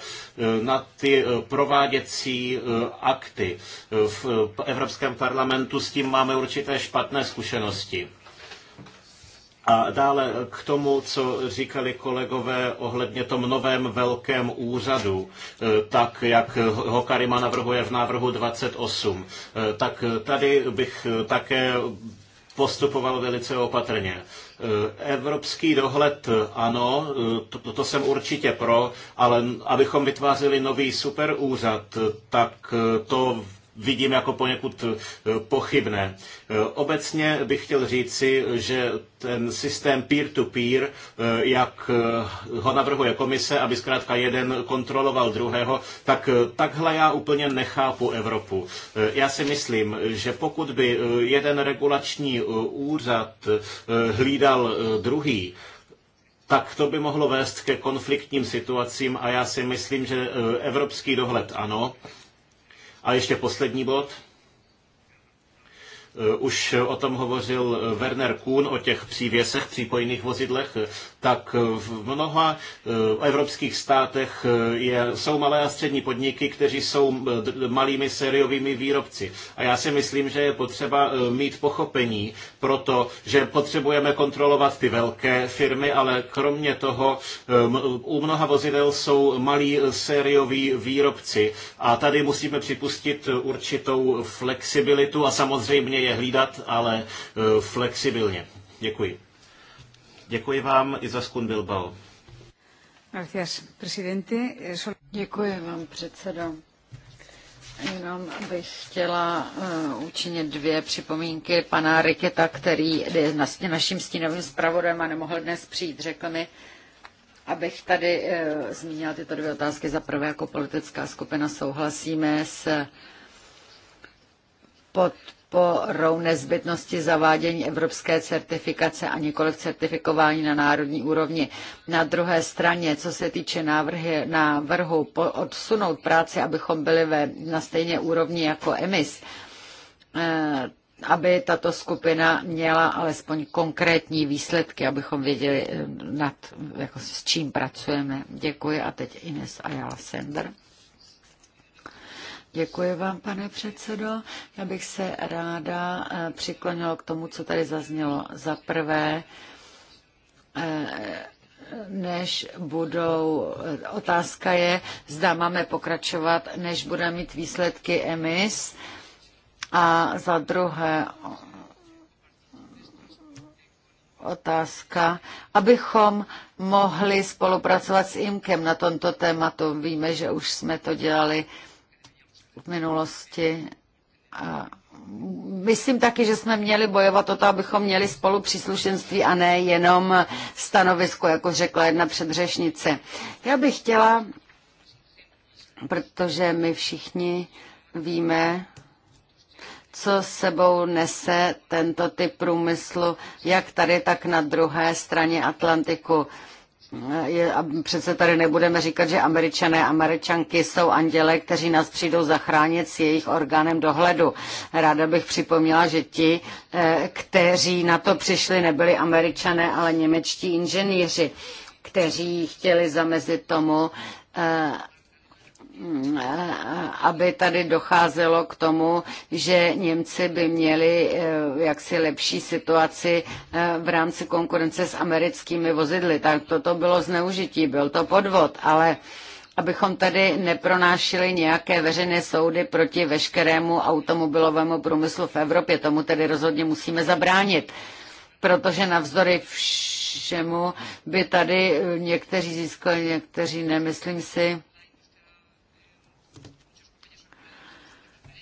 na ty pro prováděcí eh, akty. V eh, Evropském parlamentu s tím máme určité špatné zkušenosti. A dále k tomu, co říkali kolegové ohledně tom novém velkém úřadu, eh, tak jak ho Karima navrhuje v návrhu 28, tak tady bych také postupoval velice opatrně. Eh, evropský dohled eh, ano, eh, to, to jsem určitě pro, ale abychom vytvářeli nový superúřad, tak to vidím jako poněkud eh, pochybné. Eh, obecně bych chtěl říci, že ten systém peer-to-peer, eh, jak ho navrhuje komise, aby zkrátka jeden kontroloval druhého, tak takhle já úplně nechápu Evropu. Já si myslím, že pokud by jeden regulační úřad hlídal druhý, tak to by mohlo vést ke konfliktním situacím a já si myslím, že evropský dohled ano, a ještě poslední bod. Už o tom hovořil Werner Kuhn, o těch přívěsech, přípojných vozidlech tak v mnoha eh, evropských státech eh, je, jsou malé a střední podniky, kteří jsou eh, malými sériovými výrobci. A já si myslím, že je potřeba mít pochopení pro to, že potřebujeme kontrolovat ty velké firmy, ale kromě toho u mnoha vozidel jsou malí sérioví výrobci. A tady musíme připustit určitou flexibilitu a samozřejmě je hlídat, ale flexibilně. Děkuji. Děkuji vám i za Skun Bilbao. Děkuji vám, předsedo. Jenom bych chtěla uh, učinit dvě připomínky pana Riketa, který je naším stínovým zpravodem a nemohl dnes přijít. Řekl mi, abych tady uh, zmínila tyto dvě otázky. Za prvé, jako politická skupina souhlasíme s pod po rou nezbytnosti zavádění evropské certifikace a nikoliv certifikování na národní úrovni. Na druhé straně, co se týče návrhy, návrhu odsunout práci, abychom byli ve, na stejné úrovni jako EMIS, eh, aby tato skupina měla alespoň konkrétní výsledky, abychom věděli, eh, nad, jako s čím pracujeme. Děkuji a teď Ines Ayala Sender. Děkuji vám, pane předsedo. Já bych se ráda eh, přiklonila k tomu, co tady zaznělo. Za prvé, eh, než budou, eh, otázka je, zda máme pokračovat, než budeme mít výsledky emis. A za druhé, otázka, abychom mohli spolupracovat s IMKem na tomto tématu. Víme, že už jsme to dělali v minulosti. A myslím taky, že jsme měli bojovat o to, abychom měli spolu příslušenství a ne jenom stanovisko, jako řekla jedna předřešnice. Já bych chtěla, protože my všichni víme, co sebou nese tento typ průmyslu, jak tady, tak na druhé straně Atlantiku je, a přece tady nebudeme říkat, že američané američanky jsou anděle, kteří nás přijdou zachránit s jejich orgánem dohledu. Ráda bych připomněla, že ti, eh, kteří na to přišli, nebyli američané, ale němečtí inženýři, kteří chtěli zamezit tomu, eh, Eh, aby tady docházelo k tomu, že Němci by měli eh, jaksi lepší situaci eh, v rámci konkurence s americkými vozidly. Tak toto bylo zneužití, byl to podvod, ale abychom tady nepronášili nějaké veřejné soudy proti veškerému automobilovému průmyslu v Evropě. Tomu tedy rozhodně musíme zabránit, protože navzdory všemu by tady někteří získali, někteří nemyslím si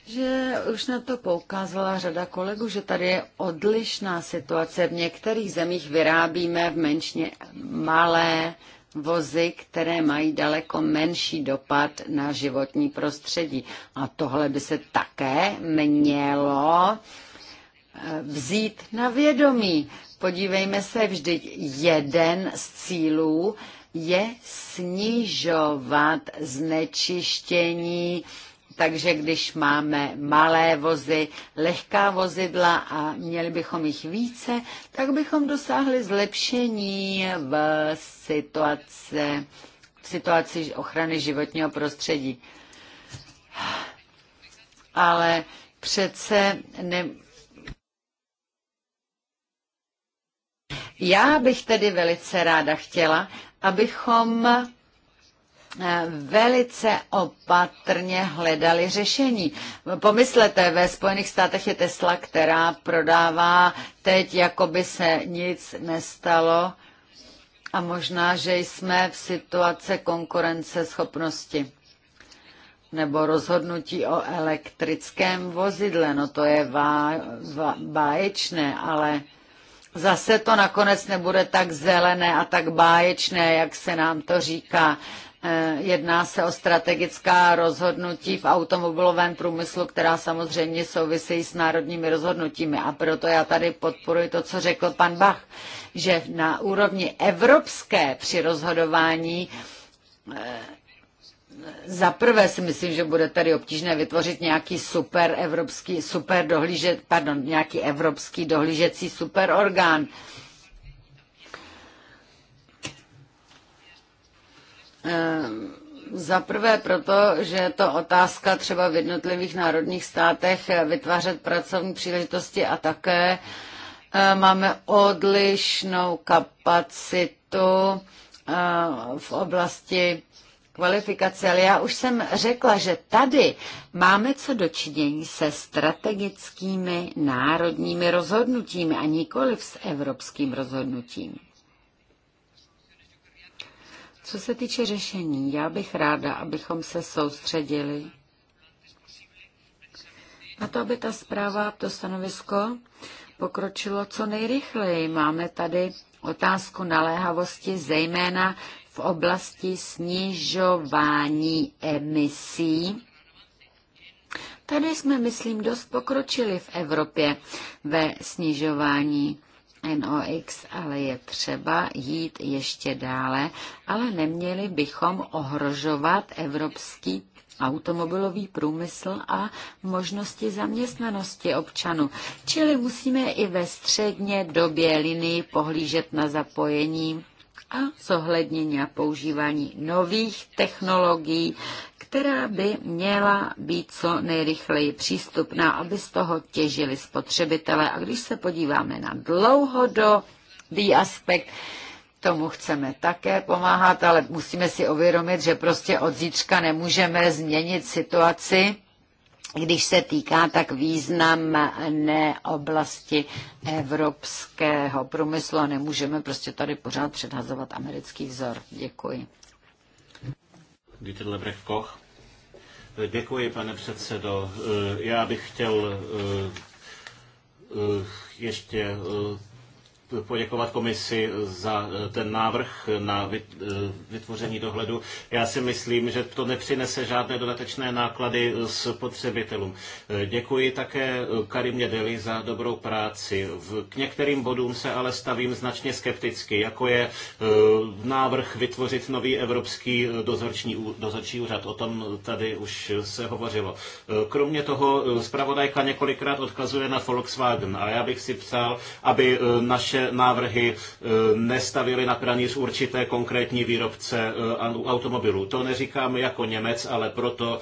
že už na to poukázala řada kolegů, že tady je odlišná situace. V některých zemích vyrábíme v menšině malé vozy, které mají daleko menší dopad na životní prostředí. A tohle by se také mělo eh, vzít na vědomí. Podívejme se, vždy jeden z cílů je snižovat znečištění takže když máme malé vozy, lehká vozidla a měli bychom jich více, tak bychom dosáhli zlepšení v situaci, v situaci ochrany životního prostředí. Ale přece ne, Já bych tedy velice ráda chtěla, abychom velice opatrně hledali řešení. Pomyslete, ve Spojených státech je Tesla, která prodává teď, jako by se nic nestalo a možná, že jsme v situace schopnosti, nebo rozhodnutí o elektrickém vozidle. No to je vá, vá, báječné, ale zase to nakonec nebude tak zelené a tak báječné, jak se nám to říká. Eh, jedná se o strategická rozhodnutí v automobilovém průmyslu, která samozřejmě souvisejí s národními rozhodnutími. A proto já tady podporuji to, co řekl pan Bach, že na úrovni evropské při rozhodování eh, za prvé si myslím, že bude tady obtížné vytvořit nějaký super evropský, super dohlížet, pardon, nějaký evropský dohlížecí superorgán. orgán Ehm, za prvé proto, že je to otázka třeba v jednotlivých národních státech vytvářet pracovní příležitosti a také eh, máme odlišnou kapacitu eh, v oblasti kvalifikace, ale já už jsem řekla, že tady máme co dočinění se strategickými národními rozhodnutími a nikoli s evropským rozhodnutím. Co se týče řešení, já bych ráda, abychom se soustředili na to, aby ta zpráva, to stanovisko pokročilo co nejrychleji. Máme tady otázku naléhavosti, zejména v oblasti snižování emisí. Tady jsme, myslím, dost pokročili v Evropě ve snižování NOx, ale je třeba jít ještě dále, ale neměli bychom ohrožovat evropský automobilový průmysl a možnosti zaměstnanosti občanů. Čili musíme i ve středně době linii pohlížet na zapojení a zohlednění a používání nových technologií, která by měla být co nejrychleji přístupná, aby z toho těžili spotřebitelé. A když se podíváme na dlouhodobý aspekt, tomu chceme také pomáhat, ale musíme si uvědomit, že prostě od zítřka nemůžeme změnit situaci když se týká tak významné oblasti evropského průmyslu a nemůžeme prostě tady pořád předhazovat americký vzor. Děkuji. Dieter Koch. Děkuji, pane předsedo. Eh, já bych chtěl eh, eh, ještě poděkovat komisi za eh, ten návrh na eh, vytvoření dohledu. Já si myslím, že to nepřinese žádné dodatečné náklady eh, s potřebitelům. Děkuji také Karimě Deli za dobrou práci. K některým bodům se ale stavím značně skepticky, jako je návrh vytvořit nový evropský dozorčí, dozorčí úřad. O tom tady už se hovořilo. Kromě toho zpravodajka několikrát odkazuje na Volkswagen a já bych si přál, aby naše naše návrhy eh, nestavili na pranýř určité konkrétní výrobce eh, automobilů. To neříkám jako Němec, ale proto,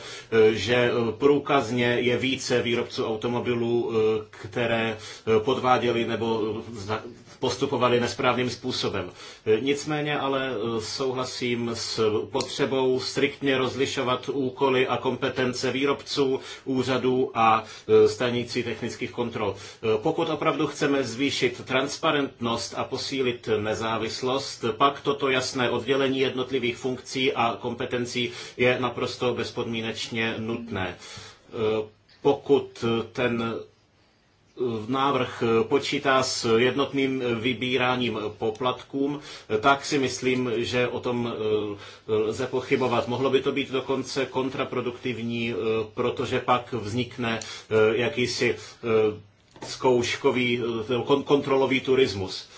eh, že průkazně je více výrobců automobilů, které podváděli nebo postupovali nesprávným způsobem. E, nicméně ale e, souhlasím s potřebou striktně rozlišovat úkoly a kompetence výrobců, úřadů a e, stanicí technických kontrol. Pokud opravdu chceme zvýšit transparentnost a posílit nezávislost, pak toto jasné oddělení jednotlivých funkcí a kompetencí je naprosto bezpodmínečně nutné. Pokud ten návrh eh, počítá s jednotným eh, vybíráním poplatkům, eh, tak si myslím, že o tom lze pochybovat. Mohlo by to být dokonce kontraproduktivní, protože pak vznikne jakýsi zkouškový, kontrolový turismus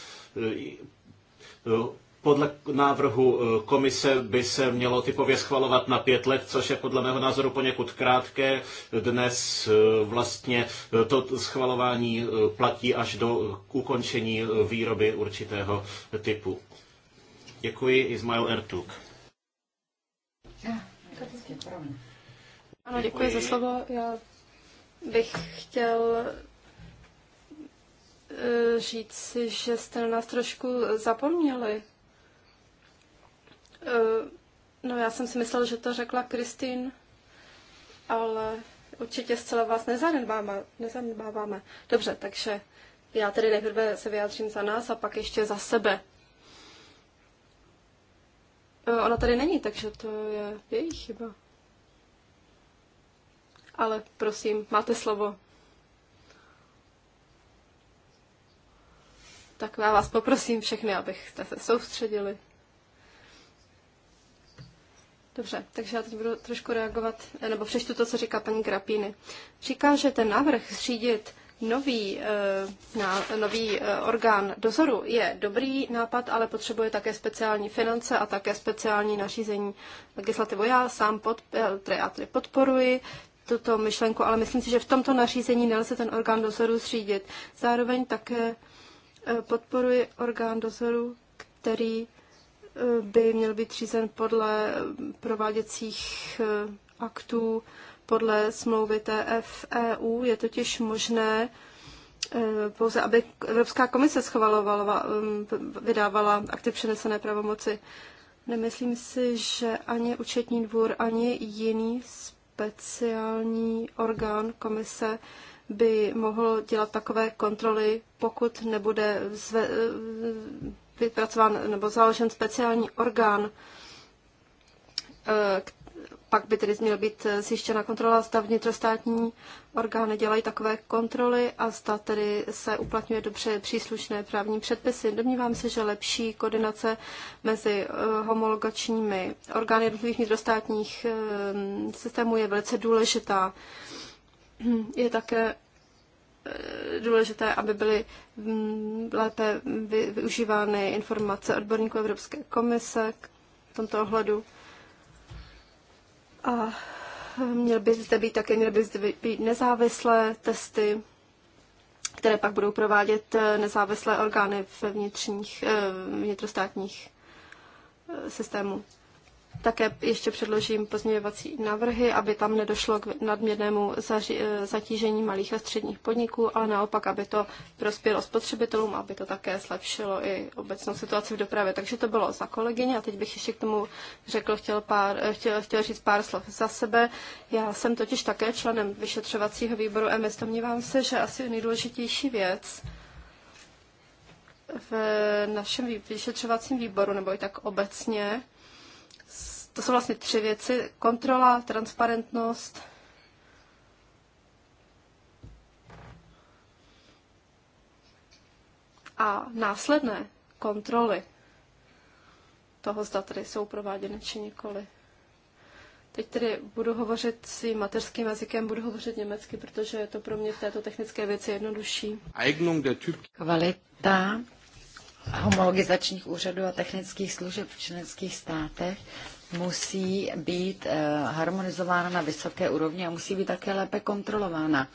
podle návrhu eh, komise by se mělo typově schvalovat na pět let, což je podle mého názoru poněkud krátké. Dnes eh, vlastně eh, to schvalování platí až do ukončení výroby určitého typu. Děkuji, Ismail Ertuk. Prostě ano, děkuji za slovo. Já bych chtěl říct si, že jste na nás trošku zapomněli. Eh, no já jsem si myslela, že to řekla Kristýn, ale určitě zcela vás nezanedbáváme. nezanedbáváme. Dobře, takže já tedy nejprve se vyjádřím za nás a pak ještě za sebe. Eh, ona tady není, takže to je její chyba. Ale prosím, máte slovo. Tak já vás poprosím všechny, abyste se soustředili. Dobře, takže já teď budu trošku reagovat, nebo přečtu to, co říká paní Grapíny. Říká, že ten návrh zřídit nový, eh, na, nový eh, orgán dozoru je dobrý nápad, ale potřebuje také speciální finance a také speciální nařízení legislativu. Já sám pod, eh, já podporuji tuto myšlenku, ale myslím si, že v tomto nařízení nelze ten orgán dozoru zřídit. Zároveň také podporuji orgán dozoru, který by měl být řízen podle prováděcích eh, aktů, podle smlouvy TFEU. Je totiž možné eh, pouze, aby Evropská komise schvalovala, eh, vydávala akty přenesené pravomoci. Nemyslím si, že ani účetní dvůr, ani jiný speciální orgán komise by mohl dělat takové kontroly, pokud nebude zve, vypracován nebo založen speciální orgán, eh, pak by tedy měla být eh, zjištěna kontrola, zda vnitrostátní orgány dělají takové kontroly a zda tedy se uplatňuje dobře příslušné právní předpisy. Domnívám se, že lepší koordinace mezi eh, homologačními orgány jednotlivých vnitrostátních systémů je velice důležitá. Je také Eh, důležité, aby byly mm, lépe využívány informace odborníků Evropské komise v tomto ohledu. A měl by zde být také měly by zde být nezávislé testy, které pak budou provádět eh, nezávislé orgány ve vnitřních, eh, vnitrostátních systémů. Také ještě předložím pozměňovací návrhy, aby tam nedošlo k nadměrnému e, zatížení malých a středních podniků, ale naopak, aby to prospělo spotřebitelům, aby to také zlepšilo i obecnou situaci v dopravě. Takže to bylo za kolegyně a teď bych ještě k tomu řekl, chtěl, pár, e, chtěl, chtěl říct pár slov za sebe. Já jsem totiž také členem vyšetřovacího výboru MS. Domnívám se, že asi nejdůležitější věc, v našem vyšetřovacím výboru, nebo i tak obecně, to jsou vlastně tři věci. Kontrola, transparentnost. A následné kontroly toho, zda tady jsou prováděny či nikoli. Teď tedy budu hovořit svým mateřským jazykem, budu hovořit německy, protože je to pro mě v této technické věci jednodušší. Kvalita homologizačních úřadů a technických služeb v členských státech musí být eh, harmonizována na vysoké úrovni a musí být také lépe kontrolována.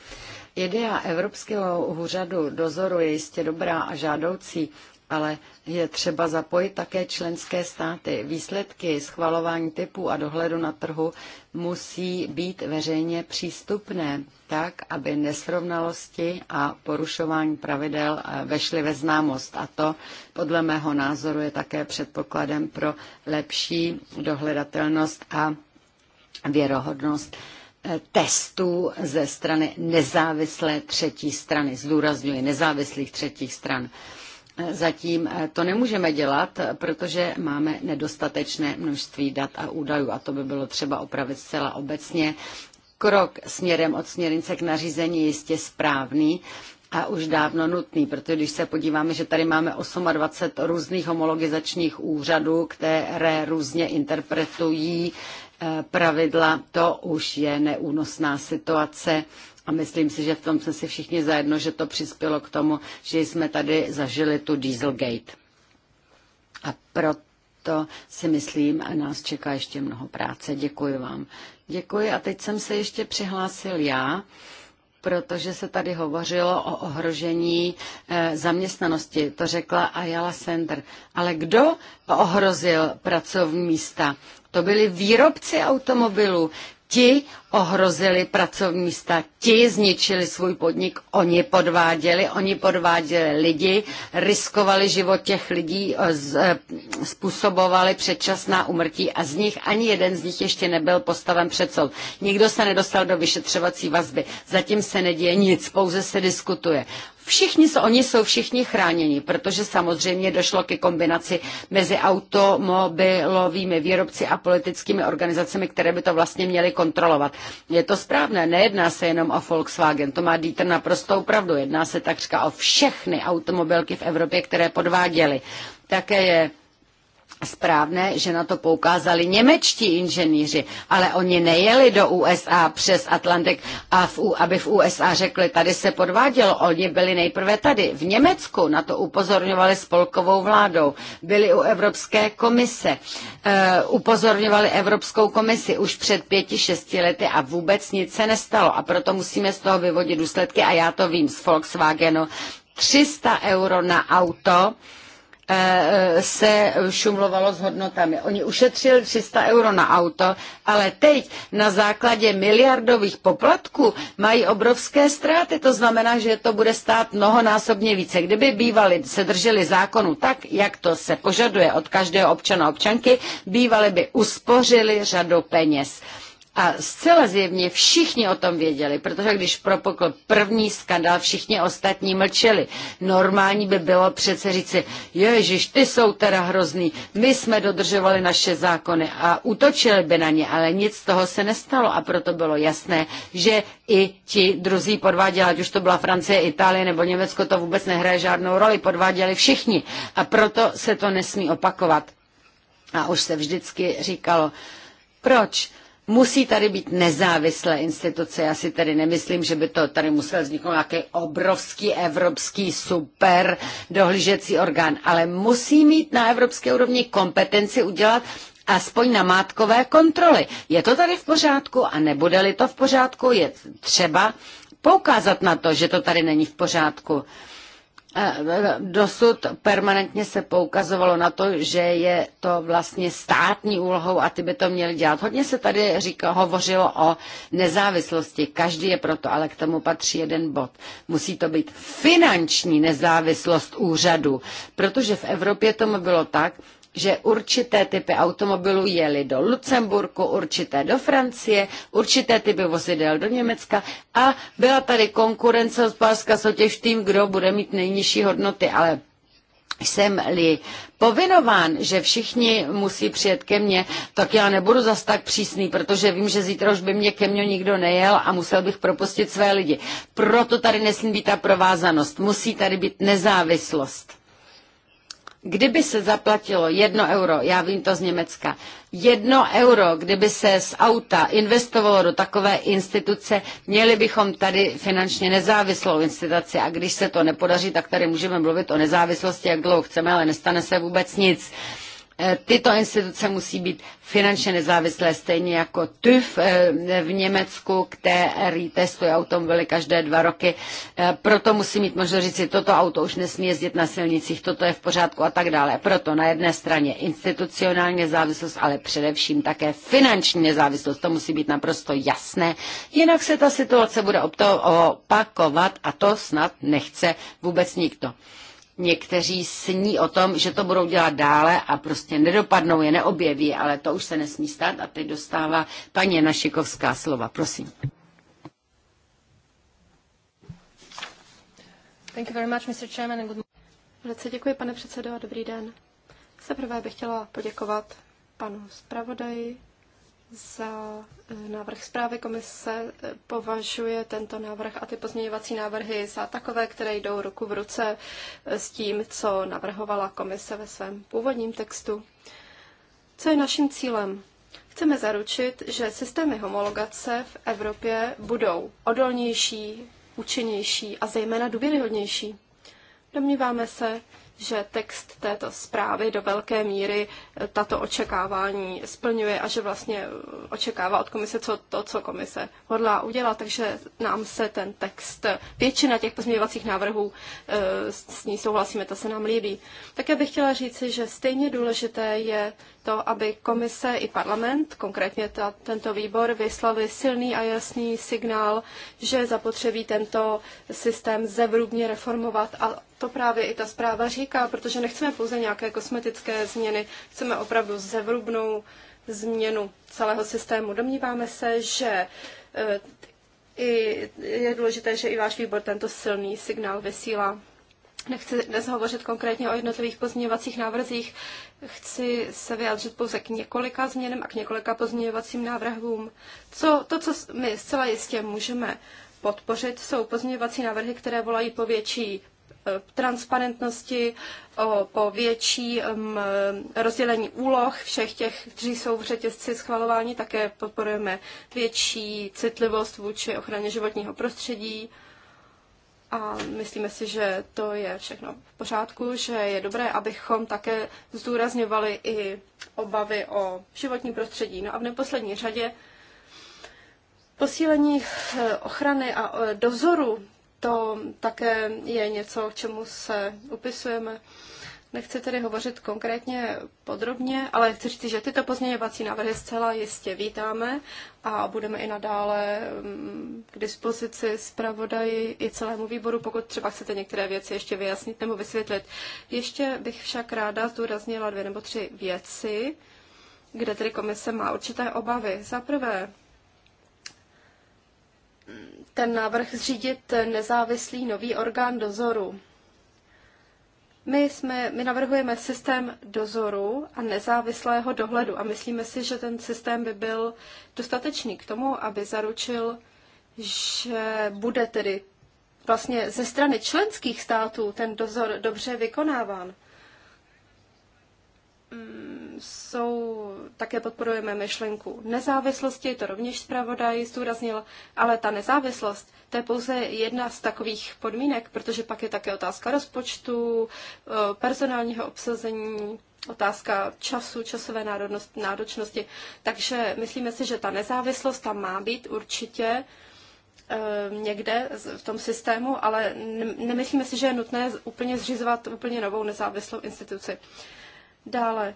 Idea Evropského úřadu dozoru je jistě dobrá a žádoucí, ale je třeba zapojit také členské státy. Výsledky schvalování typů a dohledu na trhu musí být veřejně přístupné, tak, aby nesrovnalosti a porušování pravidel eh, vešly ve známost. A to podle mého názoru je také předpokladem pro lepší dohledatelnost a věrohodnost eh, testů ze strany nezávislé třetí strany, zdůrazňuji nezávislých třetích stran. Zatím eh, to nemůžeme dělat, protože máme nedostatečné množství dat a údajů a to by bylo třeba opravit zcela obecně. Krok směrem od směrnice k nařízení je jistě správný, a už dávno nutný, protože když se podíváme, že tady máme 28 různých homologizačních úřadů, které různě interpretují Eh, pravidla, to už je neúnosná situace. A myslím si, že v tom jsme si všichni zajedno, že to přispělo k tomu, že jsme tady zažili tu Dieselgate. A proto si myslím, a nás čeká ještě mnoho práce. Děkuji vám. Děkuji. A teď jsem se ještě přihlásil já protože se tady hovořilo o ohrožení eh, zaměstnanosti. To řekla Ayala Center. Ale kdo ohrozil pracovní místa? To byli výrobci automobilů. Ti ohrozili pracovní místa, ti zničili svůj podnik, oni podváděli, oni podváděli lidi, riskovali život těch lidí, eh, eh, způsobovali předčasná umrtí a z nich ani jeden z nich ještě nebyl postaven před soud. Nikdo se nedostal do vyšetřovací vazby, zatím se neděje nic, pouze se diskutuje. Všichni jsou, oni jsou všichni chráněni, protože samozřejmě došlo ke kombinaci mezi automobilovými výrobci a politickými organizacemi, které by to vlastně měly kontrolovat. Je to správné, nejedná se jenom o Volkswagen, to má Dieter naprostou pravdu, jedná se takřka o všechny automobilky v Evropě, které podváděly. Také je správné, že na to poukázali němečtí inženýři, ale oni nejeli do USA přes Atlantik, a v, aby v USA řekli, tady se podvádělo. Oni byli nejprve tady, v Německu, na to upozorňovali spolkovou vládou, byli u Evropské komise, e, upozorňovali Evropskou komisi už před pěti, šesti lety a vůbec nic se nestalo. A proto musíme z toho vyvodit důsledky a já to vím z Volkswagenu. 300 euro na auto, Eh, eh, se šumlovalo s hodnotami. Oni ušetřili 300 euro na auto, ale teď na základě miliardových poplatků mají obrovské ztráty. To znamená, že to bude stát mnohonásobně více. Kdyby bývali se drželi zákonu tak, jak to se požaduje od každého občana občanky, bývali by uspořili řadu peněz. A zcela zjevně všichni o tom věděli, protože když propukl první skandal, všichni ostatní mlčeli. Normální by bylo přece říci, ježiš, ty jsou teda hrozný, my jsme dodržovali naše zákony a útočili by na ně, ale nic z toho se nestalo a proto bylo jasné, že i ti druzí podváděli, ať už to byla Francie, Itálie nebo Německo, to vůbec nehraje žádnou roli, podváděli všichni a proto se to nesmí opakovat. A už se vždycky říkalo, proč? Musí tady být nezávislé instituce. Já si tedy nemyslím, že by to tady musel vzniknout nějaký obrovský evropský super dohlížecí orgán, ale musí mít na evropské úrovni kompetenci udělat aspoň mátkové kontroly. Je to tady v pořádku a nebude-li to v pořádku, je třeba poukázat na to, že to tady není v pořádku. Eh, dosud permanentně se poukazovalo na to, že je to vlastně státní úlohou a ty by to měli dělat. Hodně se tady hovořilo o nezávislosti. Každý je proto, ale k tomu patří jeden bod. Musí to být finanční nezávislost úřadu, protože v Evropě tomu bylo tak, že určité typy automobilů jeli do Lucemburku, určité do Francie, určité typy vozidel do Německa a byla tady konkurence hospodářská soutěž tým, kdo bude mít nejnižší hodnoty, ale jsem-li povinován, že všichni musí přijet ke mně, tak já nebudu zas tak přísný, protože vím, že zítra už by mě ke mně nikdo nejel a musel bych propustit své lidi. Proto tady nesmí být ta provázanost. Musí tady být nezávislost. Kdyby se zaplatilo jedno euro, já vím to z Německa, jedno euro, kdyby se z auta investovalo do takové instituce, měli bychom tady finančně nezávislou instituci a když se to nepodaří, tak tady můžeme mluvit o nezávislosti, jak dlouho chceme, ale nestane se vůbec nic. Eh, tyto instituce musí být finančně nezávislé, stejně jako TÜV eh, v Německu, který testuje automobily každé dva roky. Eh, proto musí mít možnost říct si, toto auto už nesmí jezdit na silnicích, toto je v pořádku a tak dále. Proto na jedné straně institucionální nezávislost, ale především také finanční nezávislost. To musí být naprosto jasné, jinak se ta situace bude opakovat a to snad nechce vůbec nikdo. Někteří sní o tom, že to budou dělat dále a prostě nedopadnou je, neobjeví, ale to už se nesmí stát a teď dostává paní Našikovská slova. Prosím. Thank you very much, Mr. Chairman, and good Velice děkuji, pane předsedo, a dobrý den. Za prvé bych chtěla poděkovat panu zpravodaji za eh, návrh zprávy komise eh, považuje tento návrh a ty pozměňovací návrhy za takové, které jdou ruku v ruce eh, s tím, co navrhovala komise ve svém původním textu. Co je naším cílem? Chceme zaručit, že systémy homologace v Evropě budou odolnější, účinnější a zejména důvěryhodnější. Domníváme se, že text této zprávy do velké míry eh, tato očekávání splňuje a že vlastně eh, očekává od komise co, to, co komise hodlá udělat, takže nám se ten text, eh, většina těch pozměňovacích návrhů s ní souhlasíme, to se nám líbí. Také bych chtěla říci, že stejně důležité je to, aby komise i parlament, konkrétně ta, tento výbor, vyslali silný a jasný signál, že zapotřebí tento systém zevrubně reformovat a to právě i ta zpráva říká, protože nechceme pouze nějaké kosmetické změny, chceme opravdu zevrubnou změnu celého systému. Domníváme se, že eh, i je důležité, že i váš výbor tento silný signál vysílá. Nechci dnes hovořit konkrétně o jednotlivých pozměňovacích návrzích, chci se vyjádřit pouze k několika změnám a k několika pozměňovacím návrhům. Co, to, co my zcela jistě můžeme podpořit, jsou pozměňovací návrhy, které volají po větší eh, transparentnosti, o, po větší um, rozdělení úloh všech těch, kteří jsou v řetězci schvalování. Také podporujeme větší citlivost vůči ochraně životního prostředí a myslíme si, že to je všechno v pořádku, že je dobré, abychom také zdůrazňovali i obavy o životní prostředí. No a v neposlední řadě posílení eh, ochrany a eh, dozoru, to také je něco, k čemu se upisujeme. Nechci tedy hovořit konkrétně podrobně, ale chci říct, že tyto pozměňovací návrhy zcela jistě vítáme a budeme i nadále mm, k dispozici zpravodaji i celému výboru, pokud třeba chcete některé věci ještě vyjasnit nebo vysvětlit. Ještě bych však ráda zdůraznila dvě nebo tři věci, kde tedy komise má určité obavy. Za prvé, ten návrh zřídit nezávislý nový orgán dozoru. My, jsme, my navrhujeme systém dozoru a nezávislého dohledu a myslíme si, že ten systém by byl dostatečný k tomu, aby zaručil, že bude tedy vlastně ze strany členských států ten dozor dobře vykonáván. Mm jsou, také podporujeme myšlenku nezávislosti, to rovněž zpravodaj zdůraznil, ale ta nezávislost, to je pouze jedna z takových podmínek, protože pak je také otázka rozpočtu, eh, personálního obsazení, otázka času, časové náročnosti. Takže myslíme si, že ta nezávislost tam má být určitě eh, někde v tom systému, ale nemyslíme si, že je nutné úplně zřizovat úplně novou nezávislou instituci. Dále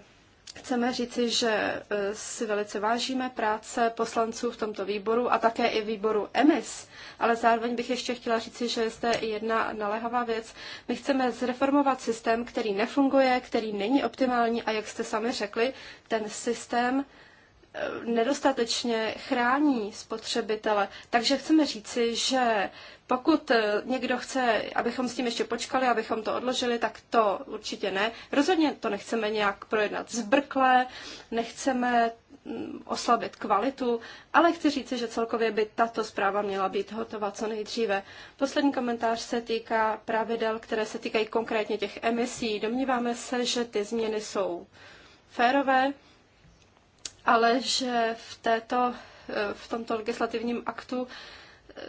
Chceme říci, že e, si velice vážíme práce poslanců v tomto výboru a také i výboru EMIS, ale zároveň bych ještě chtěla říci, že je zde i jedna naléhavá věc. My chceme zreformovat systém, který nefunguje, který není optimální a jak jste sami řekli, ten systém nedostatečně chrání spotřebitele. Takže chceme říci, že pokud někdo chce, abychom s tím ještě počkali, abychom to odložili, tak to určitě ne. Rozhodně to nechceme nějak projednat zbrkle, nechceme mm, oslabit kvalitu, ale chci říci, že celkově by tato zpráva měla být hotová co nejdříve. Poslední komentář se týká pravidel, které se týkají konkrétně těch emisí. Domníváme se, že ty změny jsou férové, ale že v, této, v tomto legislativním aktu eh,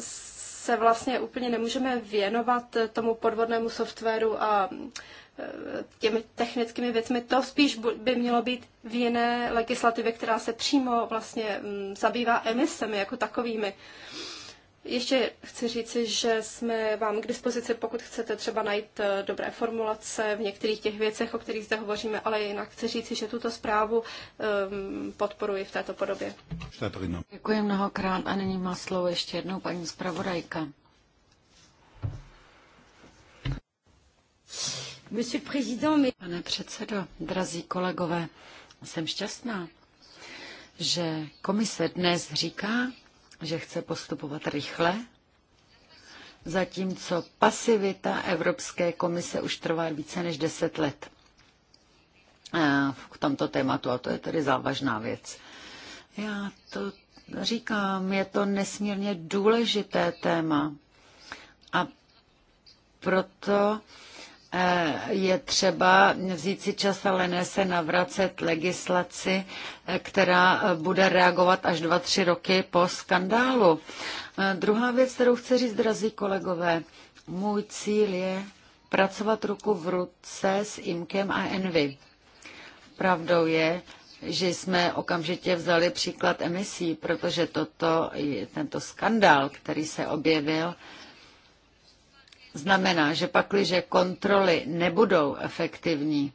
se vlastně úplně nemůžeme věnovat tomu podvodnému softwaru a eh, těmi technickými věcmi. To spíš by mělo být v jiné legislativě, která se přímo vlastně mm, zabývá emisemi jako takovými. Ještě chci říci, že jsme vám k dispozici, pokud chcete třeba najít eh, dobré formulace v některých těch věcech, o kterých zde hovoříme, ale jinak chci říci, že tuto zprávu um, podporuji v této podobě. Děkuji mnohokrát a nyní má slovo ještě jednou paní zpravodajka. Pane předsedo, drazí kolegové, jsem šťastná, že komise dnes říká, že chce postupovat rychle, zatímco pasivita Evropské komise už trvá více než 10 let k tomto tématu a to je tedy závažná věc. Já to říkám, je to nesmírně důležité téma a proto Eh, je třeba vzít si čas, ale ne se navracet legislaci, eh, která eh, bude reagovat až dva, tři roky po skandálu. Druhá věc, kterou chci říct, drazí kolegové, můj cíl je pracovat ruku v ruce s Imkem a Envy. Pravdou je, že jsme okamžitě vzali příklad emisí, protože toto, tento skandál, který se objevil, znamená, že pakliže kontroly nebudou efektivní,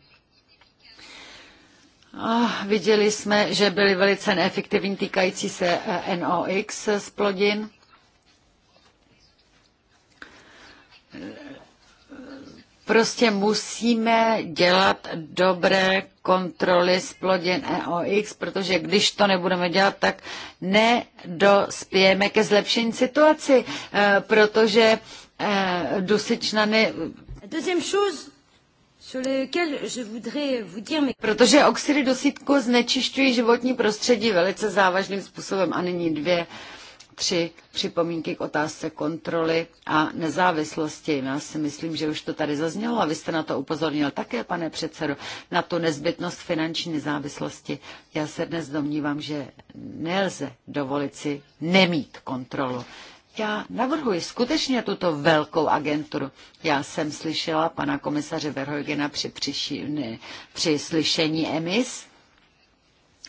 Oh, viděli jsme, že byly velice neefektivní týkající se eh, NOx z plodin. Prostě musíme dělat dobré kontroly z plodin NOx, protože když to nebudeme dělat, tak nedospějeme ke zlepšení situaci, eh, protože Eh, dusičnany. Protože oxidy dusíku znečišťují životní prostředí velice závažným způsobem a nyní dvě tři připomínky k otázce kontroly a nezávislosti. Já si myslím, že už to tady zaznělo a vy jste na to upozornil také, pane předsedo, na tu nezbytnost finanční nezávislosti. Já se dnes domnívám, že nelze dovolit si nemít kontrolu. Já navrhuji skutečně tuto velkou agenturu. Já jsem slyšela pana komisaře Verhojgena při, při, ne, při slyšení EMIS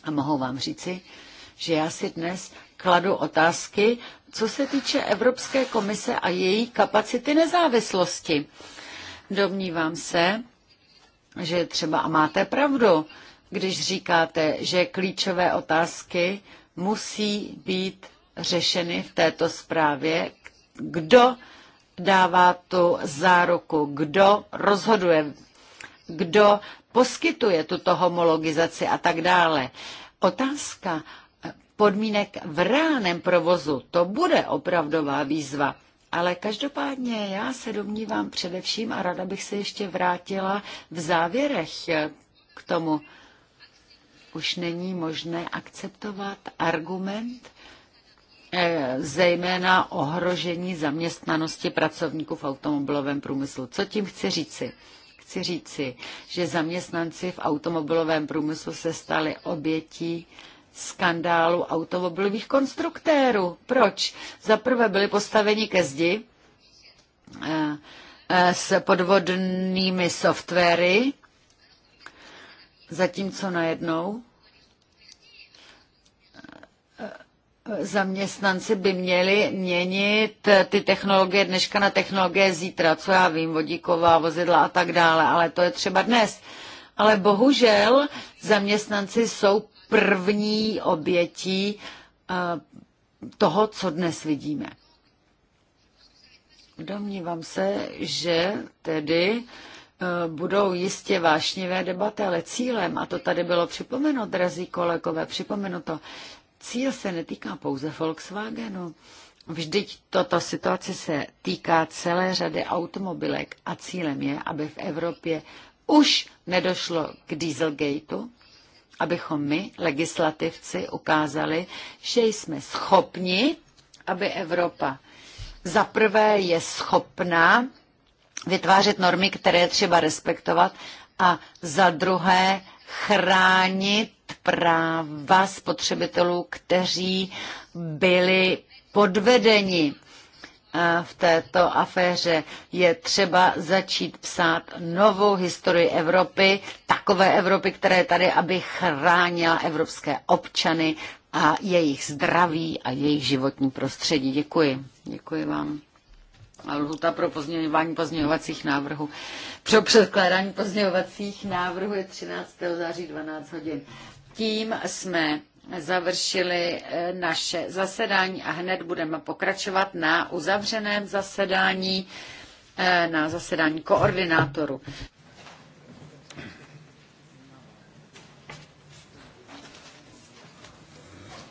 a mohu vám říci, že já si dnes kladu otázky, co se týče Evropské komise a její kapacity nezávislosti. Domnívám se, že třeba, a máte pravdu, když říkáte, že klíčové otázky musí být řešeny v této zprávě. Kdo dává tu záruku, kdo rozhoduje, kdo poskytuje tuto homologizaci a tak dále. Otázka podmínek v reálném provozu, to bude opravdová výzva. Ale každopádně já se domnívám především a rada bych se ještě vrátila v závěrech k tomu. Už není možné akceptovat argument, Eh, zejména ohrožení zaměstnanosti pracovníků v automobilovém průmyslu. Co tím chci říci? Chci říci, že zaměstnanci v automobilovém průmyslu se stali obětí skandálu automobilových konstruktérů. Proč? Za prvé byli postaveni ke zdi eh, eh, s podvodnými softwary, zatímco najednou zaměstnanci by měli měnit eh, ty technologie dneška na technologie zítra, co já vím, vodíková vozidla a tak dále, ale to je třeba dnes. Ale bohužel zaměstnanci jsou první obětí eh, toho, co dnes vidíme. Domnívám se, že tedy eh, budou jistě vášnivé debaty, ale cílem, a to tady bylo připomenuto, drazí kolegové, připomenuto, cíl se netýká pouze Volkswagenu. Vždyť toto situace se týká celé řady automobilek a cílem je, aby v Evropě už nedošlo k Dieselgateu, abychom my, legislativci, ukázali, že jsme schopni, aby Evropa za prvé je schopná vytvářet normy, které třeba respektovat, a za druhé chránit práva spotřebitelů, kteří byli podvedeni eh, v této aféře. Je třeba začít psát novou historii Evropy, takové Evropy, které tady, aby chránila evropské občany a jejich zdraví a jejich životní prostředí. Děkuji. Děkuji vám. A lhuta pro pozměňování pozměňovacích návrhů. Pro předkládání pozměňovacích návrhů je 13. září 12 hodin. Tím jsme završili eh, naše zasedání a hned budeme pokračovat na uzavřeném zasedání, eh, na zasedání koordinátoru.